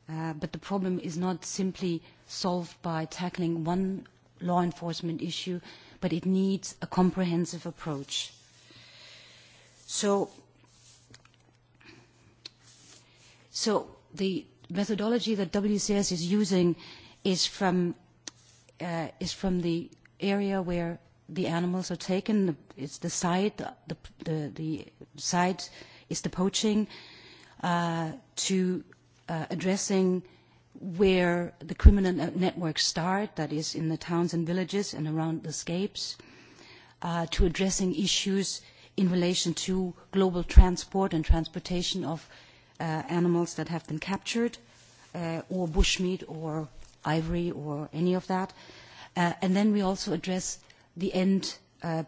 S14: but the problem is not simply solved by tackling one law enforcement issue, but it needs a comprehensive approach. So, so the methodology that WCS is using is from, uh, is from the area where the animals are taken. It's the site, the, the, the site is the poaching uh, to addressing where the criminal networks start, that is in the towns and villages and around the scapes, to addressing issues in relation to global transport and transportation of animals that have been captured, or bushmeat or ivory or any of that. and then we also address the end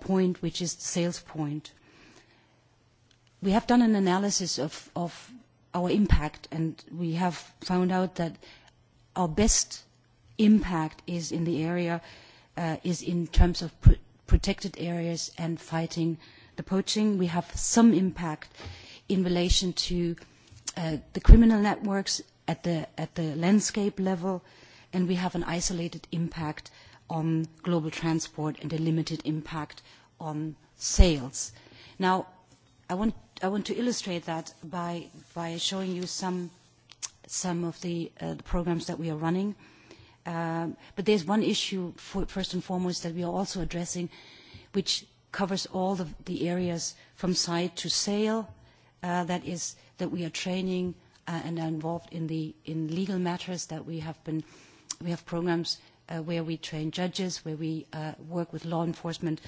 S14: point, which is the sales point. We have done an analysis of, of our impact, and we have found out that our best impact is in the area uh, is in terms of pr protected areas and fighting the poaching. We have some impact in relation to uh, the criminal networks at the at the landscape level, and we have an isolated impact on global transport and a limited impact on sales. Now, I want I want to illustrate that by, by showing you some, some of the, uh, the programs that we are running. Um, but there's one issue, for, first and foremost, that we are also addressing, which covers all the, the areas from site to sale, uh, that is, that we are training uh, and are involved in, the, in legal matters that we have been, we have programs uh, where we train judges, where we uh, work with law enforcement,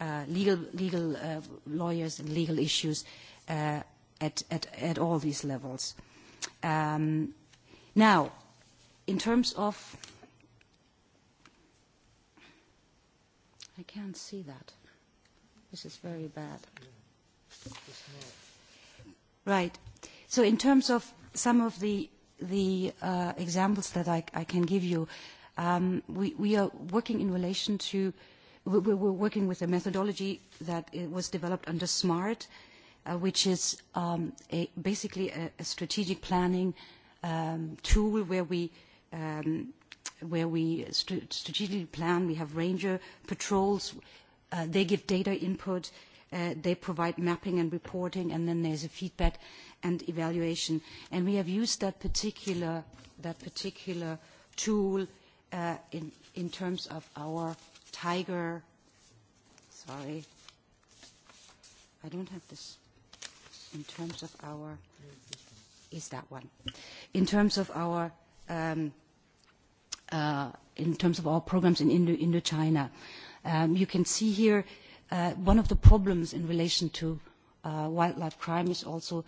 S14: uh, legal, legal uh, lawyers and legal issues, uh, uh, at, at, at all these levels. Um, now, in terms of, I can't see that. This is very bad. Right. So in terms of some of the, the uh, examples that I, I can give you, um, we, we are working in relation to, we're working with a methodology that it was developed under SMART, which is basically a, strategic planning tool where we where we strategically plan. We have ranger patrols. they give data input. they provide mapping and reporting, and then there's a feedback and evaluation. And we have used that particular that particular tool in in terms of our tiger. Sorry, I don't have this in terms of our is that one in terms of our um, uh, in terms of our programs in Indo Indochina. Um, you can see here uh, one of the problems in relation to uh, wildlife crime is also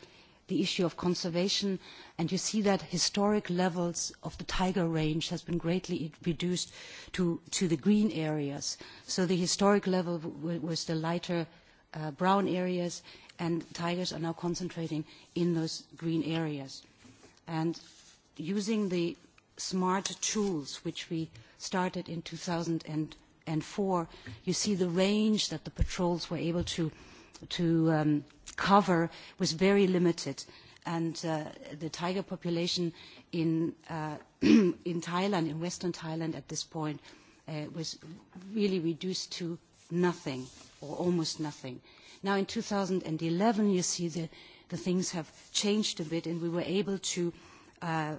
S14: the issue of conservation, and you see that historic levels of the tiger range has been greatly reduced to, to the green areas. So the historic level w was the lighter uh, brown areas, and tigers are now concentrating in those green areas. And using the smart tools which we started in 2004, you see the range that the patrols were able to, to um, cover was very limited. And uh, the tiger population in, uh, in Thailand, in western Thailand at this point, uh, was really reduced to nothing or almost nothing Now in 2011, you see the, the things have changed a bit and we were able to uh,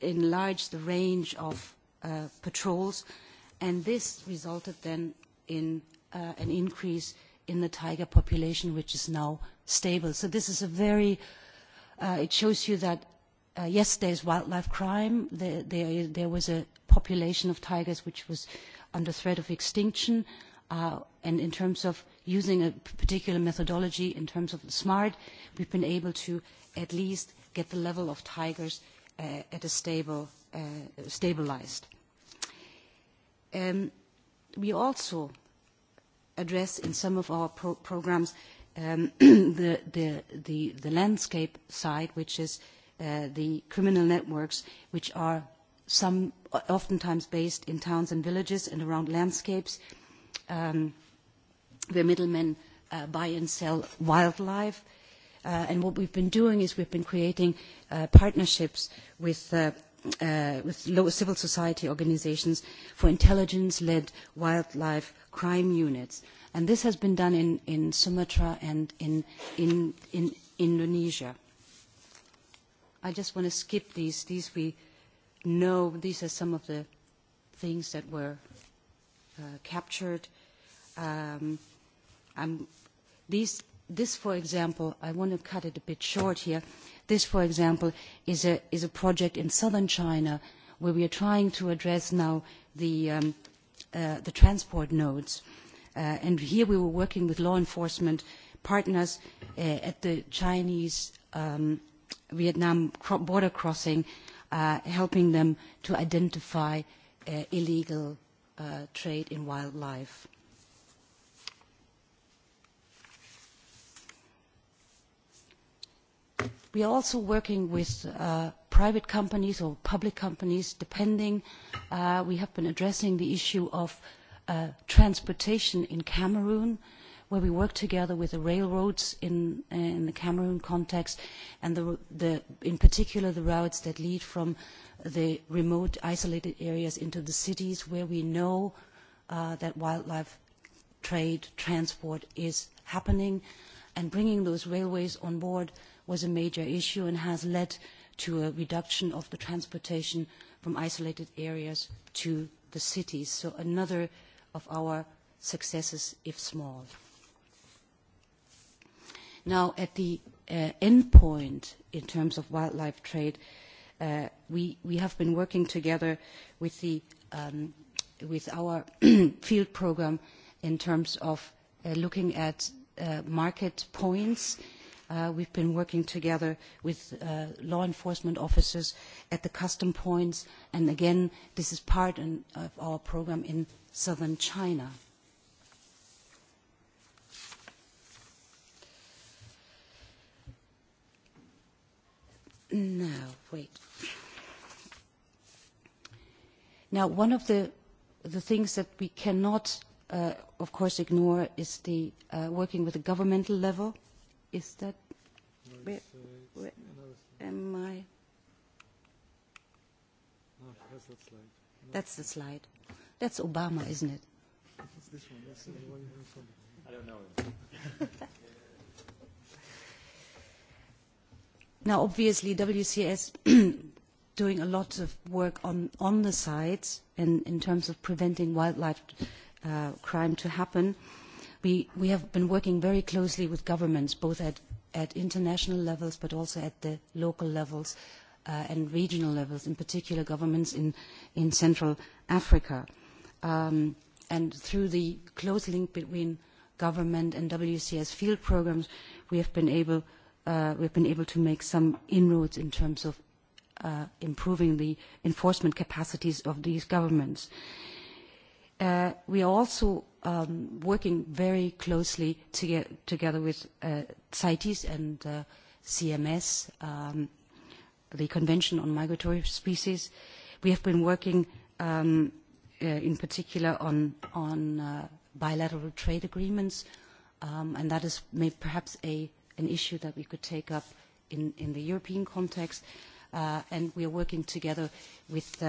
S14: enlarge the range of uh, patrols and this resulted then in uh, an increase in the tiger population, which is now stable. So this is a very, uh, it shows you that uh, yes, there's wildlife crime. There, there, there was a population of tigers which was under threat of extinction, and in terms of using a particular methodology in terms of the smart, we've been able to at least get the level of tigers uh, at a stable, uh, stabilized. Um, we also address in some of our pro programs um, the, the, the, the landscape side, which is uh, the criminal networks, which are some oftentimes based in towns and villages and around landscapes, uh, where middlemen buy and sell wildlife. and what we've been doing is we've been creating partnerships with with low civil society organisations for intelligence-led wildlife crime units. And this has been done in, in Sumatra and in, in, in Indonesia. I just want to skip these. These we know, these are some of the things that were captured. Um, I'm, these, this, for example, I want to cut it a bit short here. This, for example, is a, is a project in southern China where we are trying to address now the, um, uh, the transport nodes. Uh, and here we were working with law enforcement partners uh, at the Chinese um, Vietnam border crossing, uh, helping them to identify uh, illegal uh, trade in wildlife. We are also working with uh, private companies or public companies, depending. Uh, we have been addressing the issue of uh, transportation in Cameroon, where we work together with the railroads in, in the Cameroon context, and the, the, in particular the routes that lead from the remote isolated areas into the cities where we know that wildlife trade transport is happening and bringing those railways on board was a major issue and has led to a reduction of the transportation from isolated areas to the cities. So another of our successes, if small. Now, at the end point in terms of wildlife trade, we, we have been working together with, the, um, with our field program in terms of uh, looking at uh, market points. Uh, we've been working together with uh, law enforcement officers at the custom points, and again, this is part in, of our program in southern China. Now, wait. Now, one of the, the things that we cannot, uh, of course, ignore is the uh, working with the governmental level. Is that... where, where am I...
S9: No, that's that slide.
S14: No. That's the slide. That's Obama, isn't it?
S9: It's this one. That's the one you have from.
S1: I don't know.
S14: now, obviously, WCS doing a lot of work on, on the sites in, in terms of preventing wildlife uh, crime to happen. We, we have been working very closely with governments, both at, at international levels but also at the local levels uh, and regional levels, in particular governments in, in Central Africa. Um, and through the close link between government and WCS field programs, we have been able, uh, we have been able to make some inroads in terms of uh, improving the enforcement capacities of these governments. Uh, we are also um, working very closely to together with uh, CITES and uh, CMS, um, the Convention on Migratory Species. We have been working um, uh, in particular on, on uh, bilateral trade agreements, um, and that is maybe perhaps a, an issue that we could take up in, in the European context and we are working together with,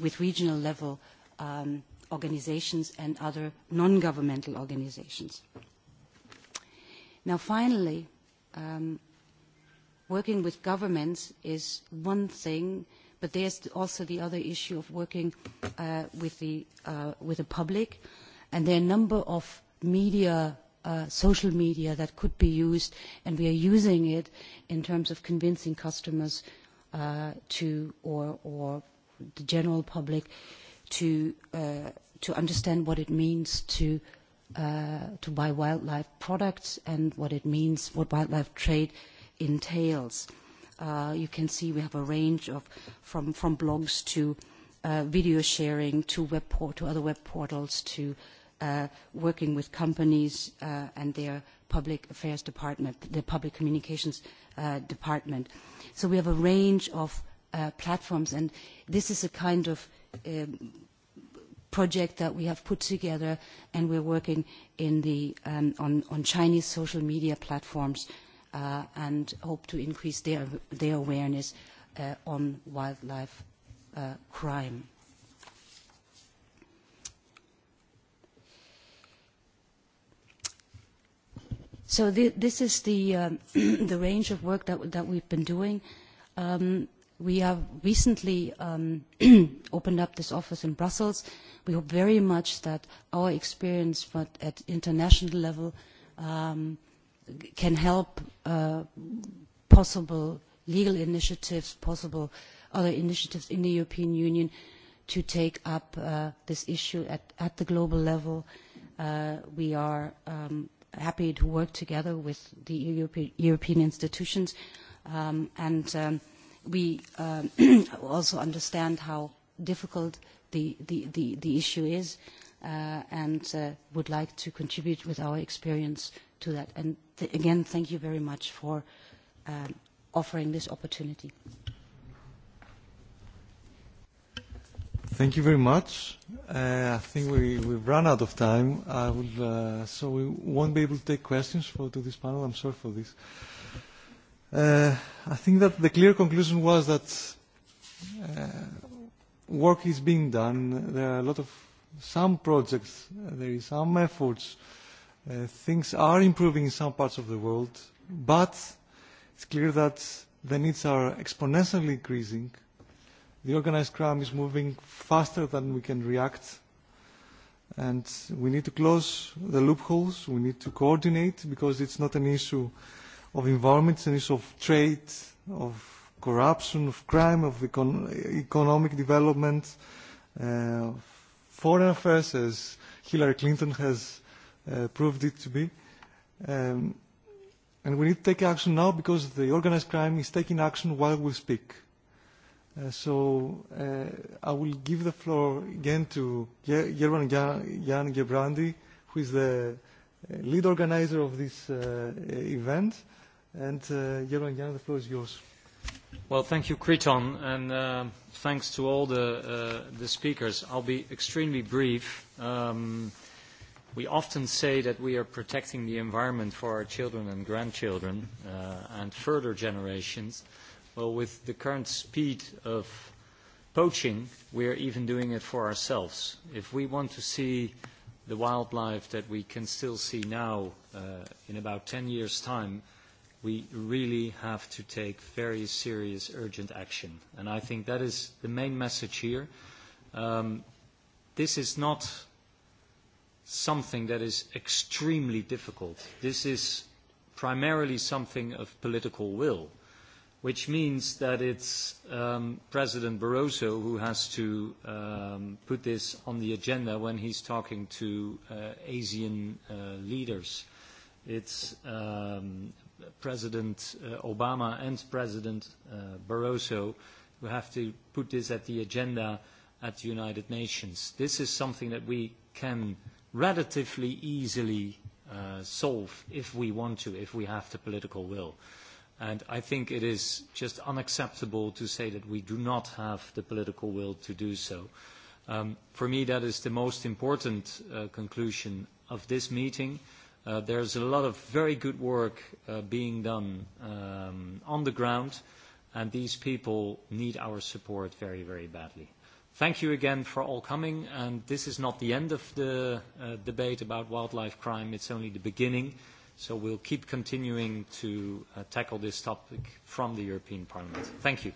S14: with regional level organisations and other non-governmental organisations. Now finally, working with governments is one thing, but there's also the other issue of working with, the, with the public, and there are a number of media social media that could be used, and we are using it in terms of convincing customers uh, to or, or the general public to, uh, to understand what it means to, uh, to buy wildlife products and what it means, what wildlife trade entails. Uh, you can see we have a range of from, from blogs to uh, video sharing to web port, to other web portals to uh, working with companies and their public affairs department, the public communications department. So we have a range of platforms, and this is a kind of project that we have put together, and we're working in the, on, on Chinese social media platforms and hope to increase their, their awareness on wildlife crime. So th this is the, um, the range of work that, that we've been doing. Um, we have recently um, opened up this office in Brussels. We hope very much that our experience at international level um, can help uh, possible legal initiatives, possible other initiatives in the European Union to take up uh, this issue at, at the global level. Uh, we are um, happy to work together with the European institutions. Um, and um, we um, also understand how difficult the, the, the, the issue is uh, and uh, would like to contribute with our experience to that. And th again, thank you very much for um, offering this opportunity.
S9: Thank you very much. Uh, I think we, we've run out of time. I would, uh, so we won't be able to take questions for, to this panel. I'm sorry for this. Uh, I think that the clear conclusion was that uh, work is being done. There are a lot of some projects. There is some efforts. Uh, things are improving in some parts of the world, but it's clear that the needs are exponentially increasing The organized crime is moving faster than we can react, and we need to close the loopholes. We need to coordinate because it's not an issue of environment, it's an issue of trade, of corruption, of crime, of econ economic development, uh, foreign affairs, as Hillary Clinton has uh, proved it to be. Um, and we need to take action now because the organized crime is taking action while we speak so uh, I will give the floor again to Gervan Jan Gebrandi, who is the lead organizer of this uh, event. And uh, Jan, the floor is yours.
S1: Well, thank you, Kriton, and uh, thanks to all the, uh, the speakers. I'll be extremely brief. Um, we often say that we are protecting the environment for our children and grandchildren uh, and further generations. Uh, Well, with the current speed of poaching, we are even doing it for ourselves. If we want to see the wildlife that we can still see now in about 10 years' time, we really have to take very serious, urgent action. And I think that is the main message here. this is not something that is extremely difficult. This is primarily something of political will which means that it's um, President Barroso who has to um, put this on the agenda when he's talking to uh, Asian uh, leaders. It's um, President uh, Obama and President uh, Barroso who have to put this at the agenda at the United Nations. This is something that we can relatively easily uh, solve if we want to, if we have the political will. And I think it is just unacceptable to say that we do not have the political will to do so. for me, that is the most important conclusion of this meeting. There is a lot of very good work being done on the ground, and these people need our support very, very badly. Thank you again for all coming, and this is not the end of the debate about wildlife crime. It's only the beginning So we'll keep continuing to tackle this topic from the European Parliament. Thank you.